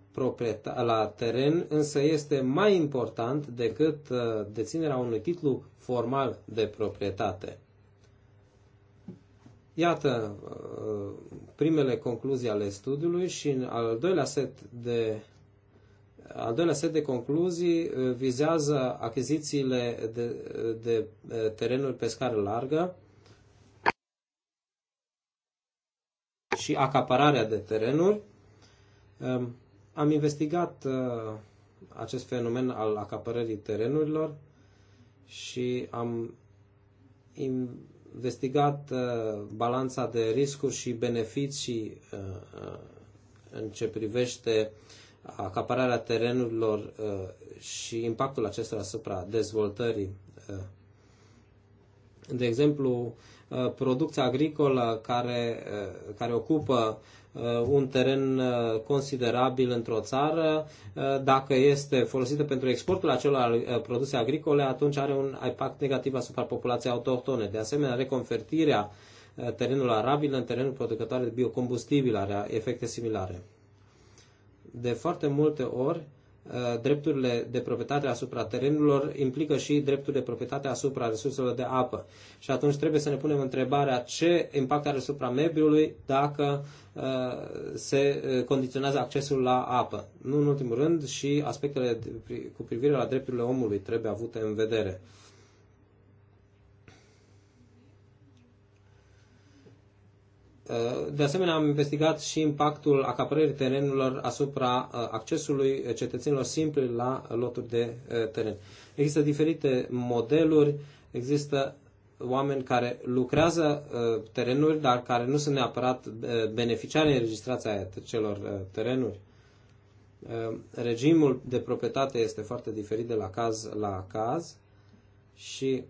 la teren însă este mai important decât uh, deținerea unui titlu formal de proprietate. Iată uh, primele concluzii ale studiului și în al doilea set de al doilea set de concluzii uh, vizează achizițiile de, de terenuri pe scară largă, și acapararea de terenuri. Ehm, am investigat uh, acest fenomen al acapărării terenurilor și am investigat uh, balanța de riscuri și beneficii uh, în ce privește acapararea terenurilor și impactul acestora asupra dezvoltării. De exemplu, Uh, producția agricolă care, uh, care ocupă uh, un teren considerabil într-o țară, dacă este folosită pentru exportul acelor produse agricole, atunci are un impact negativ asupra populației autohtone. De asemenea, reconvertirea terenului arabil în terenul producătoare de biocombustibil are efecte similare. De foarte multe ori, Uh, drepturile de proprietate asupra terenurilor implică și dreptul de proprietate asupra resurselor de apă. Și atunci trebuie să ne punem întrebarea ce impact are asupra mediului dacă uh, se uh, condiționează accesul la apă. Nu în ultimul rând și aspectele cu privire la drepturile omului trebuie avute în vedere. Uh, de asemenea, am investigat și impactul acapărării terenurilor asupra uh, accesului uh, cetățenilor simpli la loturi de teren. Există diferite modeluri, există oameni care lucrează terenuri, dar care nu sunt neapărat beneficiari în registrația celor terenuri. Regimul de proprietate este foarte diferit de la caz la caz și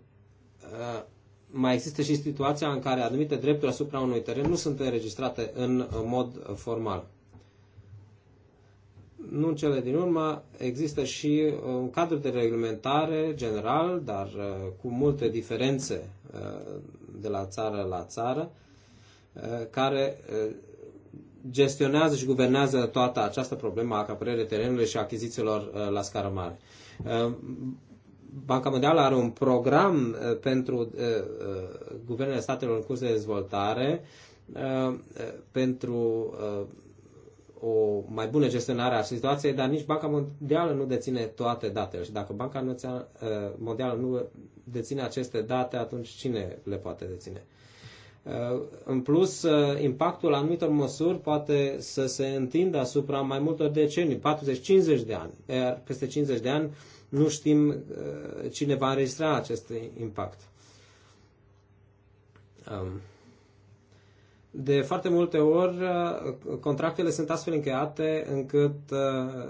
mai există și situația în care anumite drepturi asupra unui teren nu sunt înregistrate în mod formal. Nu în cele din urmă, există și uh, un cadru de reglementare general, dar uh, cu multe diferențe uh, de la țară la țară, care gestionează și guvernează toată această problemă a acapărării terenului și achizițiilor la scară mare. Banca Mondială are un program uh, pentru uh, uh, guvernele statelor în curs de dezvoltare pentru o mai bună gestionare a situației, dar nici Banca Mondială nu deține toate datele. Și dacă Banca Mondială nu deține aceste date, atunci cine le poate deține? În plus, impactul anumitor măsuri poate să se întindă asupra mai multor decenii, 40-50 de ani. Peste 50 de ani, nu știm uh, cine va înregistra acest impact. Um, de foarte multe ori, uh, contractele sunt astfel încheiate încât uh,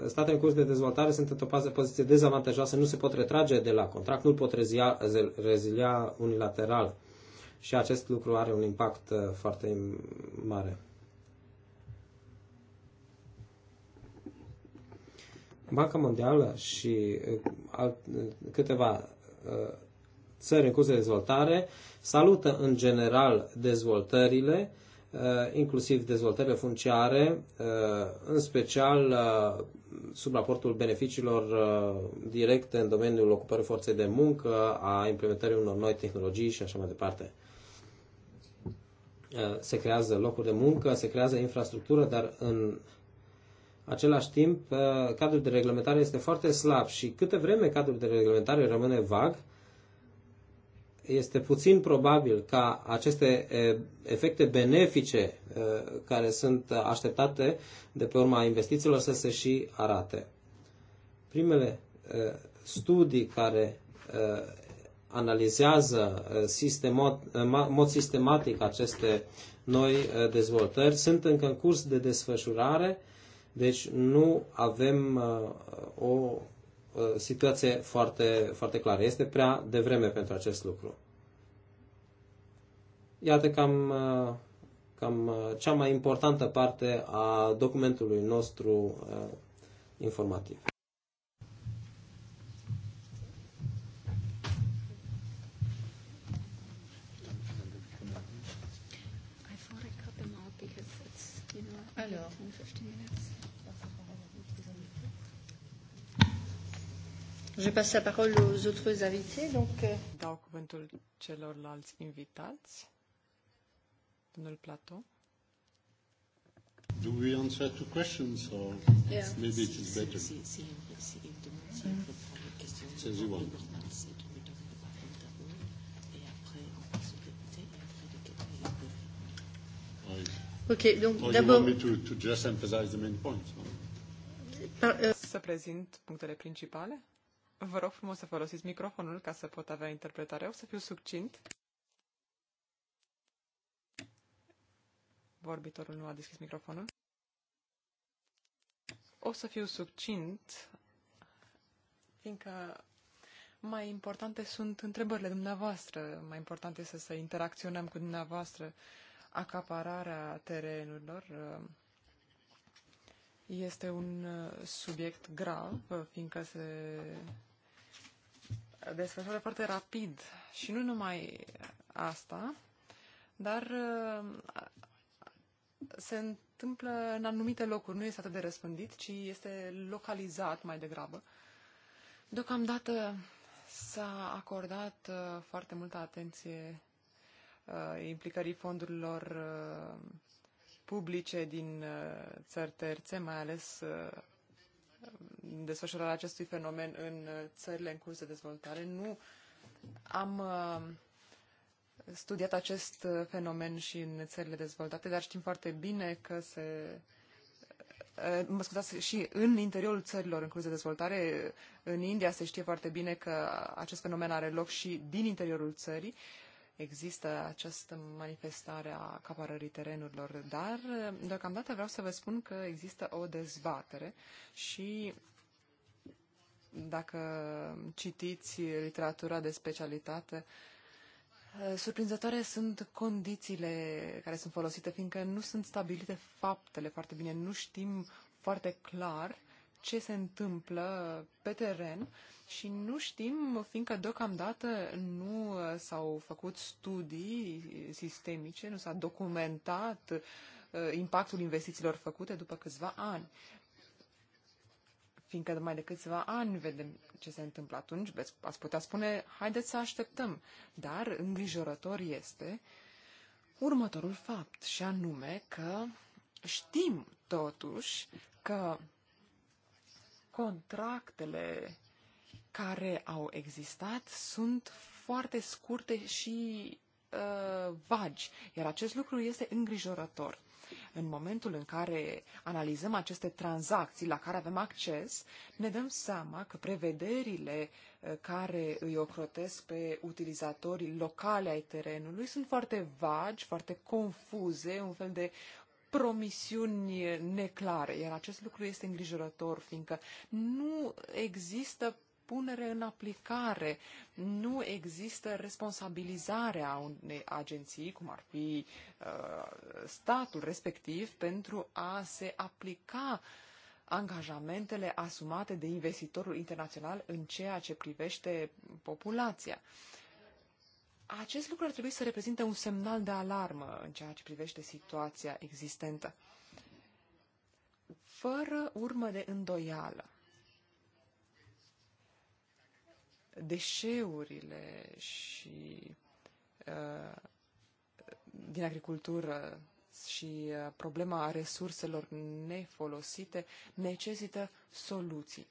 statele în curs de dezvoltare sunt într-o poziție dezavantajoasă, nu se pot retrage de la contract, nu pot rezia, rezilia unilateral. Și acest lucru are un impact foarte mare. Banca Mondială și uh, uh, câteva uh, țări în curs de dezvoltare salută în general dezvoltările, inclusiv dezvoltările funciare, în special sub raportul beneficiilor directe în domeniul ocupării forței de muncă, a implementării unor noi tehnologii și așa mai departe. Se creează locuri de muncă, se creează infrastructură, dar în același timp, uh, cadrul de reglementare este foarte slab și câte vreme cadrul de reglementare rămâne vag, este puțin probabil ca aceste efecte benefice care sunt așteptate de pe urma investițiilor să se și arate. Primele studii care analizează sistemat, mod sistematic aceste noi dezvoltări sunt încă în curs de desfășurare deci nu avem uh, o uh, situație foarte, foarte clară. Este prea devreme pentru acest lucru. Iată cam, uh, cam cea mai importantă parte a documentului nostru informativ. Je passe la parole aux autres invités. Donc, euh. Dau cuvântul celorlalți invitați. Domnul Plato. Do we answer to questions or yeah. maybe it is better? Si, si, si, si, Ok, donc d'abord. To, to just emphasize the main points. Par, uh... Să prezint punctele principale? Vă rog frumos să folosiți microfonul ca să pot avea interpretare. O să fiu succint. Vorbitorul nu a deschis microfonul. O să fiu succint, fiindcă mai importante sunt întrebările dumneavoastră, mai important este să interacționăm cu dumneavoastră. Acapararea terenurilor uh, este un uh, subiect grav, uh, fiindcă se desfășoară foarte rapid și nu numai asta, dar uh, se întâmplă în anumite locuri, nu este atât de răspândit, ci este localizat mai degrabă. Deocamdată s-a acordat uh, foarte multă atenție uh, implicării fondurilor publice din țări terțe, mai ales desfășurarea acestui fenomen în uh, țările în curs de dezvoltare. Nu am uh, studiat acest uh, fenomen și în țările dezvoltate, dar știm foarte bine că se mă scuzați, și în interiorul țărilor în curs de dezvoltare, în India se știe foarte bine că acest fenomen are loc și din interiorul țării. Există această manifestare a acaparării terenurilor, dar deocamdată vreau să vă spun că există o dezbatere și dacă citiți literatura de specialitate, eh, surprinzătoare sunt condițiile care sunt folosite, fiindcă nu sunt stabilite faptele foarte bine, nu știm foarte clar ce se întâmplă pe teren și nu știm, fiindcă deocamdată nu eh, s-au făcut studii sistemice, nu s-a documentat eh, impactul investițiilor făcute după câțiva ani fiindcă mai de câțiva ani vedem ce se întâmplă atunci, ați putea spune, haideți să așteptăm. Dar îngrijorător este următorul fapt, și anume că știm totuși că contractele care au existat sunt foarte scurte și uh, vagi, iar acest lucru este îngrijorător în momentul în care analizăm aceste tranzacții la care avem acces, ne dăm seama că prevederile uh, care îi ocrotesc pe utilizatorii locale ai terenului sunt foarte vagi, foarte confuze, un fel de promisiuni neclare, iar acest lucru este îngrijorător, fiindcă nu există punere în aplicare. Nu există responsabilizarea unei agenții, cum ar fi uh, statul respectiv, pentru a se aplica angajamentele asumate de investitorul internațional în ceea ce privește populația. Acest lucru ar trebui să reprezinte un semnal de alarmă în ceea ce privește situația existentă. Fără urmă de îndoială, deșeurile și uh, din agricultură și uh, problema resurselor nefolosite necesită soluții.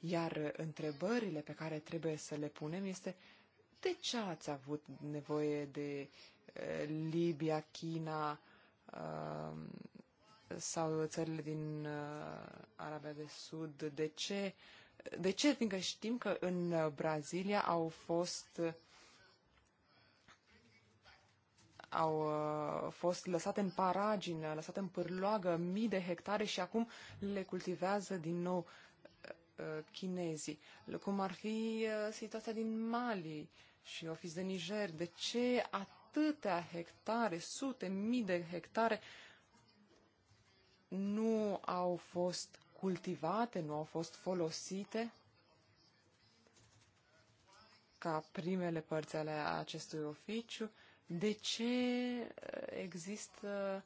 Iar întrebările pe care trebuie să le punem este de ce ați avut nevoie de uh, Libia, China sau țările din Arabia de Sud? De ce uh, de ce? Fiindcă știm că în uh, Brazilia au fost au uh, fost lăsate în paragină, lăsate în pârloagă mii de hectare și acum le cultivează din nou uh, chinezii. Cum ar fi situația din Mali și ofis de Niger? De ce atâtea hectare, sute, mii de hectare nu au fost cultivate, nu au fost folosite ca primele părți ale acestui oficiu, de ce există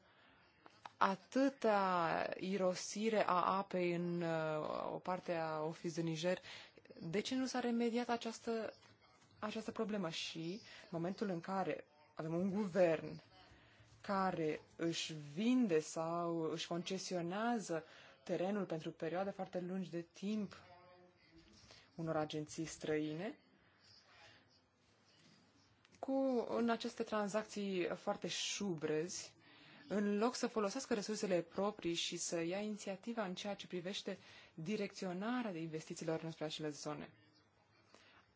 atâta irosire a apei în uh, o parte a oficiului Niger, de ce nu s-a remediat această, această problemă? Și în momentul în care avem un guvern care își vinde sau își concesionează uh, terenul pentru perioade foarte lungi de timp unor agenții străine cu, în aceste tranzacții foarte șubrezi, în loc să folosească resursele proprii și să ia inițiativa în ceea ce privește direcționarea de investițiilor spre acele zone.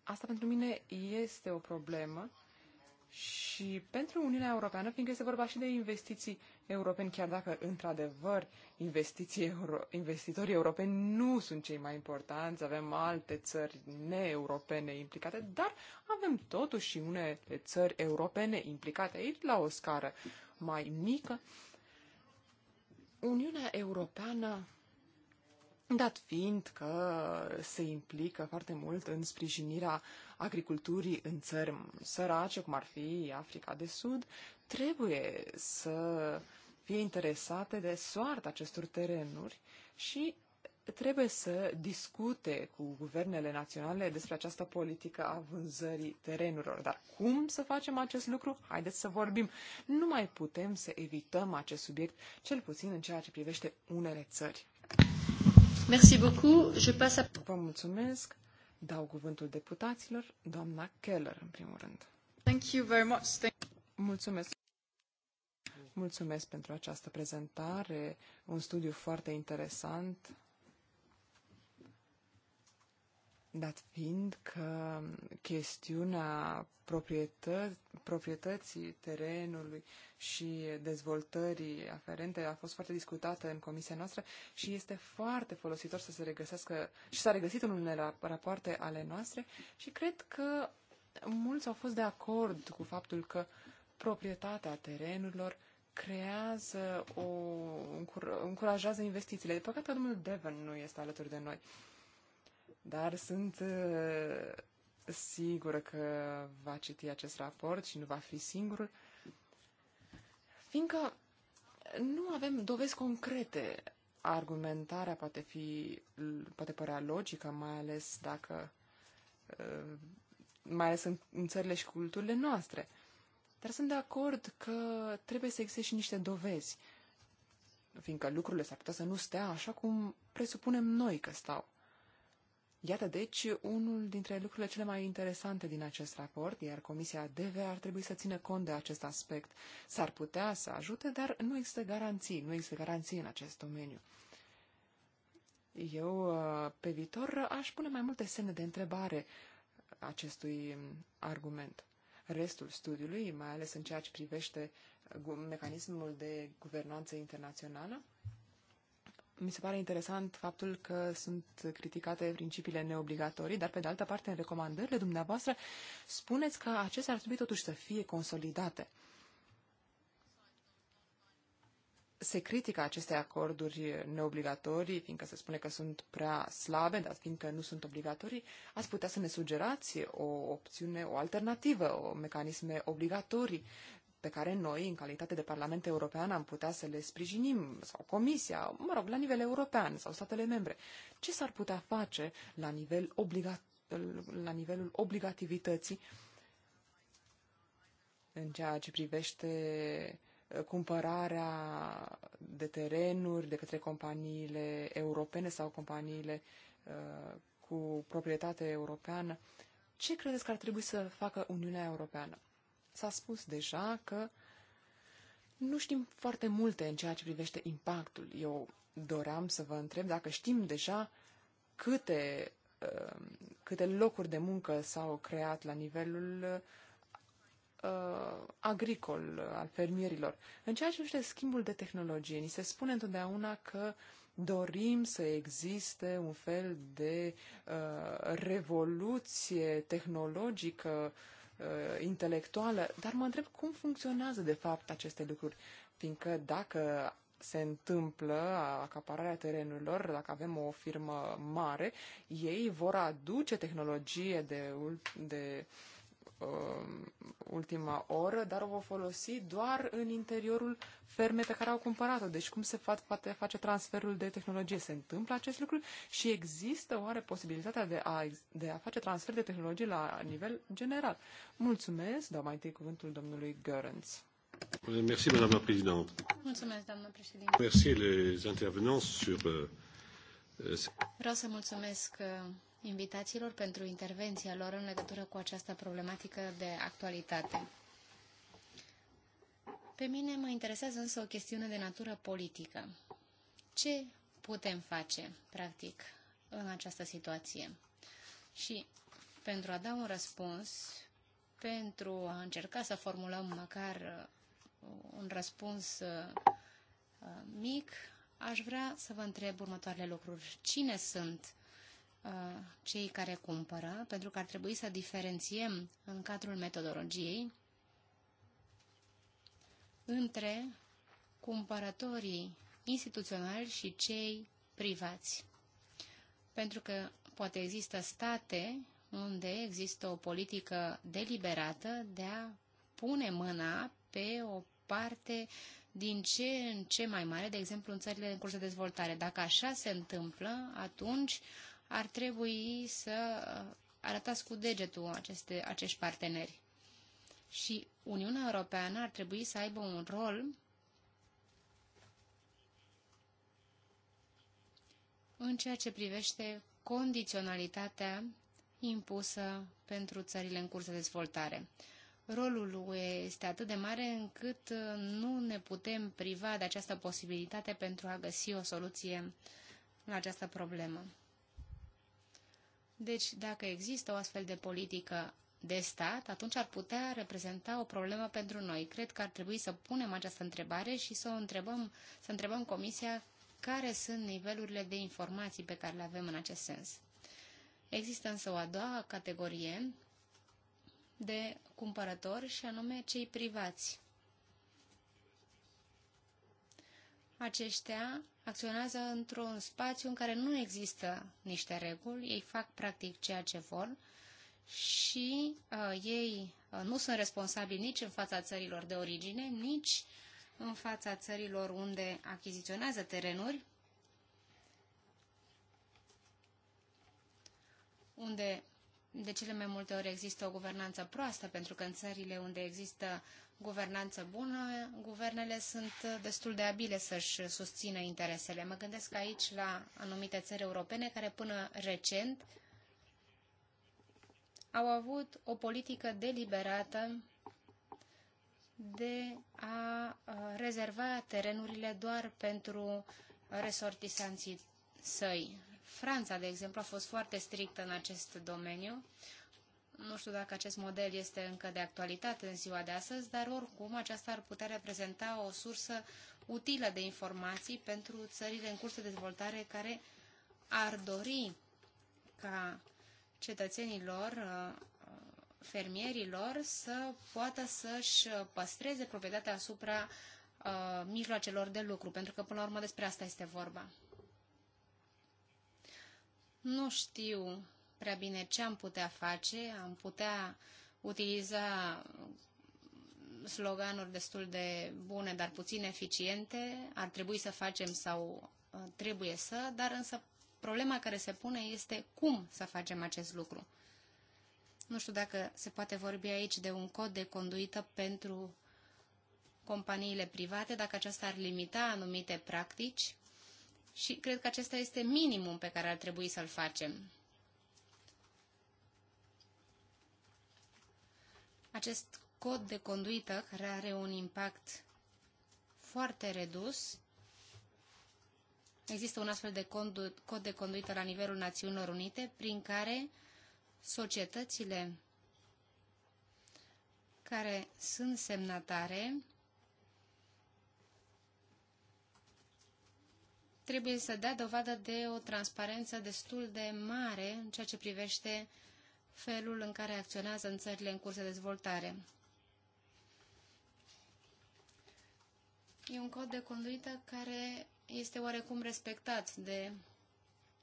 Asta pentru mine este o problemă și pentru Uniunea Europeană, fiindcă este vorba și de investiții europene, chiar dacă, într-adevăr, investiții euro, investitorii europeni nu sunt cei mai importanți, avem alte țări neeuropene implicate, dar avem totuși și unele țări europene implicate aici la o scară mai mică. Uniunea Europeană, dat fiind că se implică foarte mult în sprijinirea uh, agriculturii în țări sărace, cum ar fi Africa de Sud, trebuie să fie interesate de soarta acestor terenuri și trebuie să discute cu guvernele naționale despre această politică a vânzării terenurilor. Dar cum să facem acest lucru? Haideți să vorbim. Nu mai putem să evităm acest subiect, cel puțin în ceea ce privește unele țări. Merci beaucoup. Je passe à... Vă mulțumesc. Dau cuvântul deputaților, doamna Keller, în primul rând. Thank you very much. Thank Mulțumesc. Mulțumesc pentru această prezentare, un studiu foarte interesant Dat fiind că chestiunea proprietă- proprietății terenului și dezvoltării aferente a fost foarte discutată în comisia noastră și este foarte folositor să se regăsească și s-a regăsit în unele rapoarte ale noastre și cred că mulți au fost de acord cu faptul că proprietatea terenurilor creează o, încurajează investițiile. De păcat că domnul Devon nu este alături de noi. Uh, dar sunt uh, sigură că va citi acest raport și nu va fi singurul, fiindcă nu avem dovezi concrete. Argumentarea poate fi, poate părea logică, mai ales dacă, uh, mai ales în, în țările și culturile noastre. Dar sunt de acord că trebuie să existe și niște dovezi, fiindcă lucrurile s-ar putea să nu stea așa cum presupunem noi că stau. Iată, deci, unul dintre lucrurile cele mai interesante din acest raport, iar Comisia DV ar trebui să țină cont de acest aspect. S-ar putea să ajute, dar nu există garanții, nu există garanții în acest domeniu. Eu, pe viitor, aș pune mai multe semne de întrebare acestui argument. Restul studiului, mai ales în ceea ce privește mecanismul de guvernanță internațională, mi se pare interesant faptul că sunt criticate principiile neobligatorii, dar pe de altă parte, în recomandările dumneavoastră, spuneți că acestea ar trebui totuși să fie consolidate. Se critică aceste acorduri neobligatorii, fiindcă se spune că sunt prea slabe, dar fiindcă nu sunt obligatorii, ați putea să ne sugerați o opțiune, o alternativă, o mecanisme obligatorii pe care noi, în calitate de Parlament European, am putea să le sprijinim, sau Comisia, mă rog, la nivel european, sau statele membre. Ce s-ar putea face la, nivel obligat, la nivelul obligativității în ceea ce privește uh, cumpărarea de terenuri de către companiile europene sau companiile uh, cu proprietate europeană? Ce credeți că ar trebui să facă Uniunea Europeană? S-a spus deja că nu știm foarte multe în ceea ce privește impactul. Eu doream să vă întreb dacă știm deja câte, um, câte locuri de muncă s-au creat la nivelul uh, agricol al fermierilor. În ceea ce privește schimbul de tehnologie, ni se spune întotdeauna că dorim să existe un fel de uh, revoluție tehnologică uh, uh, intelectuală, dar mă întreb cum funcționează de fapt aceste lucruri, fiindcă dacă se întâmplă acapararea terenurilor, dacă avem o firmă mare, ei vor aduce tehnologie de, de uh, Um, ultima oră, dar o vor folosi doar în interiorul fermei pe care au cumpărat-o. Deci cum se fac, poate face transferul de tehnologie? Se întâmplă acest lucru și există oare posibilitatea de a, de a face transfer de tehnologie la nivel general? Mulțumesc, dau mai întâi cuvântul domnului Görens. Merci, madame la présidente. Mulțumesc, președinte. Merci les intervenants sur... Euh, Vreau să mulțumesc invitațiilor pentru intervenția lor în legătură cu această problematică de actualitate. Pe mine mă interesează însă o chestiune de natură politică. Ce putem face, practic, în această situație? Și pentru a da un răspuns, pentru a încerca să formulăm măcar uh, un răspuns uh, uh, mic, aș vrea să vă întreb următoarele lucruri. Cine sunt Uh, cei care cumpără, pentru că ar trebui să diferențiem în cadrul metodologiei între cumpărătorii instituționali și cei privați. Pentru că poate există state unde există o politică deliberată de a pune mâna pe o parte din ce în ce mai mare, de exemplu în țările în curs de dezvoltare. Dacă așa se întâmplă, atunci uh, ar trebui să uh, arătați cu degetul aceste, acești parteneri. Și Uniunea Europeană ar trebui să aibă un rol în ceea ce privește condiționalitatea impusă pentru țările în curs de dezvoltare. Rolul UE este atât de mare încât uh, nu ne putem priva de această posibilitate pentru a găsi o soluție la această problemă. Deci, dacă există o astfel de politică de stat, atunci ar putea reprezenta o problemă pentru noi. Cred că ar trebui să punem această întrebare și să, o întrebăm, să întrebăm Comisia care sunt nivelurile de informații pe care le avem în acest sens. Există însă o a doua categorie de cumpărători și anume cei privați. aceștia acționează într-un spațiu în care nu există niște reguli, ei fac practic ceea ce vor și uh, ei uh, nu sunt responsabili nici în fața țărilor de origine, nici în fața țărilor unde achiziționează terenuri, unde de cele mai multe ori există o guvernanță proastă, pentru că în țările unde există guvernanță bună, guvernele sunt destul de abile să-și susțină interesele. Mă gândesc aici la anumite țări europene care până recent au avut o politică deliberată de a rezerva terenurile doar pentru resortisanții săi. Franța, de exemplu, a fost foarte strictă în acest domeniu nu știu dacă acest model este încă de actualitate în ziua de astăzi, dar oricum aceasta ar putea reprezenta o sursă utilă de informații pentru țările în curs de dezvoltare care ar dori ca cetățenilor, uh, fermierilor, să poată să-și păstreze proprietatea asupra uh, mijloacelor de lucru, pentru că până la urmă despre asta este vorba. Nu știu prea bine ce am putea face, am putea utiliza sloganuri destul de bune, dar puțin eficiente, ar trebui să facem sau uh, trebuie să, dar însă problema care se pune este cum să facem acest lucru. Nu știu dacă se poate vorbi aici de un cod de conduită pentru companiile private, dacă aceasta ar limita anumite practici și cred că acesta este minimum pe care ar trebui să-l facem. Acest cod de conduită, care are un impact foarte redus, există un astfel de cod de conduită la nivelul Națiunilor Unite, prin care societățile care sunt semnatare trebuie să dea dovadă de o transparență destul de mare în ceea ce privește uh, felul în care acționează în țările în curs de dezvoltare. E un cod de conduită care este oarecum respectat de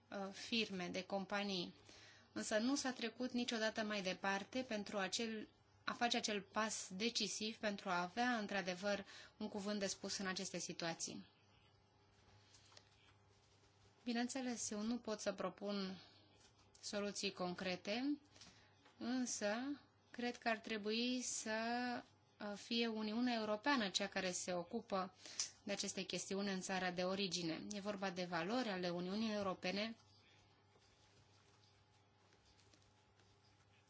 uh, firme, de companii, însă nu s-a trecut niciodată mai departe pentru acel, a face acel pas decisiv pentru a avea, într-adevăr, un cuvânt de spus în aceste situații. Bineînțeles, eu nu pot să propun soluții concrete, însă cred că ar trebui să uh, fie Uniunea Europeană cea care se ocupă de aceste chestiuni în țara de origine. E vorba de valori ale Uniunii Europene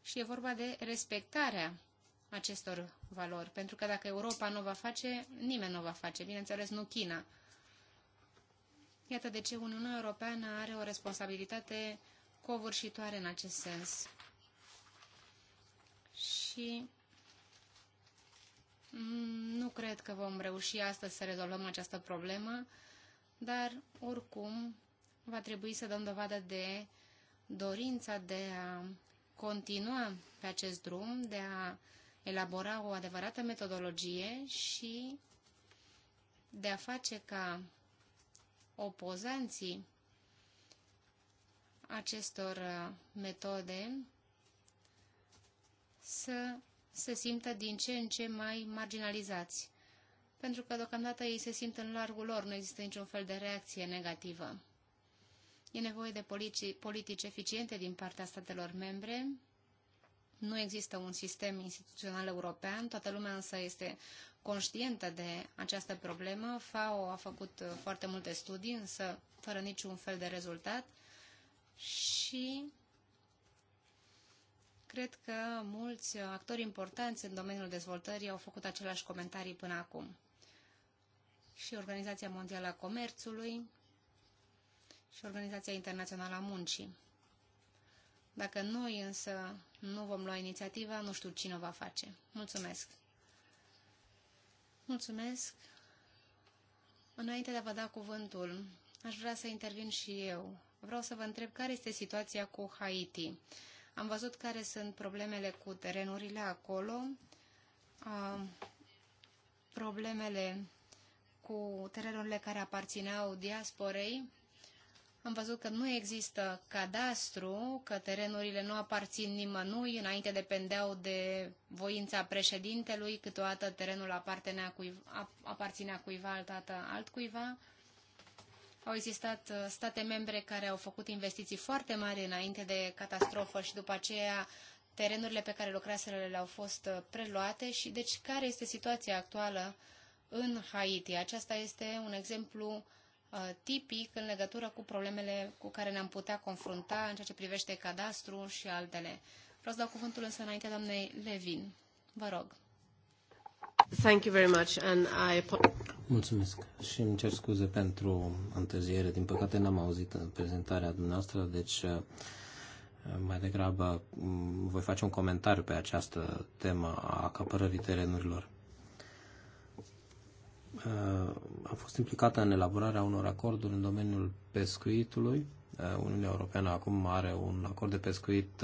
și e vorba de respectarea acestor valori, pentru că dacă Europa nu va face, nimeni nu va face, bineînțeles nu China. Iată de ce Uniunea Europeană are o responsabilitate covârșitoare în acest sens și mm, nu cred că vom reuși astăzi să rezolvăm această problemă, dar oricum va trebui să dăm dovadă de dorința de a continua pe acest drum, de a elabora o adevărată metodologie și de a face ca opozanții acestor uh, metode să se simtă din ce în ce mai marginalizați, pentru că deocamdată ei se simt în largul lor, nu există niciun fel de reacție negativă. E nevoie de politici, politici eficiente din partea statelor membre, nu există un sistem instituțional european, toată lumea însă este conștientă de această problemă. FAO a făcut foarte multe studii, însă fără niciun fel de rezultat și cred că mulți actori importanți în domeniul dezvoltării au făcut aceleași comentarii până acum. Și Organizația Mondială a Comerțului și Organizația Internațională a Muncii. Dacă noi însă nu vom lua inițiativa, nu știu cine o va face. Mulțumesc! Mulțumesc! Înainte de a vă da cuvântul, aș vrea să intervin și eu. Vreau să vă întreb care este situația cu Haiti. Am văzut care sunt problemele cu terenurile acolo, problemele cu terenurile care aparțineau diasporei. Am văzut că nu există cadastru, că terenurile nu aparțin nimănui, înainte dependeau de voința președintelui, câteodată terenul aparținea cuiva, aparținea cuiva altată altcuiva. Au existat uh, state membre care au făcut investiții foarte mari înainte de catastrofă și după aceea terenurile pe care lucraseră le-au fost uh, preluate și deci care este situația actuală în Haiti. Aceasta este un exemplu uh, tipic în legătură cu problemele cu care ne-am putea confrunta în ceea ce privește cadastru și altele. Vreau să dau cuvântul însă înaintea doamnei Levin. Vă rog. Thank you very much and I... Mulțumesc și îmi cer scuze pentru întârziere. Din păcate n-am auzit prezentarea dumneavoastră, deci uh, mai degrabă mm, voi face un comentariu pe această temă a acapărării terenurilor. Uh, am fost implicată în elaborarea unor acorduri în domeniul pescuitului. Uh, Uniunea Europeană acum are un acord de pescuit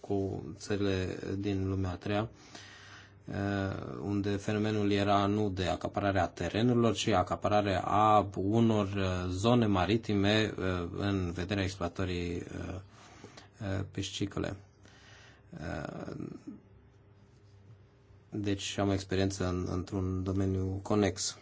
cu țările din lumea a treia Uh, unde fenomenul era nu de acapararea terenurilor, ci acapararea a unor uh, zone maritime uh, în vederea exploatării piscicole. Deci am o experiență în, într-un domeniu conex.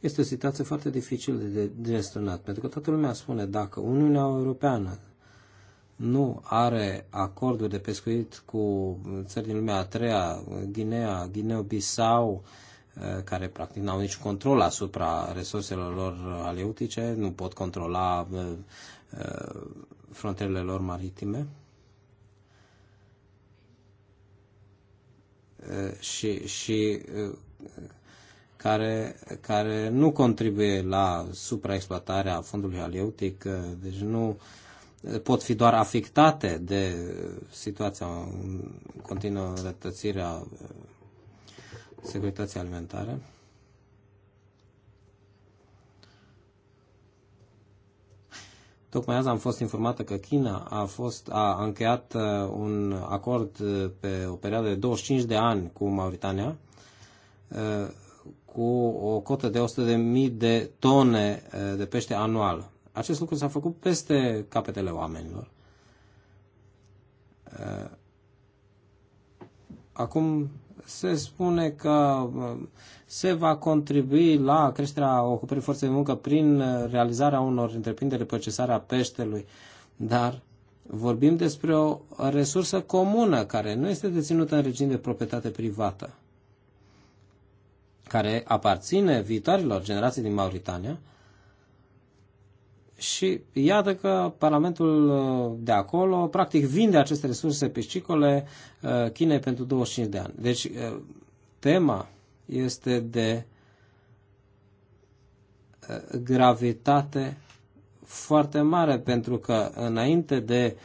Este o situație foarte dificil de gestionat, pentru că toată lumea spune dacă Uniunea Europeană nu are acorduri de pescuit cu țări din lumea a treia, Guinea, Guineo-Bissau, eh, care practic n-au nici control asupra resurselor lor aleutice, nu pot controla eh, eh, frontierele lor maritime. Și, și care, care nu contribuie la supraexploatarea fondului aleutic, deci nu uh, pot fi doar afectate de situația în continuă rătățire a uh, securității alimentare. Tocmai azi am fost informată că China a, fost, a încheiat uh, un acord uh, pe o perioadă de 25 de ani cu Mauritania, cu o cotă de 100.000 de tone de pește anual. Acest lucru s-a făcut peste capetele oamenilor. Acum se spune că se va contribui la creșterea ocupării forței de muncă prin realizarea unor întreprinderi de procesare a peștelui, dar vorbim despre o resursă comună care nu este deținută în regim de proprietate privată, care aparține viitoarelor generații din Mauritania și iată că Parlamentul uh, de acolo, practic, vinde aceste resurse piscicole uh, Chinei pentru 25 de ani. Deci, uh, tema este de gravitate foarte mare, pentru că înainte de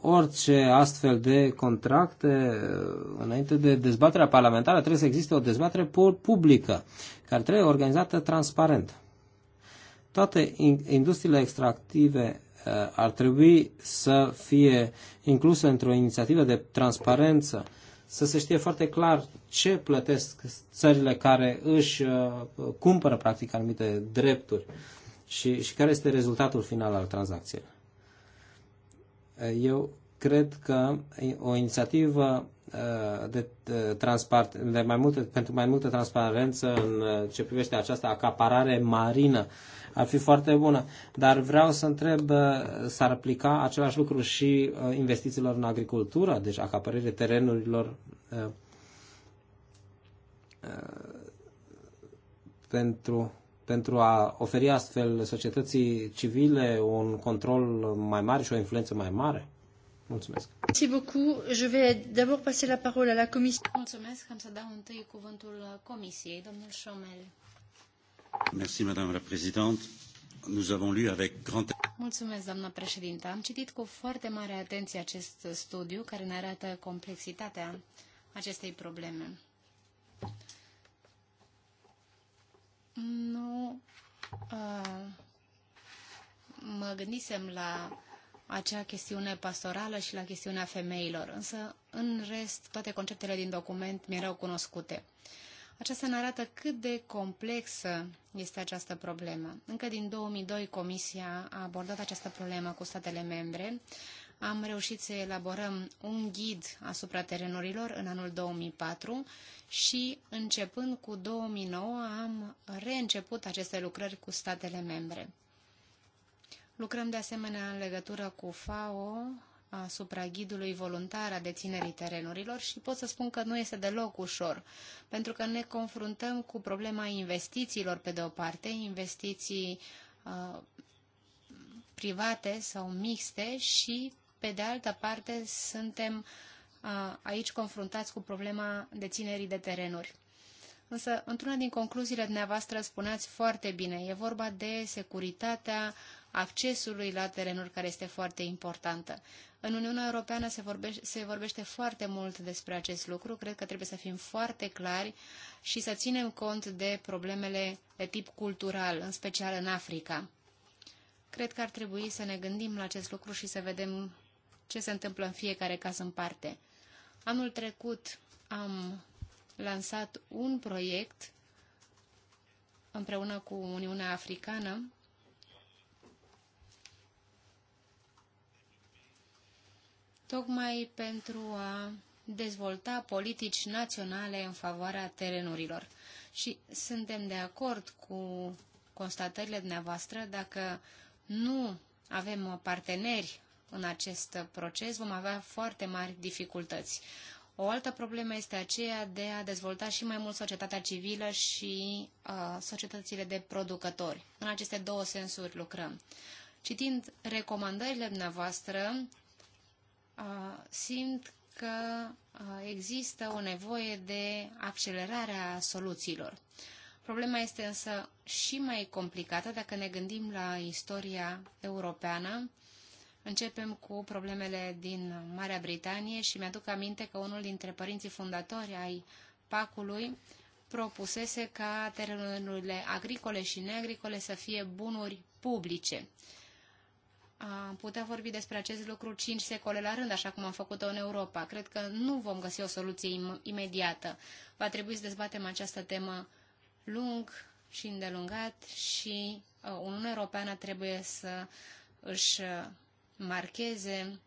orice astfel de contracte, înainte de dezbaterea parlamentară, trebuie să existe o dezbatere publică, care trebuie organizată transparent. Toate industriile extractive uh, ar trebui să fie incluse într-o inițiativă de transparență, să se știe foarte clar ce plătesc țările care își uh, cumpără practic anumite drepturi și, și care este rezultatul final al tranzacției. Eu cred că o inițiativă uh, de, de mai multe, pentru mai multă transparență în ce privește această acaparare marină ar fi foarte bună. Dar vreau să întreb, uh, s-ar aplica același lucru și uh, investițiilor în agricultură, deci acapărire terenurilor uh, pentru, pentru a oferi astfel societății civile un control mai mare și o influență mai mare? Mulțumesc. Merci beaucoup. Je vais d'abord passer la parole à la commission. Mulțumesc. Am să dau întâi cuvântul comisiei, domnul Șomel. Mulțumesc, doamnă președintă. Am citit cu foarte mare atenție acest studiu care ne arată complexitatea acestei probleme. Nu uh, mă gândisem la acea chestiune pastorală și la chestiunea femeilor, însă, în rest, toate conceptele din document mi erau cunoscute. Uh, aceasta ne arată cât de complexă este această problemă. Încă din 2002 Comisia a abordat această problemă cu statele membre. Am reușit să elaborăm un ghid asupra terenurilor în anul 2004 și începând cu 2009 am reînceput aceste lucrări cu statele membre. Lucrăm de asemenea în legătură cu FAO asupra ghidului voluntar a deținerii terenurilor și pot să spun că nu este deloc ușor, pentru că ne confruntăm cu problema investițiilor pe de o parte, investiții uh, private sau mixte și pe de altă parte suntem uh, aici confruntați cu problema deținerii de terenuri. Însă, într-una din concluziile dumneavoastră spuneați foarte bine, e vorba de securitatea uh, accesului la terenuri, care este foarte importantă. În Uniunea Europeană se vorbește, se vorbește foarte mult despre acest lucru. Cred că trebuie să fim foarte clari și să ținem cont de problemele de tip cultural, în special în Africa. Cred că ar trebui să ne gândim la acest lucru și să vedem ce se întâmplă în fiecare caz în parte. Anul trecut am lansat un proiect împreună cu Uniunea Africană tocmai pentru a dezvolta politici naționale în favoarea terenurilor. Și suntem de acord cu constatările dumneavoastră, dacă nu avem parteneri în acest proces, vom avea foarte mari dificultăți. O altă problemă este aceea de a dezvolta și mai mult societatea civilă și uh, societățile de producători. În aceste două sensuri lucrăm. Citind recomandările dumneavoastră, simt că există o nevoie de accelerare a soluțiilor. Problema este însă și mai complicată dacă ne gândim la istoria europeană. Începem cu problemele din Marea Britanie și mi-aduc aminte că unul dintre părinții fundatori ai pacului propusese ca terenurile agricole și neagricole să fie bunuri publice a putea vorbi despre acest lucru 5 secole la rând, așa cum am făcut-o în Europa. Cred că nu vom găsi o soluție im imediată. Va trebui să dezbatem această temă lung și îndelungat și uh, Uniunea Europeană trebuie să își uh, marcheze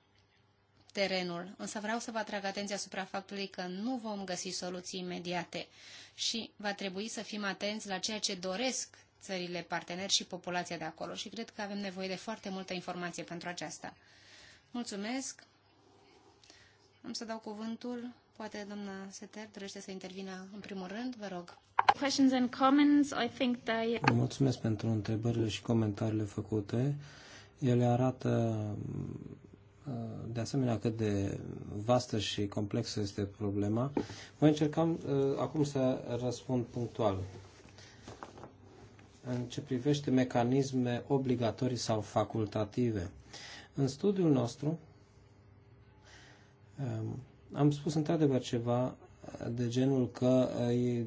terenul. Însă vreau să vă atrag atenția asupra faptului că nu vom găsi soluții imediate și va trebui să fim atenți la ceea ce doresc țările parteneri și populația de acolo și cred că avem nevoie de foarte multă informație pentru aceasta. Mulțumesc! Am să dau cuvântul. Poate doamna Seter dorește să intervină în primul rând, vă rog. Questions and comments, I think they... Mulțumesc pentru întrebările și comentariile făcute. Ele arată uh, de asemenea cât de vastă și complexă este problema. Voi încercam uh, acum să răspund punctual în ce privește mecanisme obligatorii sau facultative. În studiul nostru um, am spus într-adevăr ceva de genul că uh,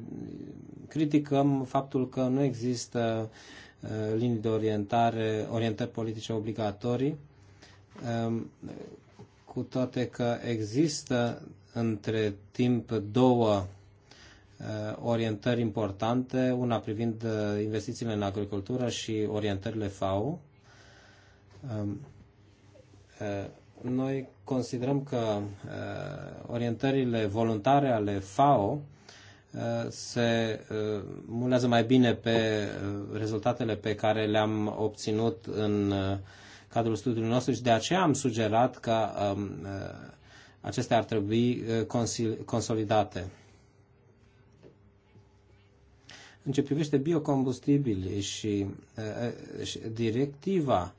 criticăm faptul că nu există uh, linii de orientare, orientări politice obligatorii, um, cu toate că există între timp două Uh, orientări importante, una privind uh, investițiile în agricultură și orientările FAO. Um, uh, noi considerăm că orientările voluntare ale FAO se mulează mai bine pe rezultatele pe care le-am obținut în cadrul studiului nostru și de aceea am sugerat că um, acestea ar trebui consolidate. În ce privește biocombustibilii și, și directiva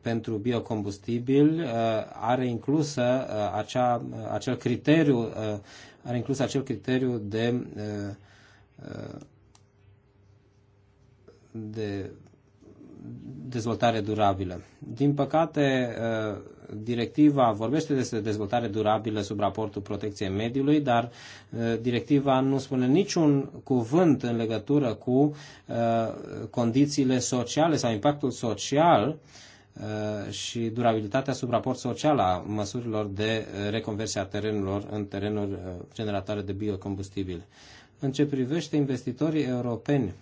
pentru biocombustibil are inclusă acea, acel criteriu are inclus acel criteriu de de dezvoltare durabilă. Din păcate, directiva vorbește despre dezvoltare durabilă sub raportul protecției mediului, dar uh, directiva nu spune niciun cuvânt în legătură cu uh, condițiile sociale sau impactul social uh, și durabilitatea sub raport social a măsurilor de reconversie a terenurilor în terenuri generatoare de biocombustibil. În ce privește investitorii europeni,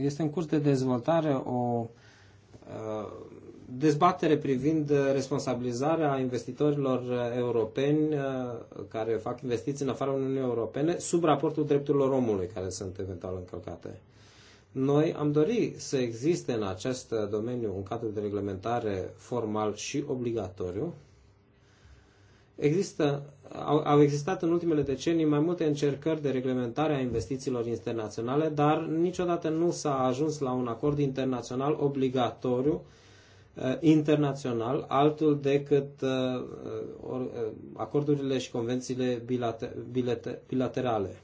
este în curs de dezvoltare o Uh, dezbatere privind uh, responsabilizarea investitorilor uh, europeni care fac investiții în afara Uniunii Europene sub raportul drepturilor omului care sunt eventual încălcate. Noi am dorit să existe în acest domeniu un cadru de reglementare formal și obligatoriu, Există, au, au existat în ultimele decenii mai multe încercări de reglementare a investițiilor internaționale, dar niciodată nu s-a ajuns la un acord internațional obligatoriu eh, internațional, altul decât eh, eh, acordurile și convențiile bilaterale.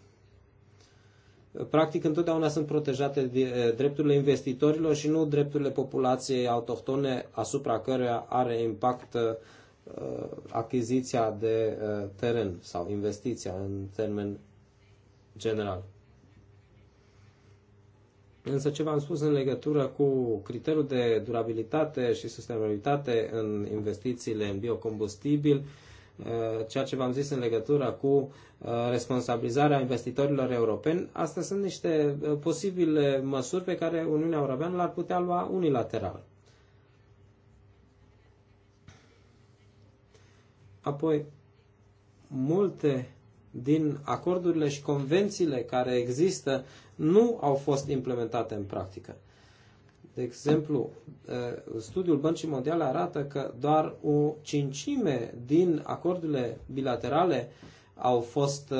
Practic, întotdeauna sunt protejate drepturile investitorilor și nu drepturile populației autohtone asupra căreia are impact Uh, achiziția de uh, teren sau investiția în termen general. Însă ce v-am spus în legătură cu criteriul de durabilitate și sustenabilitate în investițiile în biocombustibil, uh, ceea ce v-am zis în legătură cu responsabilizarea investitorilor europeni, astea sunt niște posibile măsuri pe care Uniunea Europeană l ar putea lua unilateral. Apoi, multe din acordurile și convențiile care există nu au fost implementate în practică. De exemplu, eh, studiul Băncii Mondiale arată că doar o cincime din acordurile bilaterale au, fost, eh,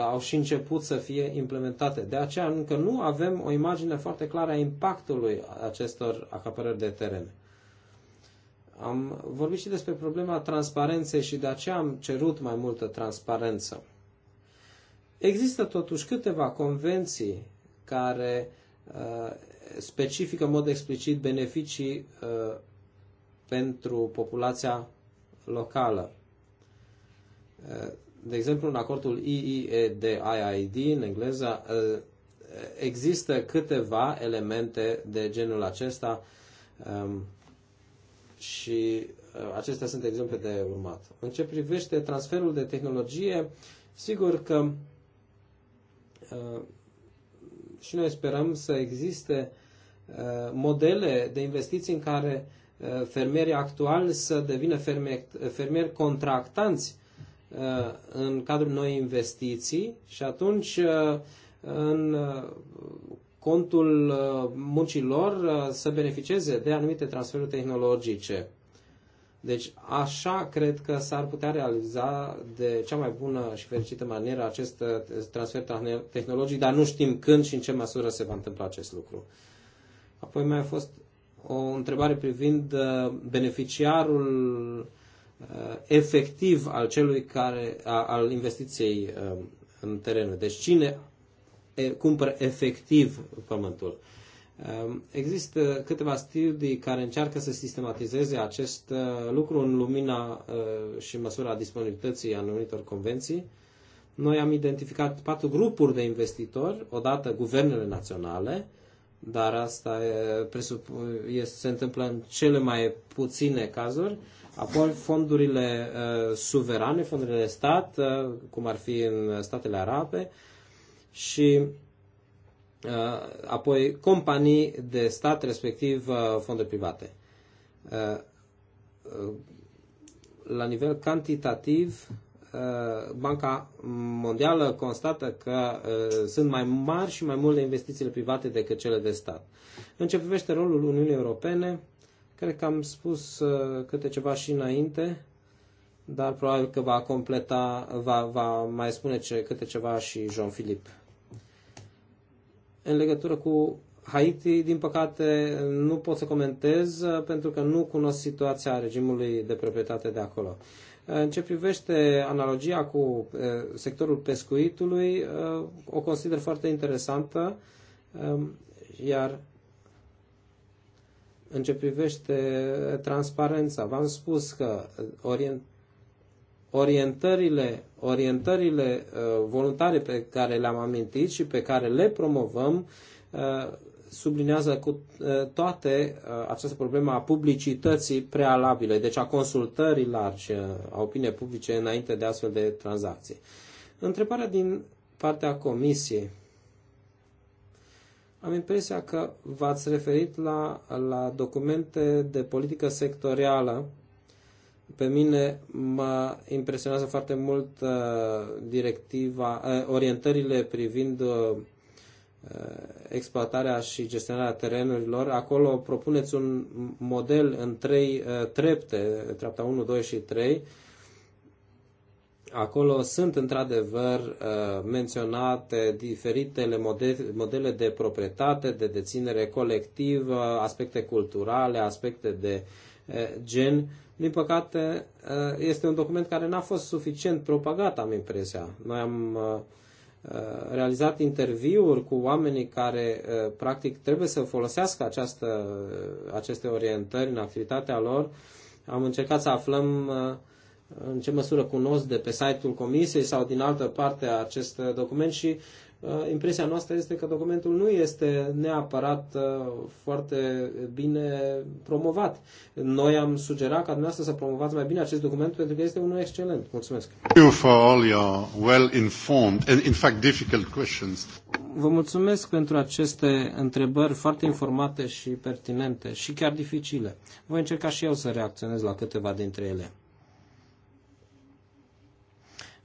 au și început să fie implementate. De aceea încă nu avem o imagine foarte clară a impactului acestor acapărări de terene. Am vorbit și despre problema transparenței și de aceea am cerut mai multă transparență. Există totuși câteva convenții care uh, specifică în mod explicit beneficii uh, pentru populația locală. Uh, de exemplu, în acordul IIED-IID, în engleză, uh, există câteva elemente de genul acesta um, și uh, acestea sunt exemple de urmat. În ce privește transferul de tehnologie, sigur că uh, și noi sperăm să existe uh, modele de investiții în care fermierii actuali să devină fermieri, fermieri contractanți în cadrul noi investiții și atunci în contul uh, muncilor uh, să beneficieze de anumite transferuri tehnologice. Deci așa cred că s-ar putea realiza de cea mai bună și fericită manieră acest uh, transfer tehnologic, dar nu știm când și în ce măsură se va întâmpla acest lucru. Apoi mai a fost o întrebare privind beneficiarul efectiv al celui care, al investiției în teren. Deci cine cumpăr efectiv pământul. Ehm, există câteva studii care încearcă să sistematizeze acest lucru în lumina și măsura disponibilității anumitor convenții. Noi am identificat patru grupuri de investitori, odată guvernele naționale, dar asta se întâmplă în cele mai puține cazuri, apoi fondurile suverane, fondurile de stat, cum ar fi în statele arabe, și uh, apoi companii de stat, respectiv uh, fonduri private. Uh, la nivel cantitativ, Banca Mondială constată că sunt mai mari și mai multe investițiile private decât cele de stat. În ce privește rolul Uniunii Europene, cred că am spus câte ceva și înainte, dar probabil că va completa, va, va mai spune ce, câte ceva și Jean-Philippe. În legătură cu Haiti, din păcate, nu pot să comentez uh, pentru că nu cunosc situația regimului de proprietate de acolo. Uh, în ce privește analogia cu uh, sectorul pescuitului, o consider foarte interesantă, um, iar în ce privește transparența, v-am spus că orient, orientările, orientările uh, voluntare pe care le-am amintit și pe care le promovăm uh, sublinează cu uh, toate această problemă a publicității prealabile, deci a consultării largi, a opinie publice înainte de astfel de tranzacții. Întrebarea din partea comisiei. Am impresia că v-ați referit la, la documente de politică sectorială pe mine mă impresionează foarte mult uh, directiva, uh, orientările privind uh, exploatarea și gestionarea terenurilor. Acolo propuneți un model în trei trepte, treapta 1, 2 și 3. Acolo sunt într-adevăr menționate diferitele modele de proprietate, de deținere colectivă, aspecte culturale, aspecte de uh, Eh, gen, din păcate, eh, este un document care n-a fost suficient propagat, am impresia. Noi am eh, realizat interviuri cu oamenii care, practic, trebuie să folosească această, aceste orientări în activitatea lor. Am încercat să aflăm în ce măsură cunosc de pe site-ul Comisiei sau din altă parte acest document și impresia noastră este că documentul nu este neapărat foarte bine promovat. Noi am sugerat ca dumneavoastră să promovați mai bine acest document pentru că este unul excelent. Mulțumesc. Thank you for all your well-informed and in fact difficult questions. Vă mulțumesc pentru aceste întrebări foarte informate și pertinente și chiar dificile. Voi încerca și eu să reacționez la câteva dintre ele.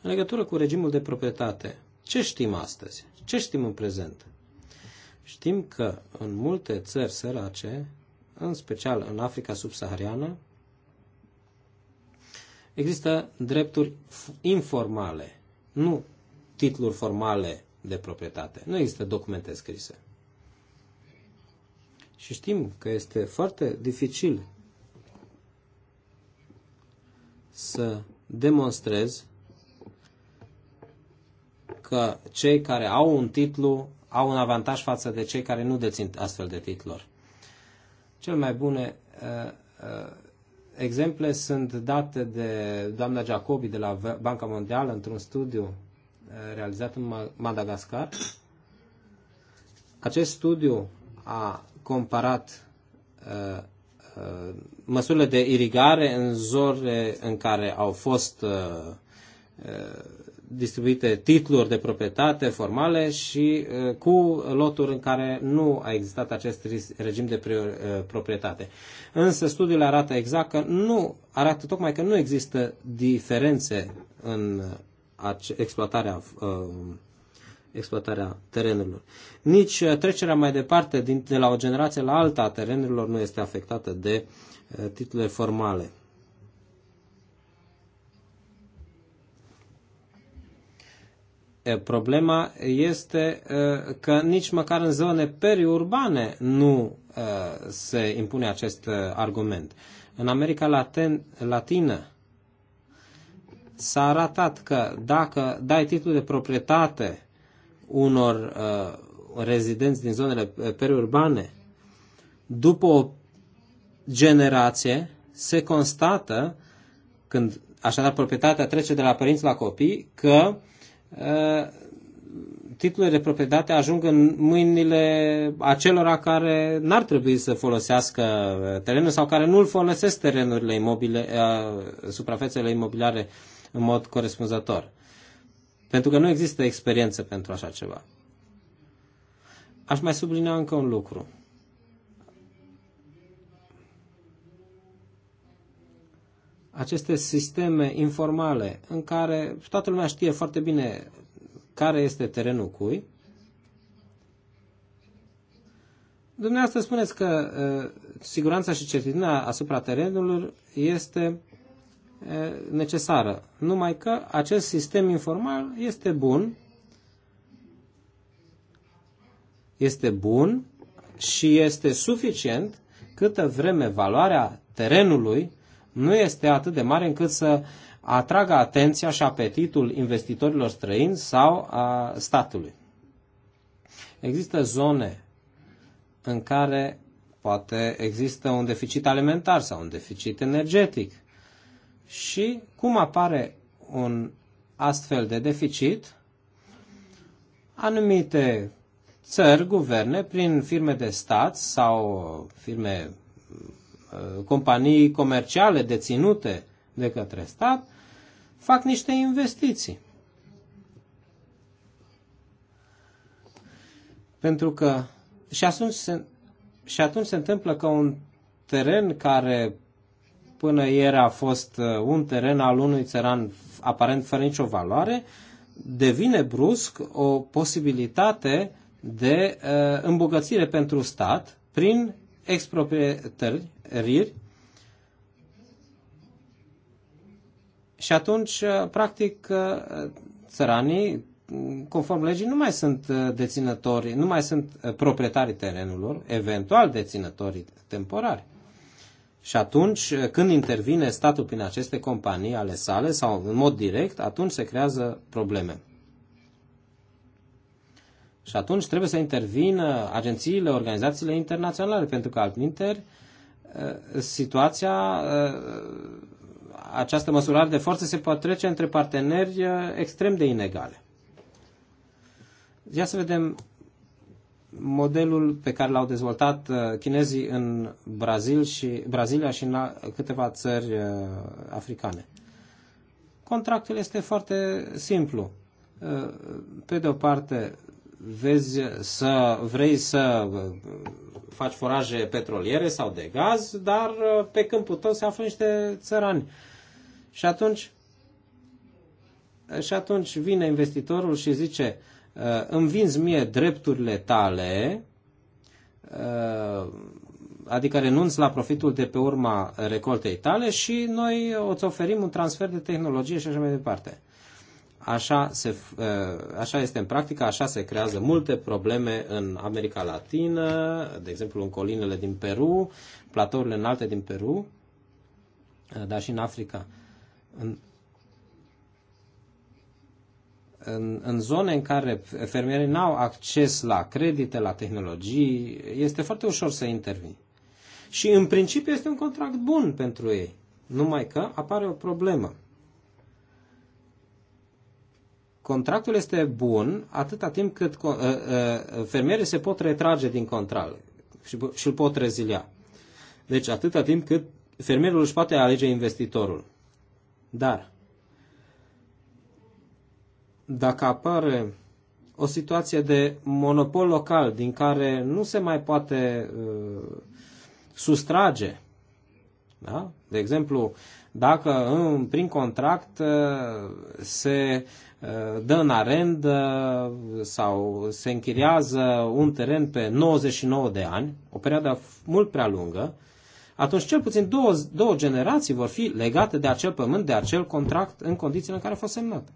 În legătură cu regimul de proprietate, ce știm astăzi? Ce știm în prezent? Știm că în multe țări sărace, în special în Africa subsahariană, există drepturi informale, nu titluri formale de proprietate. Nu există documente scrise. Și știm că este foarte dificil să demonstrezi că cei care au un titlu au un avantaj față de cei care nu dețin astfel de titluri. Cel mai bune uh, uh, exemple sunt date de doamna Jacobi de la Banca Mondială într-un studiu uh, realizat în Madagascar. Acest studiu a comparat uh, uh, măsurile de irigare în zone în care au fost uh, uh, distribuite titluri de proprietate formale și uh, cu loturi în care nu a existat acest regim de uh, proprietate. Însă studiile arată exact că nu, arată tocmai că nu există diferențe în uh, exploatarea exploatarea terenurilor. Nici trecerea mai departe de la o generație la alta a terenurilor nu este afectată de titlurile formale. Problema este că nici măcar în zone periurbane nu se impune acest argument. În America Laten, Latină s-a arătat că dacă dai titlul de proprietate unor rezidenți din zonele periurbane, după o generație se constată, când așadar proprietatea trece de la părinți la copii, că Uh, titlurile de proprietate ajung în mâinile acelora care n-ar trebui să folosească terenul sau care nu-l folosesc terenurile imobile, uh, suprafețele imobiliare în mod corespunzător. Pentru că nu există experiență pentru așa ceva. Aș mai sublinia încă un lucru. aceste sisteme informale în care toată lumea știe foarte bine care este terenul cui, Dumneavoastră spuneți că uh, siguranța și certitudinea asupra terenului este uh, necesară. Numai că acest sistem informal este bun, este bun și este suficient câtă vreme valoarea terenului nu este atât de mare încât să atragă atenția și apetitul investitorilor străini sau a statului. Există zone în care poate există un deficit alimentar sau un deficit energetic. Și cum apare un astfel de deficit? Anumite țări, guverne, prin firme de stat sau firme Uh, companii comerciale deținute de către stat, fac niște investiții. Pentru că și atunci se, și atunci se întâmplă că un teren care până ieri a fost uh, un teren al unui țăran aparent fără nicio valoare, devine brusc o posibilitate de uh, îmbogățire pentru stat prin exproprieri și atunci, uh, practic, uh, țăranii, conform legii, nu mai sunt uh, deținători, nu mai sunt proprietarii terenurilor, eventual deținătorii temporari. Și atunci, când intervine statul prin aceste companii ale sale sau în mod direct, atunci se creează probleme. Și atunci trebuie să intervină agențiile, organizațiile internaționale, pentru că altminteri uh, situația, uh, această măsurare de forță se poate trece între parteneri uh, extrem de inegale. Ia să vedem modelul pe care l-au dezvoltat chinezii în Brazil și, Brazilia și în câteva țări africane. Contractul este foarte simplu. Pe de o parte, vezi, să vrei să faci foraje petroliere sau de gaz, dar uh, pe câmpul tău se află niște țărani. Și atunci, și atunci vine investitorul și zice, uh, îmi vinzi mie drepturile tale, uh, adică renunți la profitul de pe urma recoltei tale și noi îți oferim un transfer de tehnologie și așa mai departe. Așa, se, ă, așa este în practică, așa se creează multe probleme în America Latină, de exemplu în colinele din Peru, platourile înalte din Peru, ă, dar și în Africa. În, în, în zone în care fermierii n-au acces la credite, la tehnologii, este foarte ușor să intervii. Și în principiu este un contract bun pentru ei, numai că apare o problemă contractul este bun atâta timp cât ă, ă, fermierii se pot retrage din contract și îl pot rezilia. Deci atâta timp cât fermierul își poate alege investitorul. Dar dacă apare o situație de monopol local din care nu se mai poate uh, sustrage. Da? De exemplu, dacă în, prin contract uh, se Eh, dă în arendă sau se închiriază un teren pe 99 de ani, o perioadă mult prea lungă, atunci cel puțin două, două generații vor fi legate de acel pământ, de acel contract, în condițiile în care a fost semnat.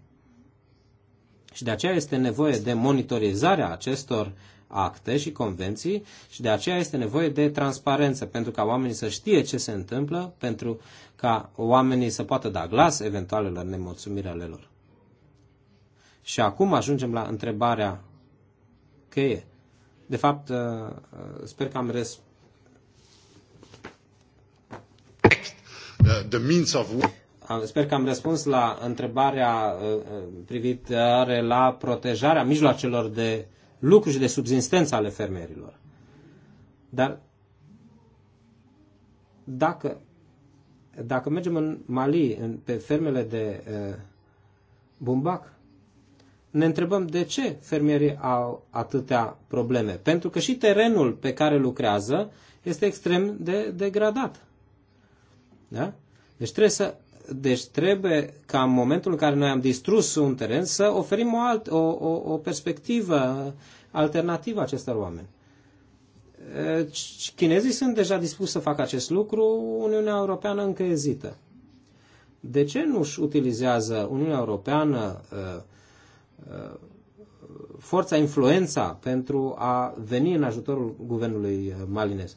Și de aceea este nevoie de monitorizarea acestor acte și convenții și de aceea este nevoie de transparență pentru ca oamenii să știe ce se întâmplă, pentru ca oamenii să poată da glas eventualelor nemulțumirile lor. Și acum ajungem la întrebarea cheie. De fapt, uh, uh, sper că am răspuns. Uh, the means of... Sper că am răspuns la întrebarea privitoare la protejarea mijloacelor de lucru și de subzistență ale fermerilor. Dar dacă, dacă mergem în Mali, în, pe fermele de uh, bumbac, ne întrebăm de ce fermierii au atâtea probleme. Pentru că și terenul pe care lucrează este extrem de degradat. Da? Deci trebuie să deci trebuie ca în momentul în care noi am distrus un teren să oferim o, alt, o, o, o perspectivă alternativă acestor oameni. Chinezii sunt deja dispuși să facă acest lucru, Uniunea Europeană încă ezită. De ce nu-și utilizează Uniunea Europeană uh, Uh, forța, influența pentru a veni în ajutorul guvernului uh, malinez.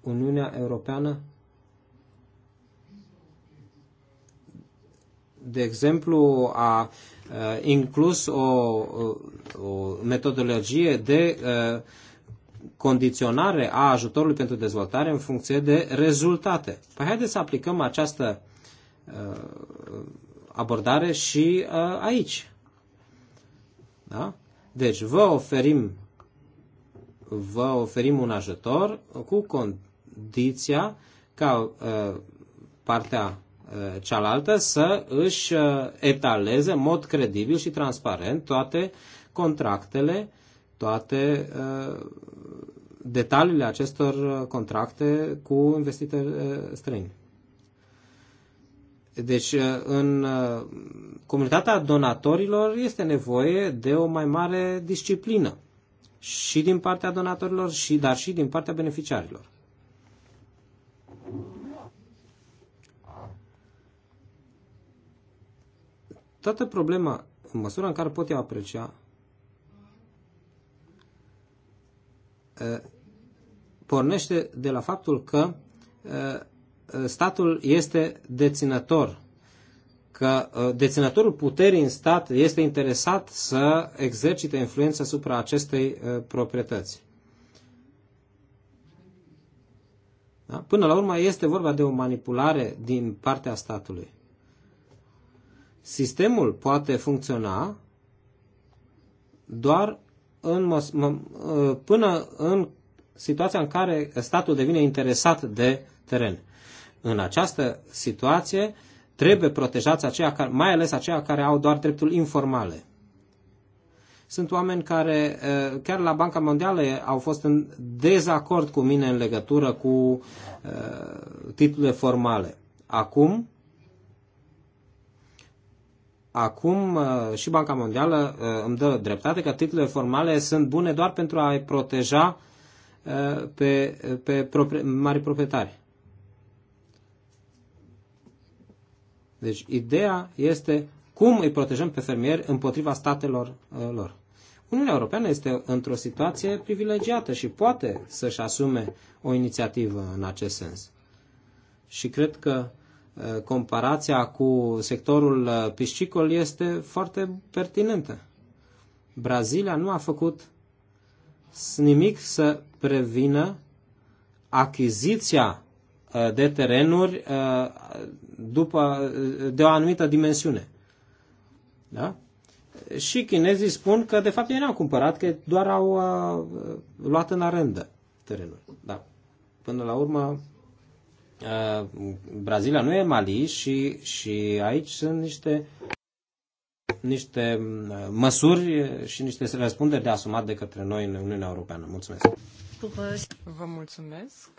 Uniunea Europeană, de exemplu, a uh, inclus o, o metodologie de uh, condiționare a ajutorului pentru dezvoltare în funcție de rezultate. Păi haideți să aplicăm această uh, abordare și uh, aici. Da? Deci vă oferim vă oferim un ajutor cu condiția ca uh, partea cealaltă să își etaleze în mod credibil și transparent toate contractele, toate detaliile acestor contracte cu investitori eh, străini. Deci, eh, în eh, comunitatea donatorilor este nevoie de o mai mare disciplină și din partea donatorilor, și, dar și din partea beneficiarilor. Toată problema, în măsura în care pot eu aprecia, pornește de la faptul că statul este deținător, că deținătorul puterii în stat este interesat să exercite influența asupra acestei proprietăți. Da? Până la urmă este vorba de o manipulare din partea statului. Sistemul poate funcționa doar în, ă, până în situația în care statul devine interesat de teren. În această situație trebuie protejați aceia care, mai ales aceia care au doar dreptul informale. Sunt oameni care ă, chiar la Banca Mondială au fost în dezacord cu mine în legătură cu ă, titlurile formale. Acum, Acum uh, și Banca Mondială uh, îmi dă dreptate că titlurile formale sunt bune doar pentru a-i proteja uh, pe, pe propri, mari proprietari. Deci ideea este cum îi protejăm pe fermieri împotriva statelor lor. Uniunea Europeană este într-o situație privilegiată și poate să-și asume o inițiativă în acest sens. Și cred că Eh, comparația cu sectorul eh, piscicol este foarte pertinentă. Brazilia nu a făcut nimic să prevină achiziția eh, de terenuri după, de o anumită dimensiune. Da? Și chinezii spun că de fapt ei n-au cumpărat, că doar au luat în arendă terenuri. Da. Până la urmă, Uh, Brazilia nu e Mali și, și aici sunt niște, niște uh, măsuri și niște răspunderi de asumat de către noi în Uniunea Europeană. Mulțumesc! Vă mulțumesc!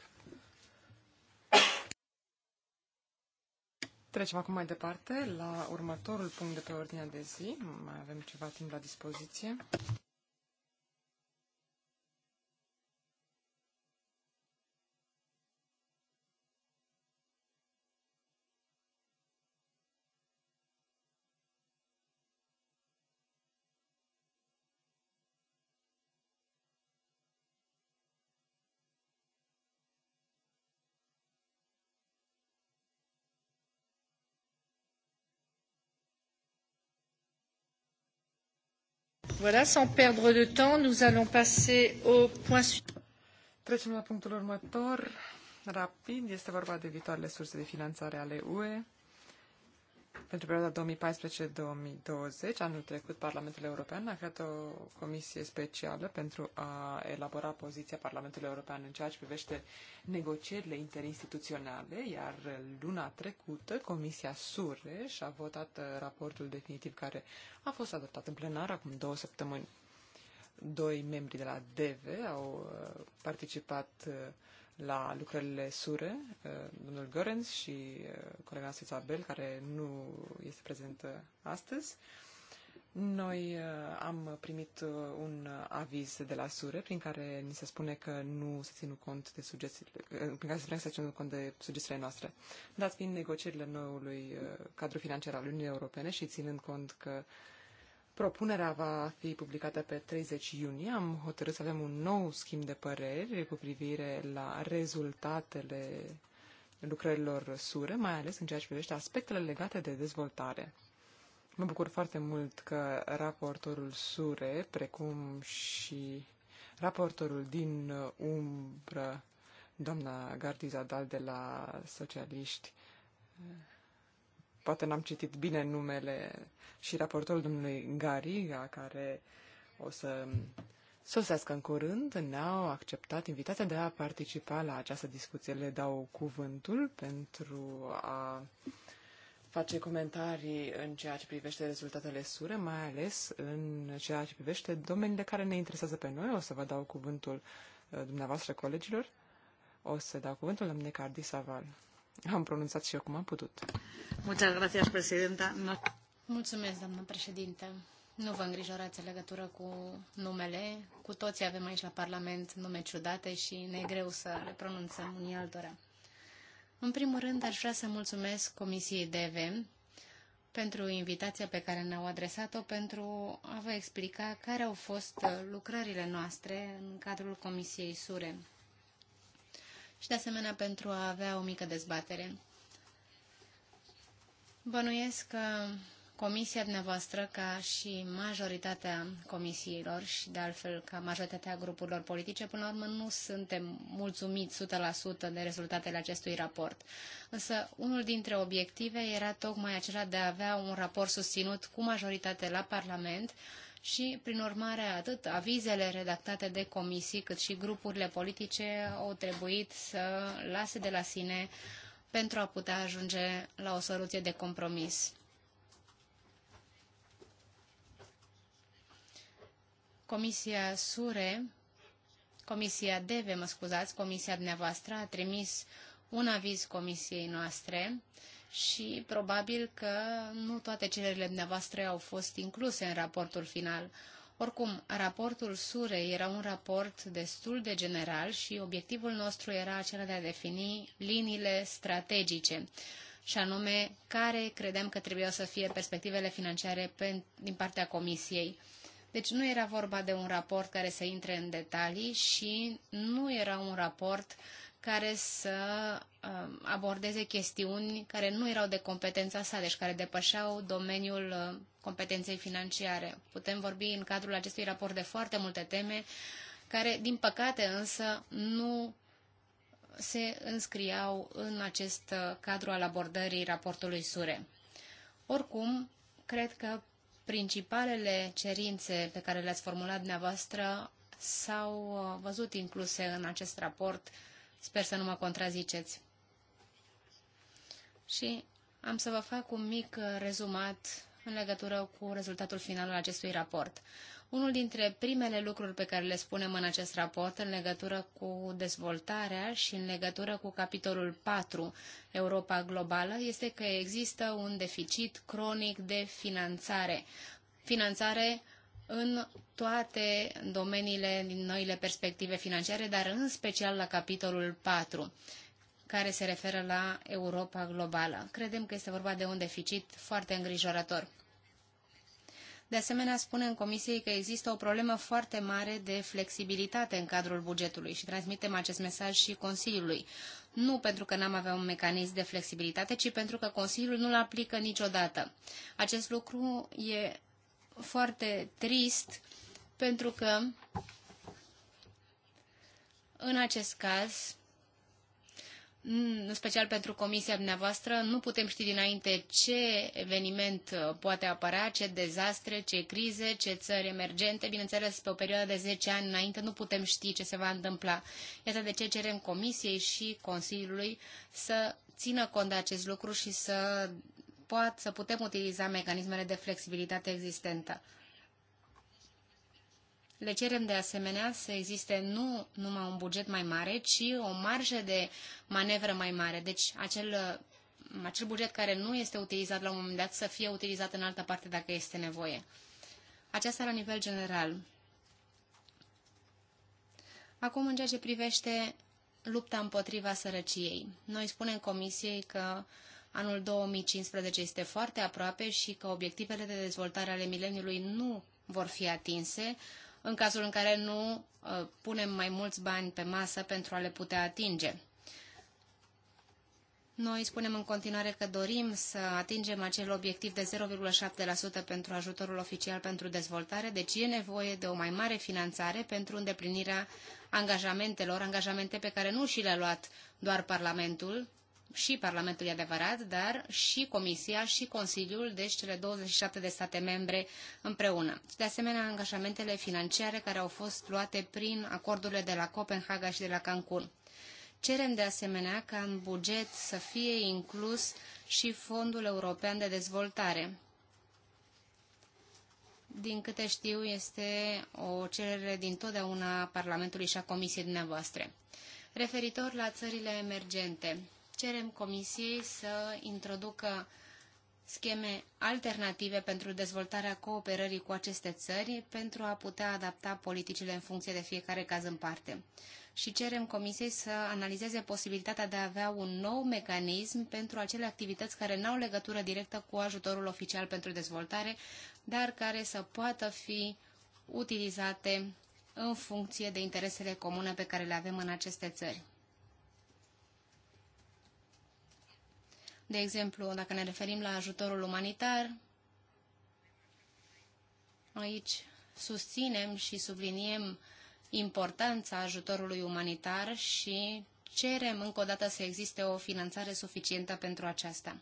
Trecem acum mai departe la următorul punct de pe ordinea de zi. Mai avem ceva timp la dispoziție. Voilà, sans perdre de temps, nous allons passer au point suivant. Trecem la punctul următor. Rapid, este vorba de viitoarele surse de finanțare ale UE pentru perioada 2014-2020, anul trecut, Parlamentul European a creat o comisie specială pentru a elabora poziția Parlamentului European în ceea ce privește negocierile interinstituționale, iar luna trecută Comisia SURE și-a votat raportul definitiv care a fost adoptat în plenar acum două săptămâni. Doi membri de la DEVE au uh, participat uh, la lucrările sure, uh, domnul Görens și uh, colega Isabel, care nu este prezentă astăzi. Noi uh, am primit un aviz de la SURE prin care ni se spune că nu se ținu cont de sugestiile, prin care se spune că se ținu cont de sugestiile noastre. Dați fiind negocierile noului cadru financiar al Uniunii Europene și ținând cont că uh, Propunerea va fi publicată pe 30 iunie. Am hotărât să avem un nou schimb de păreri cu privire la rezultatele lucrărilor sure, mai ales în ceea ce privește aspectele legate de dezvoltare. Mă bucur foarte mult că raportorul sure, precum și raportorul din umbră, doamna Gardiza Dal de la Socialiști, poate n-am citit bine numele, și raportorul domnului Gariga, care o să sosească în curând, ne-au acceptat invitația de a participa la această discuție. Le dau cuvântul pentru a face comentarii în ceea ce privește rezultatele sure, mai ales în ceea ce privește domeniile care ne interesează pe noi. O să vă dau cuvântul eh, dumneavoastră, colegilor. O să dau cuvântul domnului Cardi Saval. Am pronunțat și eu cum am putut. Muchas gracias, presidenta. No... Mulțumesc, doamnă președinte. Nu vă îngrijorați în legătură cu numele. Cu toții avem aici la Parlament nume ciudate și ne e greu să le pronunțăm unii altora. În primul rând, aș vrea să mulțumesc Comisiei DV pentru invitația pe care ne-au adresat-o pentru a vă explica care au fost lucrările noastre în cadrul Comisiei SURE și de asemenea pentru a avea o mică dezbatere. Bănuiesc că comisia dumneavoastră, ca și majoritatea comisiilor și de altfel ca majoritatea grupurilor politice, până la urmă nu suntem mulțumiți 100% de rezultatele acestui raport. Însă unul dintre obiective era tocmai acela de a avea un raport susținut cu majoritate la Parlament și, prin urmare, atât avizele redactate de comisii, cât și grupurile politice au trebuit să lase de la sine pentru a putea ajunge la o soluție de compromis. Comisia SURE, Comisia DEVE, mă scuzați, Comisia dumneavoastră a trimis un aviz comisiei noastre și probabil că nu toate cererile dumneavoastră au fost incluse în raportul final. Oricum, raportul SURE era un raport destul de general și obiectivul nostru era acela de a defini liniile strategice și anume care credeam că trebuiau să fie perspectivele financiare pe, din partea Comisiei. Deci nu era vorba de un raport care să intre în detalii și nu era un raport care să um, abordeze chestiuni care nu erau de competența sa, deci care depășeau domeniul uh, competenței financiare. Putem vorbi în cadrul acestui raport de foarte multe teme, care, din păcate, însă, nu se înscriau în acest uh, cadru al abordării raportului SURE. Oricum, cred că principalele cerințe pe care le-ați formulat dumneavoastră s-au uh, văzut incluse în acest raport Sper să nu mă contraziceți. Și am să vă fac un mic uh, rezumat în legătură cu rezultatul final al acestui raport. Unul dintre primele lucruri pe care le spunem în acest raport în legătură cu dezvoltarea și în legătură cu capitolul 4, Europa Globală, este că există un deficit cronic de finanțare. Finanțare în toate domeniile din noile perspective financiare, dar în special la capitolul 4 care se referă la Europa globală. Credem că este vorba de un deficit foarte îngrijorător. De asemenea, spunem Comisiei că există o problemă foarte mare de flexibilitate în cadrul bugetului și transmitem acest mesaj și Consiliului. Nu pentru că n-am avea un mecanism de flexibilitate, ci pentru că Consiliul nu-l aplică niciodată. Acest lucru e foarte trist pentru că în acest caz, în special pentru comisia dumneavoastră, nu putem ști dinainte ce eveniment poate apărea, ce dezastre, ce crize, ce țări emergente. Bineînțeles, pe o perioadă de 10 ani înainte nu putem ști ce se va întâmpla. Iată de ce cerem comisiei și Consiliului să țină cont de acest lucru și să poat, să putem utiliza mecanismele de flexibilitate existentă. Le cerem de asemenea să existe nu numai un buget mai mare, ci o marjă de manevră mai mare. Deci acel, acel buget care nu este utilizat la un moment dat să fie utilizat în altă parte dacă este nevoie. Aceasta la nivel general. Acum, în ceea ce privește lupta împotriva sărăciei, noi spunem Comisiei că anul 2015 este foarte aproape și că obiectivele de dezvoltare ale mileniului nu vor fi atinse în cazul în care nu uh, punem mai mulți bani pe masă pentru a le putea atinge. Noi spunem în continuare că dorim să atingem acel obiectiv de 0,7% pentru ajutorul oficial pentru dezvoltare, deci e nevoie de o mai mare finanțare pentru îndeplinirea angajamentelor, angajamente pe care nu și le-a luat doar Parlamentul, și Parlamentul e adevărat, dar și Comisia și Consiliul, deci cele 27 de state membre împreună. De asemenea, angajamentele financiare care au fost luate prin acordurile de la Copenhaga și de la Cancun. Cerem de asemenea ca în buget să fie inclus și Fondul European de Dezvoltare. Din câte știu, este o cerere din totdeauna a Parlamentului și a Comisiei dumneavoastră. Referitor la țările emergente, cerem Comisiei să introducă scheme alternative pentru dezvoltarea cooperării cu aceste țări pentru a putea adapta politicile în funcție de fiecare caz în parte. Și cerem Comisiei să analizeze posibilitatea de a avea un nou mecanism pentru acele activități care n-au legătură directă cu ajutorul oficial pentru dezvoltare, dar care să poată fi utilizate în funcție de interesele comune pe care le avem în aceste țări. De exemplu, dacă ne referim la ajutorul umanitar, aici susținem și subliniem importanța ajutorului umanitar și cerem încă o dată să existe o finanțare suficientă pentru aceasta.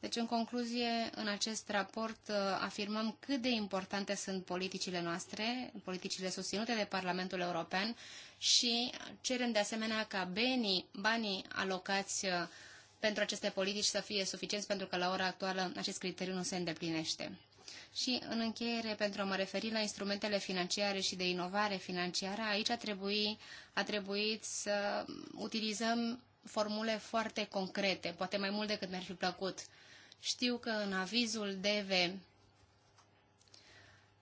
Deci, în concluzie, în acest raport uh, afirmăm cât de importante sunt politicile noastre, politicile susținute de Parlamentul European și cerem de asemenea ca banii, banii alocați uh, pentru aceste politici să fie suficienți, pentru că la ora actuală acest criteriu nu se îndeplinește. Și în încheiere, pentru a mă referi la instrumentele financiare și de inovare financiară, aici a trebuit, a trebuit să utilizăm formule foarte concrete, poate mai mult decât mi-ar fi plăcut. Știu că în avizul DV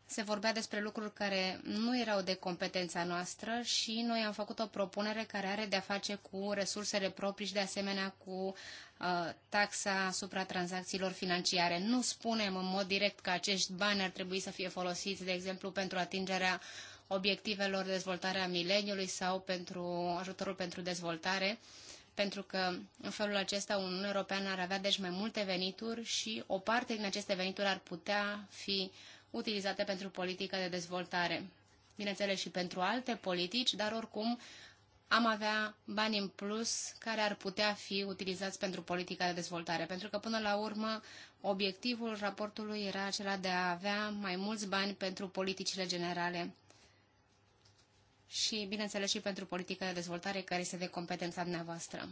se vorbea despre lucruri care nu erau de competența noastră și noi am făcut o propunere care are de-a face cu resursele proprii și de asemenea cu uh, taxa asupra tranzacțiilor financiare. Nu spunem în mod direct că acești bani ar trebui să fie folosiți, de exemplu, pentru atingerea obiectivelor de dezvoltare a mileniului sau pentru ajutorul pentru dezvoltare, pentru că în felul acesta Uniunea Europeană ar avea deci mai multe venituri și o parte din aceste venituri ar putea fi uh, utilizate pentru politica de dezvoltare. Bineînțeles și pentru alte politici, dar oricum am avea bani în plus care ar putea fi utilizați pentru politica de dezvoltare. Pentru că, până la urmă, obiectivul raportului era acela de a avea mai mulți bani pentru politicile generale și, bineînțeles, și pentru politica de dezvoltare care este de competența dumneavoastră.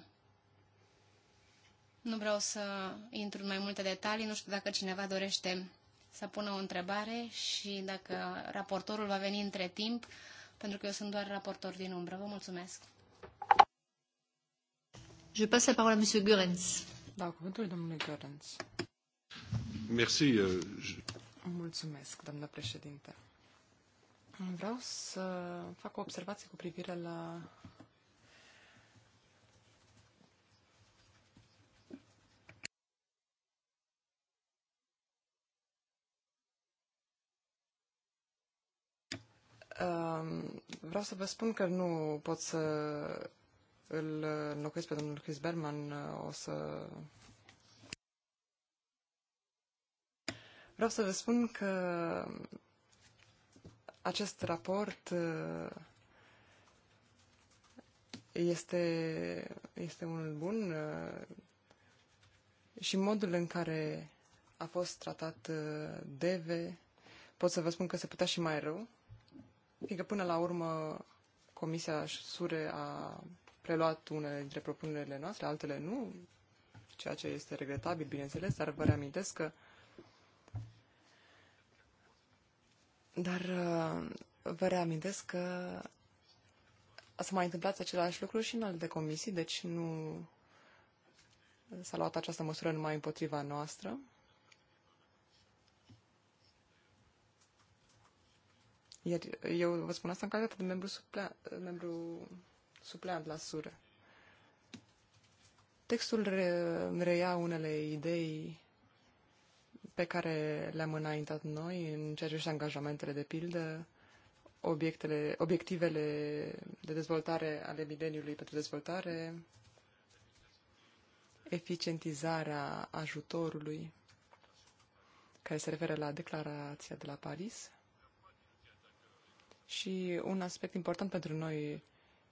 Nu vreau să intru în mai multe detalii, nu știu dacă cineva dorește să pună o întrebare și dacă raportorul va veni între timp, pentru că eu sunt doar raportor din umbră. Vă mulțumesc. Je passe la parole à monsieur Görens. Da, cuvântul domnului Görens. Merci. Uh... Mulțumesc, doamnă președinte. Vreau să fac o observație cu privire la vreau să vă spun că nu pot să îl înlocuiesc pe domnul Chris Berman. O să... Vreau să vă spun că acest raport uh, este, este unul bun uh, și modul în care a fost tratat uh, DV, pot să vă spun că se putea și mai rău. Fiindcă până la urmă Comisia Sure a preluat unele dintre propunerile noastre, altele nu, ceea ce este regretabil, bineînțeles, dar vă reamintesc că Dar uh, vă reamintesc că s-a mai întâmplat același lucru și în alte comisii, deci nu s-a luat această măsură numai împotriva noastră. Iar eu vă spun asta în calitate de membru, suplea, membru supleant la sură. Textul re, reia unele idei pe care le-am înaintat noi în ceea ce angajamentele de pildă, obiectele, obiectivele de dezvoltare ale mileniului pentru dezvoltare, eficientizarea ajutorului, care se referă la declarația de la Paris, și un aspect important pentru noi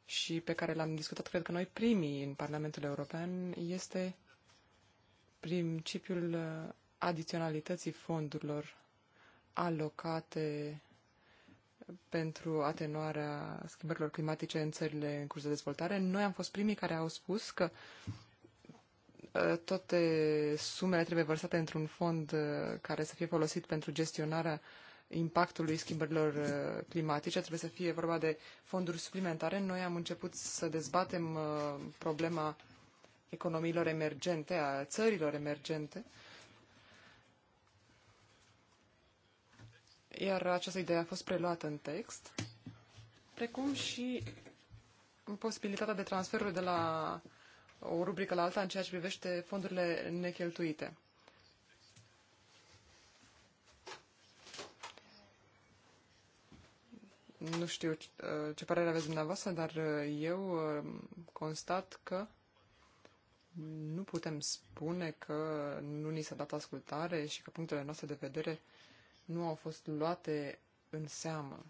și pe care l-am discutat, cred că noi primii în Parlamentul European, este principiul uh, adiționalității fondurilor alocate pentru atenuarea schimbărilor climatice în țările în curs de dezvoltare. Noi am fost primii care au spus că uh, toate sumele trebuie vărsate într-un fond uh, care să fie folosit pentru gestionarea impactului schimbărilor uh, climatice, trebuie să fie vorba de fonduri suplimentare. Noi am început să dezbatem uh, problema economiilor emergente, a țărilor emergente. Iar această idee a fost preluată în text, precum și posibilitatea de transferuri de la o rubrică la alta în ceea ce privește fondurile necheltuite. Nu știu uh, ce părere aveți dumneavoastră, dar uh, eu uh, constat că nu putem spune că nu ni s-a dat ascultare și că punctele noastre de vedere nu au fost luate în seamă.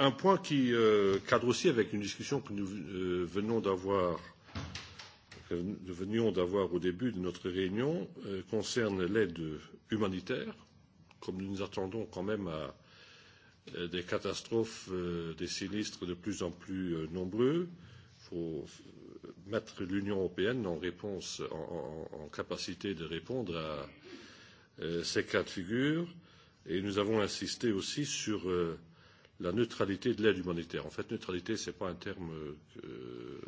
Un point qui euh, cadre aussi avec une discussion que nous euh, venons d'avoir que nous venions d'avoir au début de notre réunion euh, concerne l'aide humanitaire comme nous nous attendons quand même à euh, des catastrophes, euh, des sinistres de plus en plus euh, nombreux, il faut mettre l'Union européenne en, réponse, en, en, en capacité de répondre à ces cas de figure. Et nous avons insisté aussi sur la neutralité de l'aide humanitaire. En fait, neutralité, ce n'est pas un terme euh,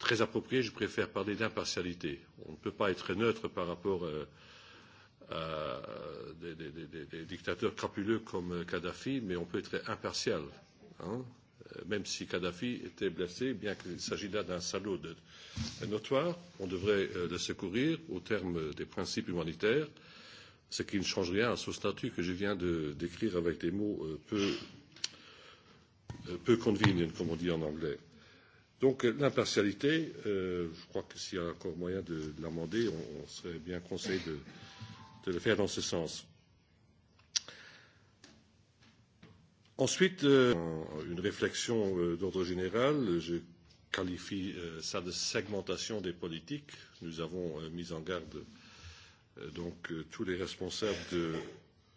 très approprié. Je préfère parler d'impartialité. On ne peut pas être neutre par rapport euh, Euh, des, des, des, des dictateurs crapuleux comme euh, Kadhafi, mais on peut être impartial. Hein euh, même si Kadhafi était blessé, bien qu'il s'agisse là d'un salaud de, de notoire, on devrait euh, le secourir au terme des principes humanitaires, ce qui ne change rien à ce statut que je viens de décrire avec des mots euh, peu, euh, peu convenient, comme on dit en anglais. Donc l'impartialité, euh, je crois que s'il y a encore moyen de, de l'amender, on, on serait bien conseillé de, euh, de le faire dans ce sens. Ensuite, euh, une réflexion euh, d'ordre général. Je qualifie euh, ça de segmentation des politiques. Nous avons euh, mis en garde euh, donc euh, tous les responsables de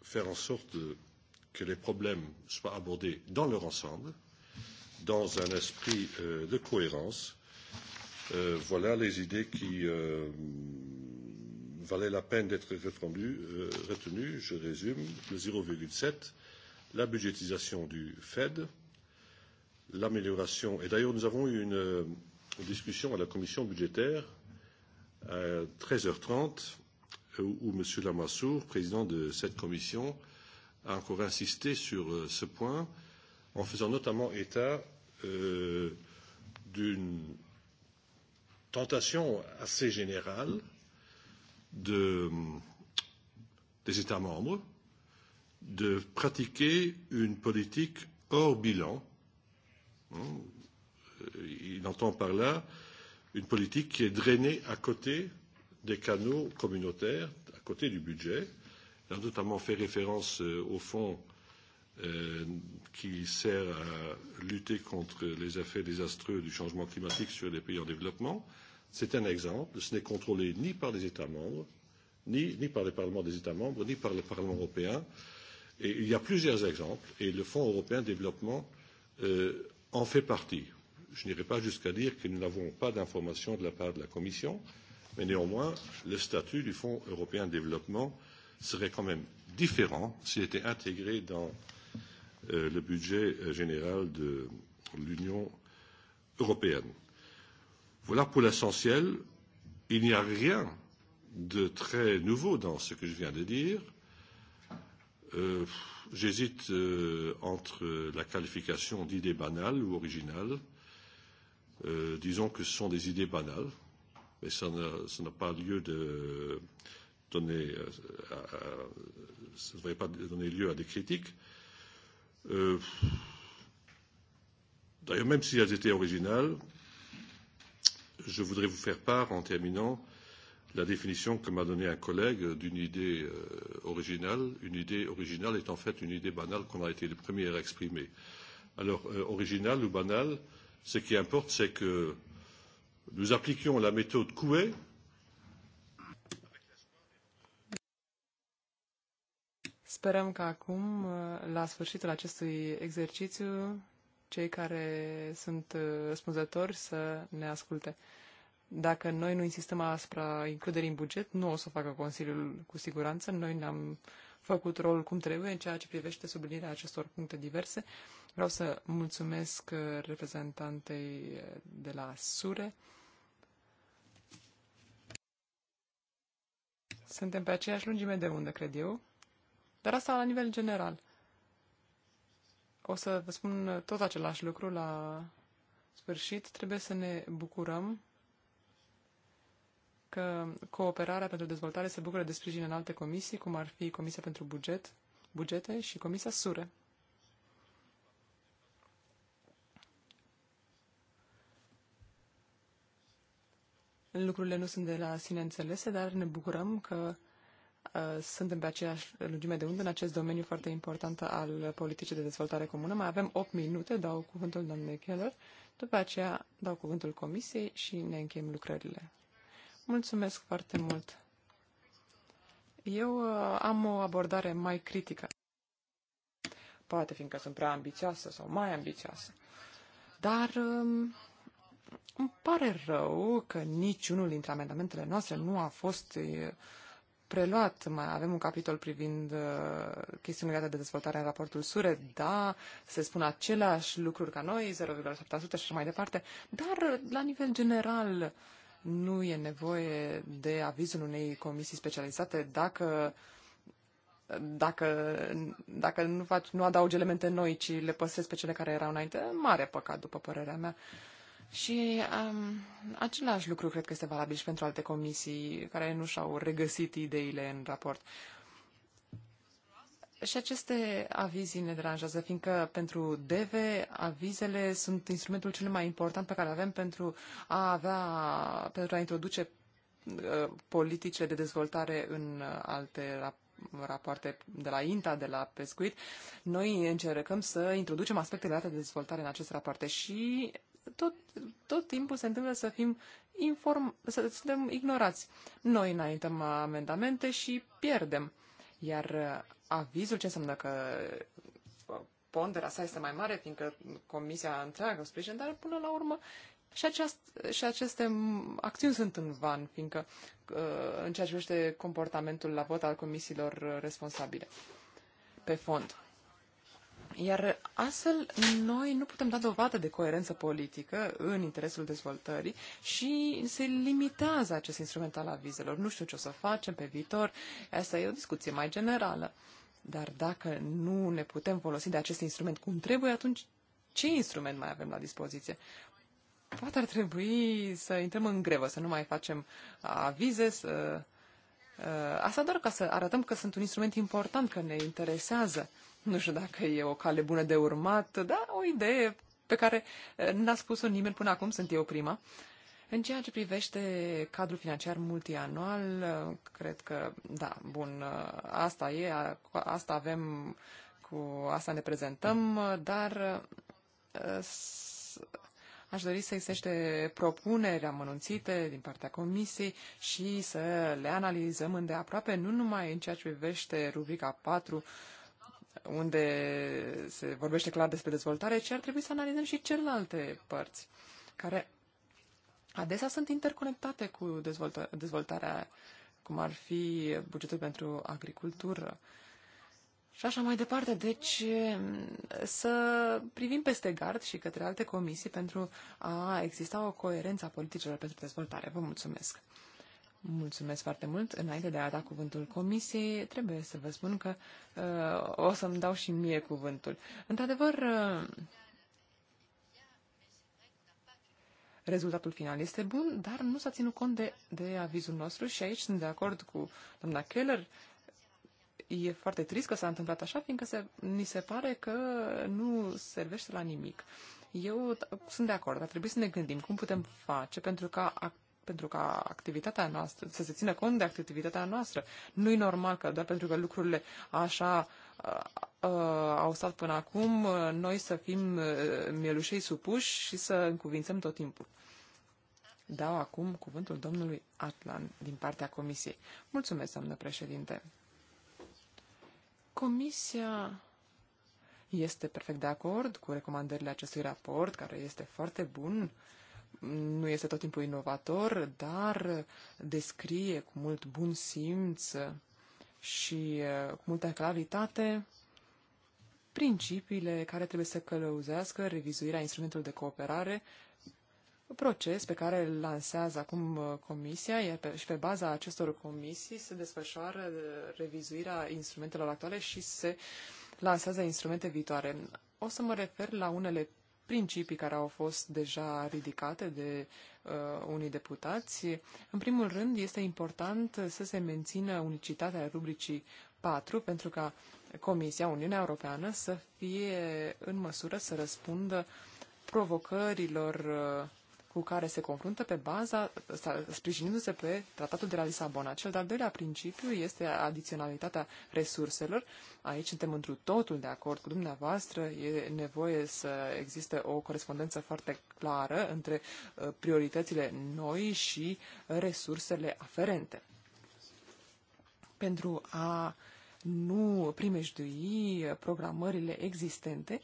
faire en sorte de, que les problèmes soient abordés dans leur ensemble, dans un esprit euh, de cohérence. Euh, voilà les idées qui euh, valait la peine d'être euh, retenu, je résume, le 0,7, la budgétisation du Fed, l'amélioration. Et d'ailleurs, nous avons eu une, une discussion à la commission budgétaire à 13h30, euh, où, où M. Lamassoure, président de cette commission, a encore insisté sur euh, ce point, en faisant notamment état euh, d'une tentation assez générale euh, de, des États membres de pratiquer une politique hors bilan. Il entend par là une politique qui est drainée à côté des canaux communautaires, à côté du budget. Il a notamment fait référence euh, au fonds euh, qui sert à lutter contre les effets désastreux du changement climatique sur les pays en développement. C'est un exemple. Ce n'est contrôlé ni par les États membres, ni, ni par les parlements des États membres, ni par le Parlement européen. Et il y a plusieurs exemples, et le Fonds européen de développement euh, en fait partie. Je n'irai pas jusqu'à dire que nous n'avons pas d'informations de la part de la Commission, mais néanmoins, le statut du Fonds européen de développement serait quand même différent s'il était intégré dans euh, le budget euh, général de l'Union européenne. Voilà pour l'essentiel. Il n'y a rien de très nouveau dans ce que je viens de dire. Euh, J'hésite euh, entre la qualification d'idées banales ou originales. Euh, disons que ce sont des idées banales, mais ça n'a pas lieu de donner, euh, à, à, ça ne devrait pas donner lieu à des critiques. Euh, D'ailleurs, même si elles étaient originales, je voudrais vous faire part, en terminant, de la définition que m'a donnée un collègue d'une idée euh, originale. Une idée originale est en fait une idée banale qu'on a été les premiers à exprimer. Alors, euh, originale ou banale, ce qui importe, c'est que nous appliquions la méthode Coué, Sperăm că acum, la sfârșitul acestui exercițiu, cei care sunt uh, răspunzători să ne asculte. Dacă noi nu insistăm asupra includerii în buget, nu o să facă Consiliul cu siguranță. Noi ne-am făcut rolul cum trebuie în ceea ce privește sublinierea acestor puncte diverse. Vreau să mulțumesc uh, reprezentantei uh, de la SURE. Suntem pe aceeași lungime de undă, cred eu, dar asta la nivel general. O să vă spun tot același lucru la sfârșit. Trebuie să ne bucurăm că cooperarea pentru dezvoltare se bucură de sprijin în alte comisii, cum ar fi Comisia pentru Buget, Bugete și Comisia SURE. Lucrurile nu sunt de la sine înțelese, dar ne bucurăm că Uh, suntem pe aceeași lungime de undă în acest domeniu foarte important al politicii de dezvoltare comună. Mai avem 8 minute, dau cuvântul doamnei Keller, după aceea dau cuvântul comisiei și ne încheiem lucrările. Mulțumesc foarte mult! Eu uh, am o abordare mai critică. Poate fiindcă sunt prea ambițioasă sau mai ambițioasă. Dar um, îmi pare rău că niciunul dintre amendamentele noastre nu a fost uh, preluat. Mai avem un capitol privind uh, chestiuni legate de dezvoltare în raportul SURE. Da, se spun aceleași lucruri ca noi, 0,7% și așa mai departe, dar la nivel general nu e nevoie de avizul unei comisii specializate dacă dacă, dacă nu, faci, nu adaugi elemente noi, ci le păstrezi pe cele care erau înainte, mare păcat, după părerea mea. Uh, și um, același lucru cred că este valabil și pentru alte comisii care nu și-au regăsit ideile în raport. Și aceste avizii ne deranjează, fiindcă pentru DEVE avizele sunt instrumentul cel mai important pe care avem pentru a avea, pentru a introduce uh, politice de dezvoltare în uh, alte rapoarte rapoarte de la INTA, de la pescuit, noi încercăm să introducem aspecte legate de dezvoltare în aceste rapoarte și tot, tot timpul se întâmplă să fim inform, să suntem ignorați. Noi înaintăm amendamente și pierdem. Iar uh, avizul ce înseamnă că uh, ponderea sa este mai mare, fiindcă comisia întreagă sprijin, dar până la urmă și, aceast, și aceste acțiuni sunt în van, fiindcă uh, în ceea ce privește comportamentul la vot al comisiilor responsabile pe fond. Iar astfel, noi nu putem da dovadă de coerență politică în interesul dezvoltării și se limitează acest instrument al avizelor. Nu știu ce o să facem pe viitor. Asta e o discuție mai generală. Dar dacă nu ne putem folosi de acest instrument cum trebuie, atunci ce instrument mai avem la dispoziție? Poate ar trebui să intrăm în grevă, să nu mai facem avize, să... Ă, asta doar ca să arătăm că sunt un instrument important, că ne interesează. Nu știu dacă e o cale bună de urmat, dar o idee pe care eh, n-a spus-o nimeni până acum, sunt eu prima. În ceea ce privește cadrul financiar multianual, eh, cred că, da, bun, eh, asta e, asta avem, cu asta ne prezentăm, dar aș dori să existe propuneri amănunțite din partea comisiei și să le analizăm îndeaproape, nu numai în ceea ce privește rubrica 4, unde se vorbește clar despre dezvoltare, ci ar trebui să analizăm și celelalte părți, care adesea sunt interconectate cu dezvoltarea, cum ar fi bugetul pentru agricultură. Și așa mai departe. Deci să privim peste gard și către alte comisii pentru a exista o coerență a politicilor pentru dezvoltare. Vă mulțumesc! Mulțumesc foarte mult. Înainte de a da cuvântul comisiei, trebuie să vă spun că uh, o să-mi dau și mie cuvântul. Într-adevăr, uh, rezultatul final este bun, dar nu s-a ținut cont de, de avizul nostru și aici sunt de acord cu doamna Keller. E foarte trist că s-a întâmplat așa, fiindcă se, ni se pare că nu servește la nimic. Eu sunt de acord, dar trebuie să ne gândim cum putem face pentru ca pentru ca activitatea noastră, să se țină cont de activitatea noastră. Nu e normal că doar pentru că lucrurile așa uh, uh, au stat până acum, uh, noi să fim mielușei supuși și să încuvințăm tot timpul. Dau acum cuvântul domnului Atlan din partea comisiei. Mulțumesc, doamnă președinte. Comisia este perfect de acord cu recomandările acestui raport, care este foarte bun nu este tot timpul inovator, dar descrie cu mult bun simț și cu multă claritate principiile care trebuie să călăuzească revizuirea instrumentului de cooperare, proces pe care îl lansează acum Comisia, iar pe, și pe baza acestor comisii se desfășoară revizuirea instrumentelor actuale și se lansează instrumente viitoare. O să mă refer la unele principii care au fost deja ridicate de uh, unii deputați. În primul rând, este important să se mențină unicitatea rubricii 4 pentru ca Comisia, Uniunea Europeană, să fie în măsură să răspundă provocărilor uh, cu care se confruntă pe baza, sprijinindu-se pe tratatul de la Lisabona. Cel de-al doilea principiu este adiționalitatea resurselor. Aici suntem întru totul de acord cu dumneavoastră. E nevoie să existe o corespondență foarte clară între uh, prioritățile noi și resursele aferente. Pentru a nu primejdui programările existente, uh,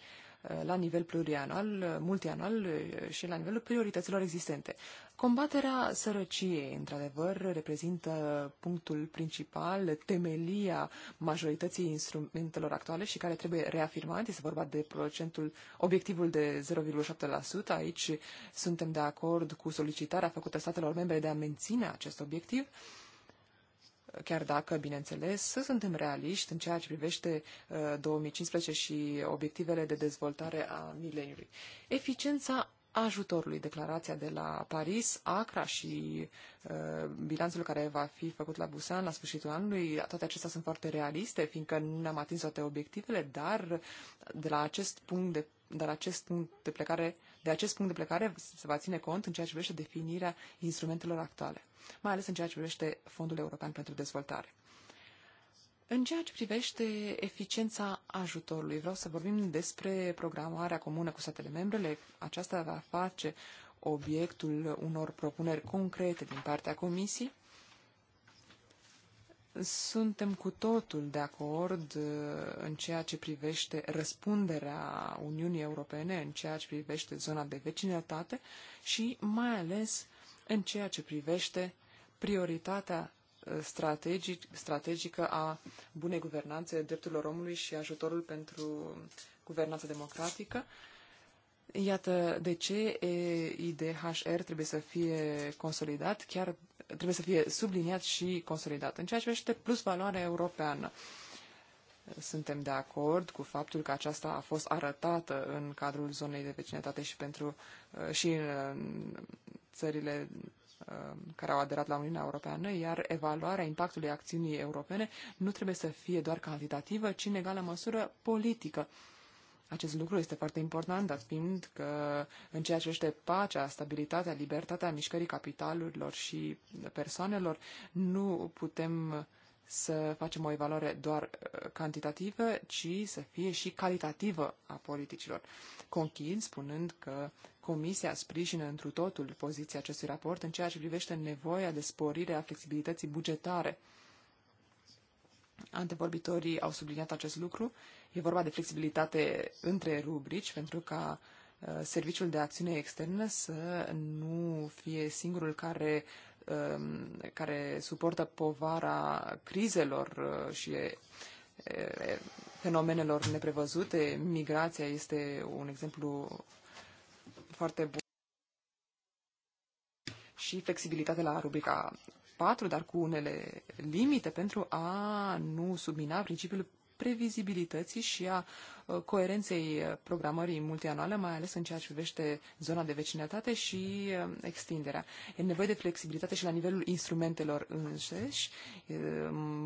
la nivel plurianual, multianual și la nivelul priorităților existente. Combaterea sărăciei, într-adevăr, reprezintă punctul principal, temelia majorității instrumentelor actuale și care trebuie reafirmat. Este vorba de procentul, obiectivul de 0,7%. Aici suntem de acord cu solicitarea făcută statelor membre de a menține acest obiectiv. Uh, chiar dacă, bineînțeles, să suntem realiști în ceea ce privește 2015 uh, și obiectivele de dezvoltare a mileniului. Eficiența ajutorului, declarația de la Paris, ACRA și uh, bilanțul care va fi făcut la Busan la sfârșitul anului, toate acestea sunt foarte realiste, fiindcă nu ne-am atins toate obiectivele, dar de la acest punct de dar acest punct de plecare, de acest punct de plecare se va ține cont în ceea ce privește definirea instrumentelor actuale mai ales în ceea ce privește Fondul European pentru Dezvoltare. În ceea ce privește eficiența ajutorului, vreau să vorbim despre programarea comună cu statele membrele. Aceasta va face obiectul unor propuneri concrete din partea Comisiei. Suntem cu totul de acord uh, în ceea ce privește răspunderea Uniunii Europene, în ceea ce privește zona de vecinătate și mai ales în ceea ce privește prioritatea ă, strategic, strategică a bunei guvernanțe, drepturilor omului și ajutorul pentru guvernanță democratică. Iată de ce IDHR trebuie să fie consolidat, chiar trebuie să fie subliniat și consolidat. În ceea ce privește plus valoarea europeană, suntem de acord cu faptul că aceasta a fost arătată în cadrul zonei de vecinătate și pentru uh, și în țările uh, care au aderat la Uniunea Europeană, iar evaluarea impactului acțiunii europene nu trebuie să fie doar cantitativă, ci în egală măsură politică. Acest lucru este foarte important, dat fiind că în ceea ce este pacea, stabilitatea, libertatea mișcării capitalurilor și persoanelor, nu putem să facem o evaluare doar uh, cantitativă, ci să fie și calitativă a politicilor. Conchid spunând că Comisia sprijină întru totul poziția acestui raport în ceea ce privește nevoia de sporire a flexibilității bugetare. Antevorbitorii au subliniat acest lucru. E vorba de flexibilitate între rubrici pentru ca uh, Serviciul de Acțiune Externă să nu fie singurul care Um, care suportă povara crizelor uh, și uh, fenomenelor neprevăzute. Migrația este un exemplu foarte bun și flexibilitate la rubrica 4, dar cu unele limite pentru a nu submina principiul previzibilității și a uh, coerenței uh, programării multianuale, mai ales în ceea ce privește zona de vecinătate și uh, extinderea. E nevoie de flexibilitate și la nivelul instrumentelor înșeși.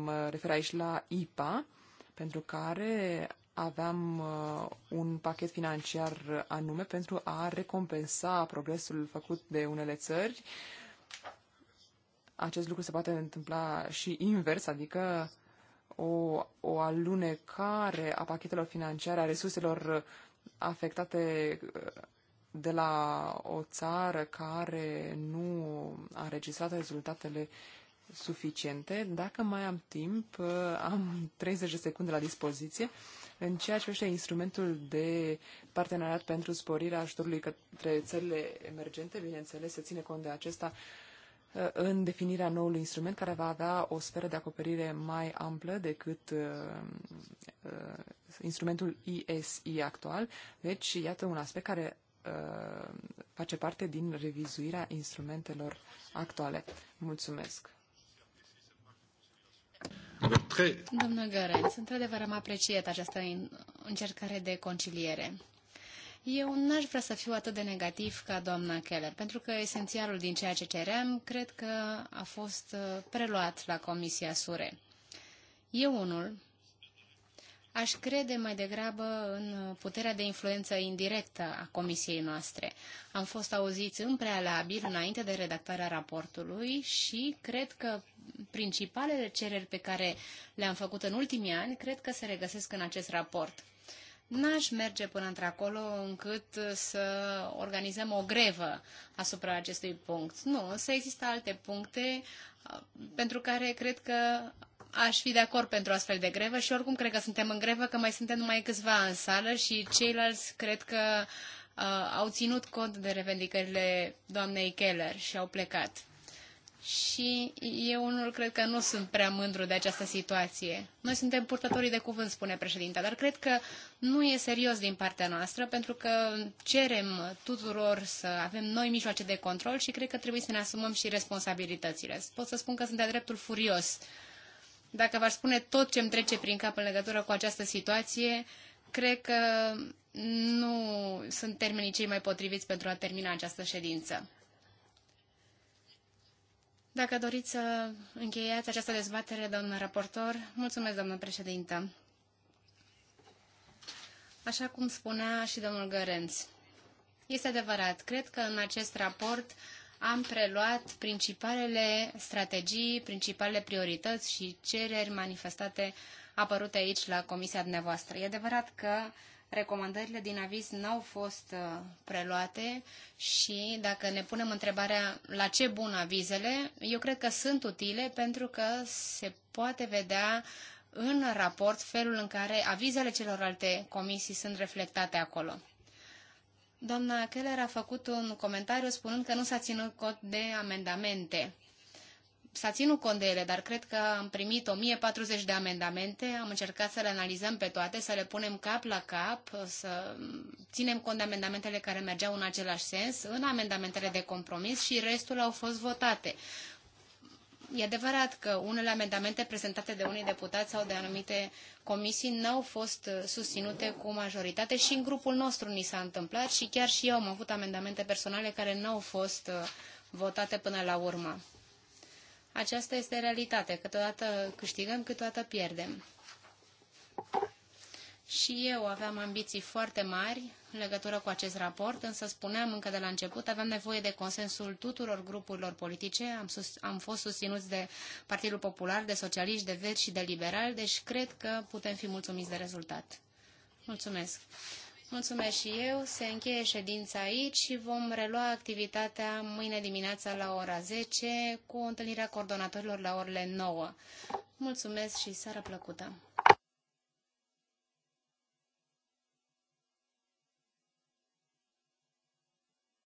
Mă refer aici la IPA, pentru care aveam uh, un pachet financiar anume pentru a recompensa progresul făcut de unele țări. Acest lucru se poate întâmpla și invers, adică o, o alunecare a pachetelor financiare, a resurselor afectate uh, de la o țară care nu a înregistrat rezultatele suficiente. Dacă mai am timp, uh, am 30 de secunde la dispoziție. În ceea ce este instrumentul de parteneriat pentru sporirea ajutorului către țările emergente, bineînțeles, se ține cont de acesta uh, Uh, în definirea noului instrument care va avea o sferă de acoperire mai amplă decât uh, uh instrumentul ISI actual. Deci, iată un aspect care uh, face parte din revizuirea instrumentelor actuale. Mulțumesc! Domnul Gărenț, într-adevăr am apreciat această încercare de conciliere. Eu n-aș vrea să fiu atât de negativ ca doamna Keller, pentru că esențialul din ceea ce ceream cred că a fost uh, preluat la Comisia Sure. Eu unul aș crede mai degrabă în uh, puterea de influență indirectă a comisiei noastre. Am fost auziți în prealabil înainte de redactarea raportului și cred că principalele cereri pe care le-am făcut în ultimii ani, cred că se regăsesc în acest raport n-aș merge până într-acolo încât să organizăm o grevă asupra acestui punct. Nu, să există alte puncte uh, pentru care cred că aș fi de acord pentru astfel de grevă și oricum cred că suntem în grevă, că mai suntem numai câțiva în sală și ceilalți cred că uh, au ținut cont de revendicările doamnei Keller și au plecat și eu unul cred că nu sunt prea mândru de această situație. Noi suntem purtătorii de cuvânt, spune președinta, dar cred că nu e serios din partea noastră, pentru că cerem tuturor să avem noi mijloace de control și cred că trebuie să ne asumăm și responsabilitățile. Pot să spun că sunt de dreptul furios. Dacă v-aș spune tot ce îmi trece prin cap în legătură cu această situație, cred că nu sunt termenii cei mai potriviți pentru a termina această ședință. Dacă doriți să încheiați această dezbatere, domnul raportor, mulțumesc, domnul președinte. Așa cum spunea și domnul Gărenț, este adevărat, cred că în acest raport am preluat principalele strategii, principalele priorități și cereri manifestate apărute aici la comisia dumneavoastră. E adevărat că recomandările din aviz n-au fost uh, preluate și dacă ne punem întrebarea la ce bun avizele, eu cred că sunt utile pentru că se poate vedea în raport felul în care avizele celorlalte comisii sunt reflectate acolo. Doamna Keller a făcut un comentariu spunând că nu s-a ținut cont de amendamente s-a ținut cont de ele, dar cred că am primit 1040 de amendamente, am încercat să le analizăm pe toate, să le punem cap la cap, să ținem cont de amendamentele care mergeau în același sens, în amendamentele de compromis și restul au fost votate. E adevărat că unele amendamente prezentate de unii deputați sau de anumite comisii n-au fost susținute cu majoritate și în grupul nostru ni s-a întâmplat și chiar și eu am avut amendamente personale care n-au fost uh, votate până la urmă. Aceasta este realitatea. Câteodată câștigăm, câteodată pierdem. Și eu aveam ambiții foarte mari în legătură cu acest raport, însă spuneam încă de la început, aveam nevoie de consensul tuturor grupurilor politice, am, sus, am fost susținuți de Partidul Popular, de Socialiști, de Verzi și de Liberali, deci cred că putem fi mulțumiți de rezultat. Mulțumesc. Mulțumesc și eu. Se încheie ședința aici și vom relua activitatea mâine dimineața la ora 10 cu întâlnirea coordonatorilor la orele 9. Mulțumesc și seara plăcută!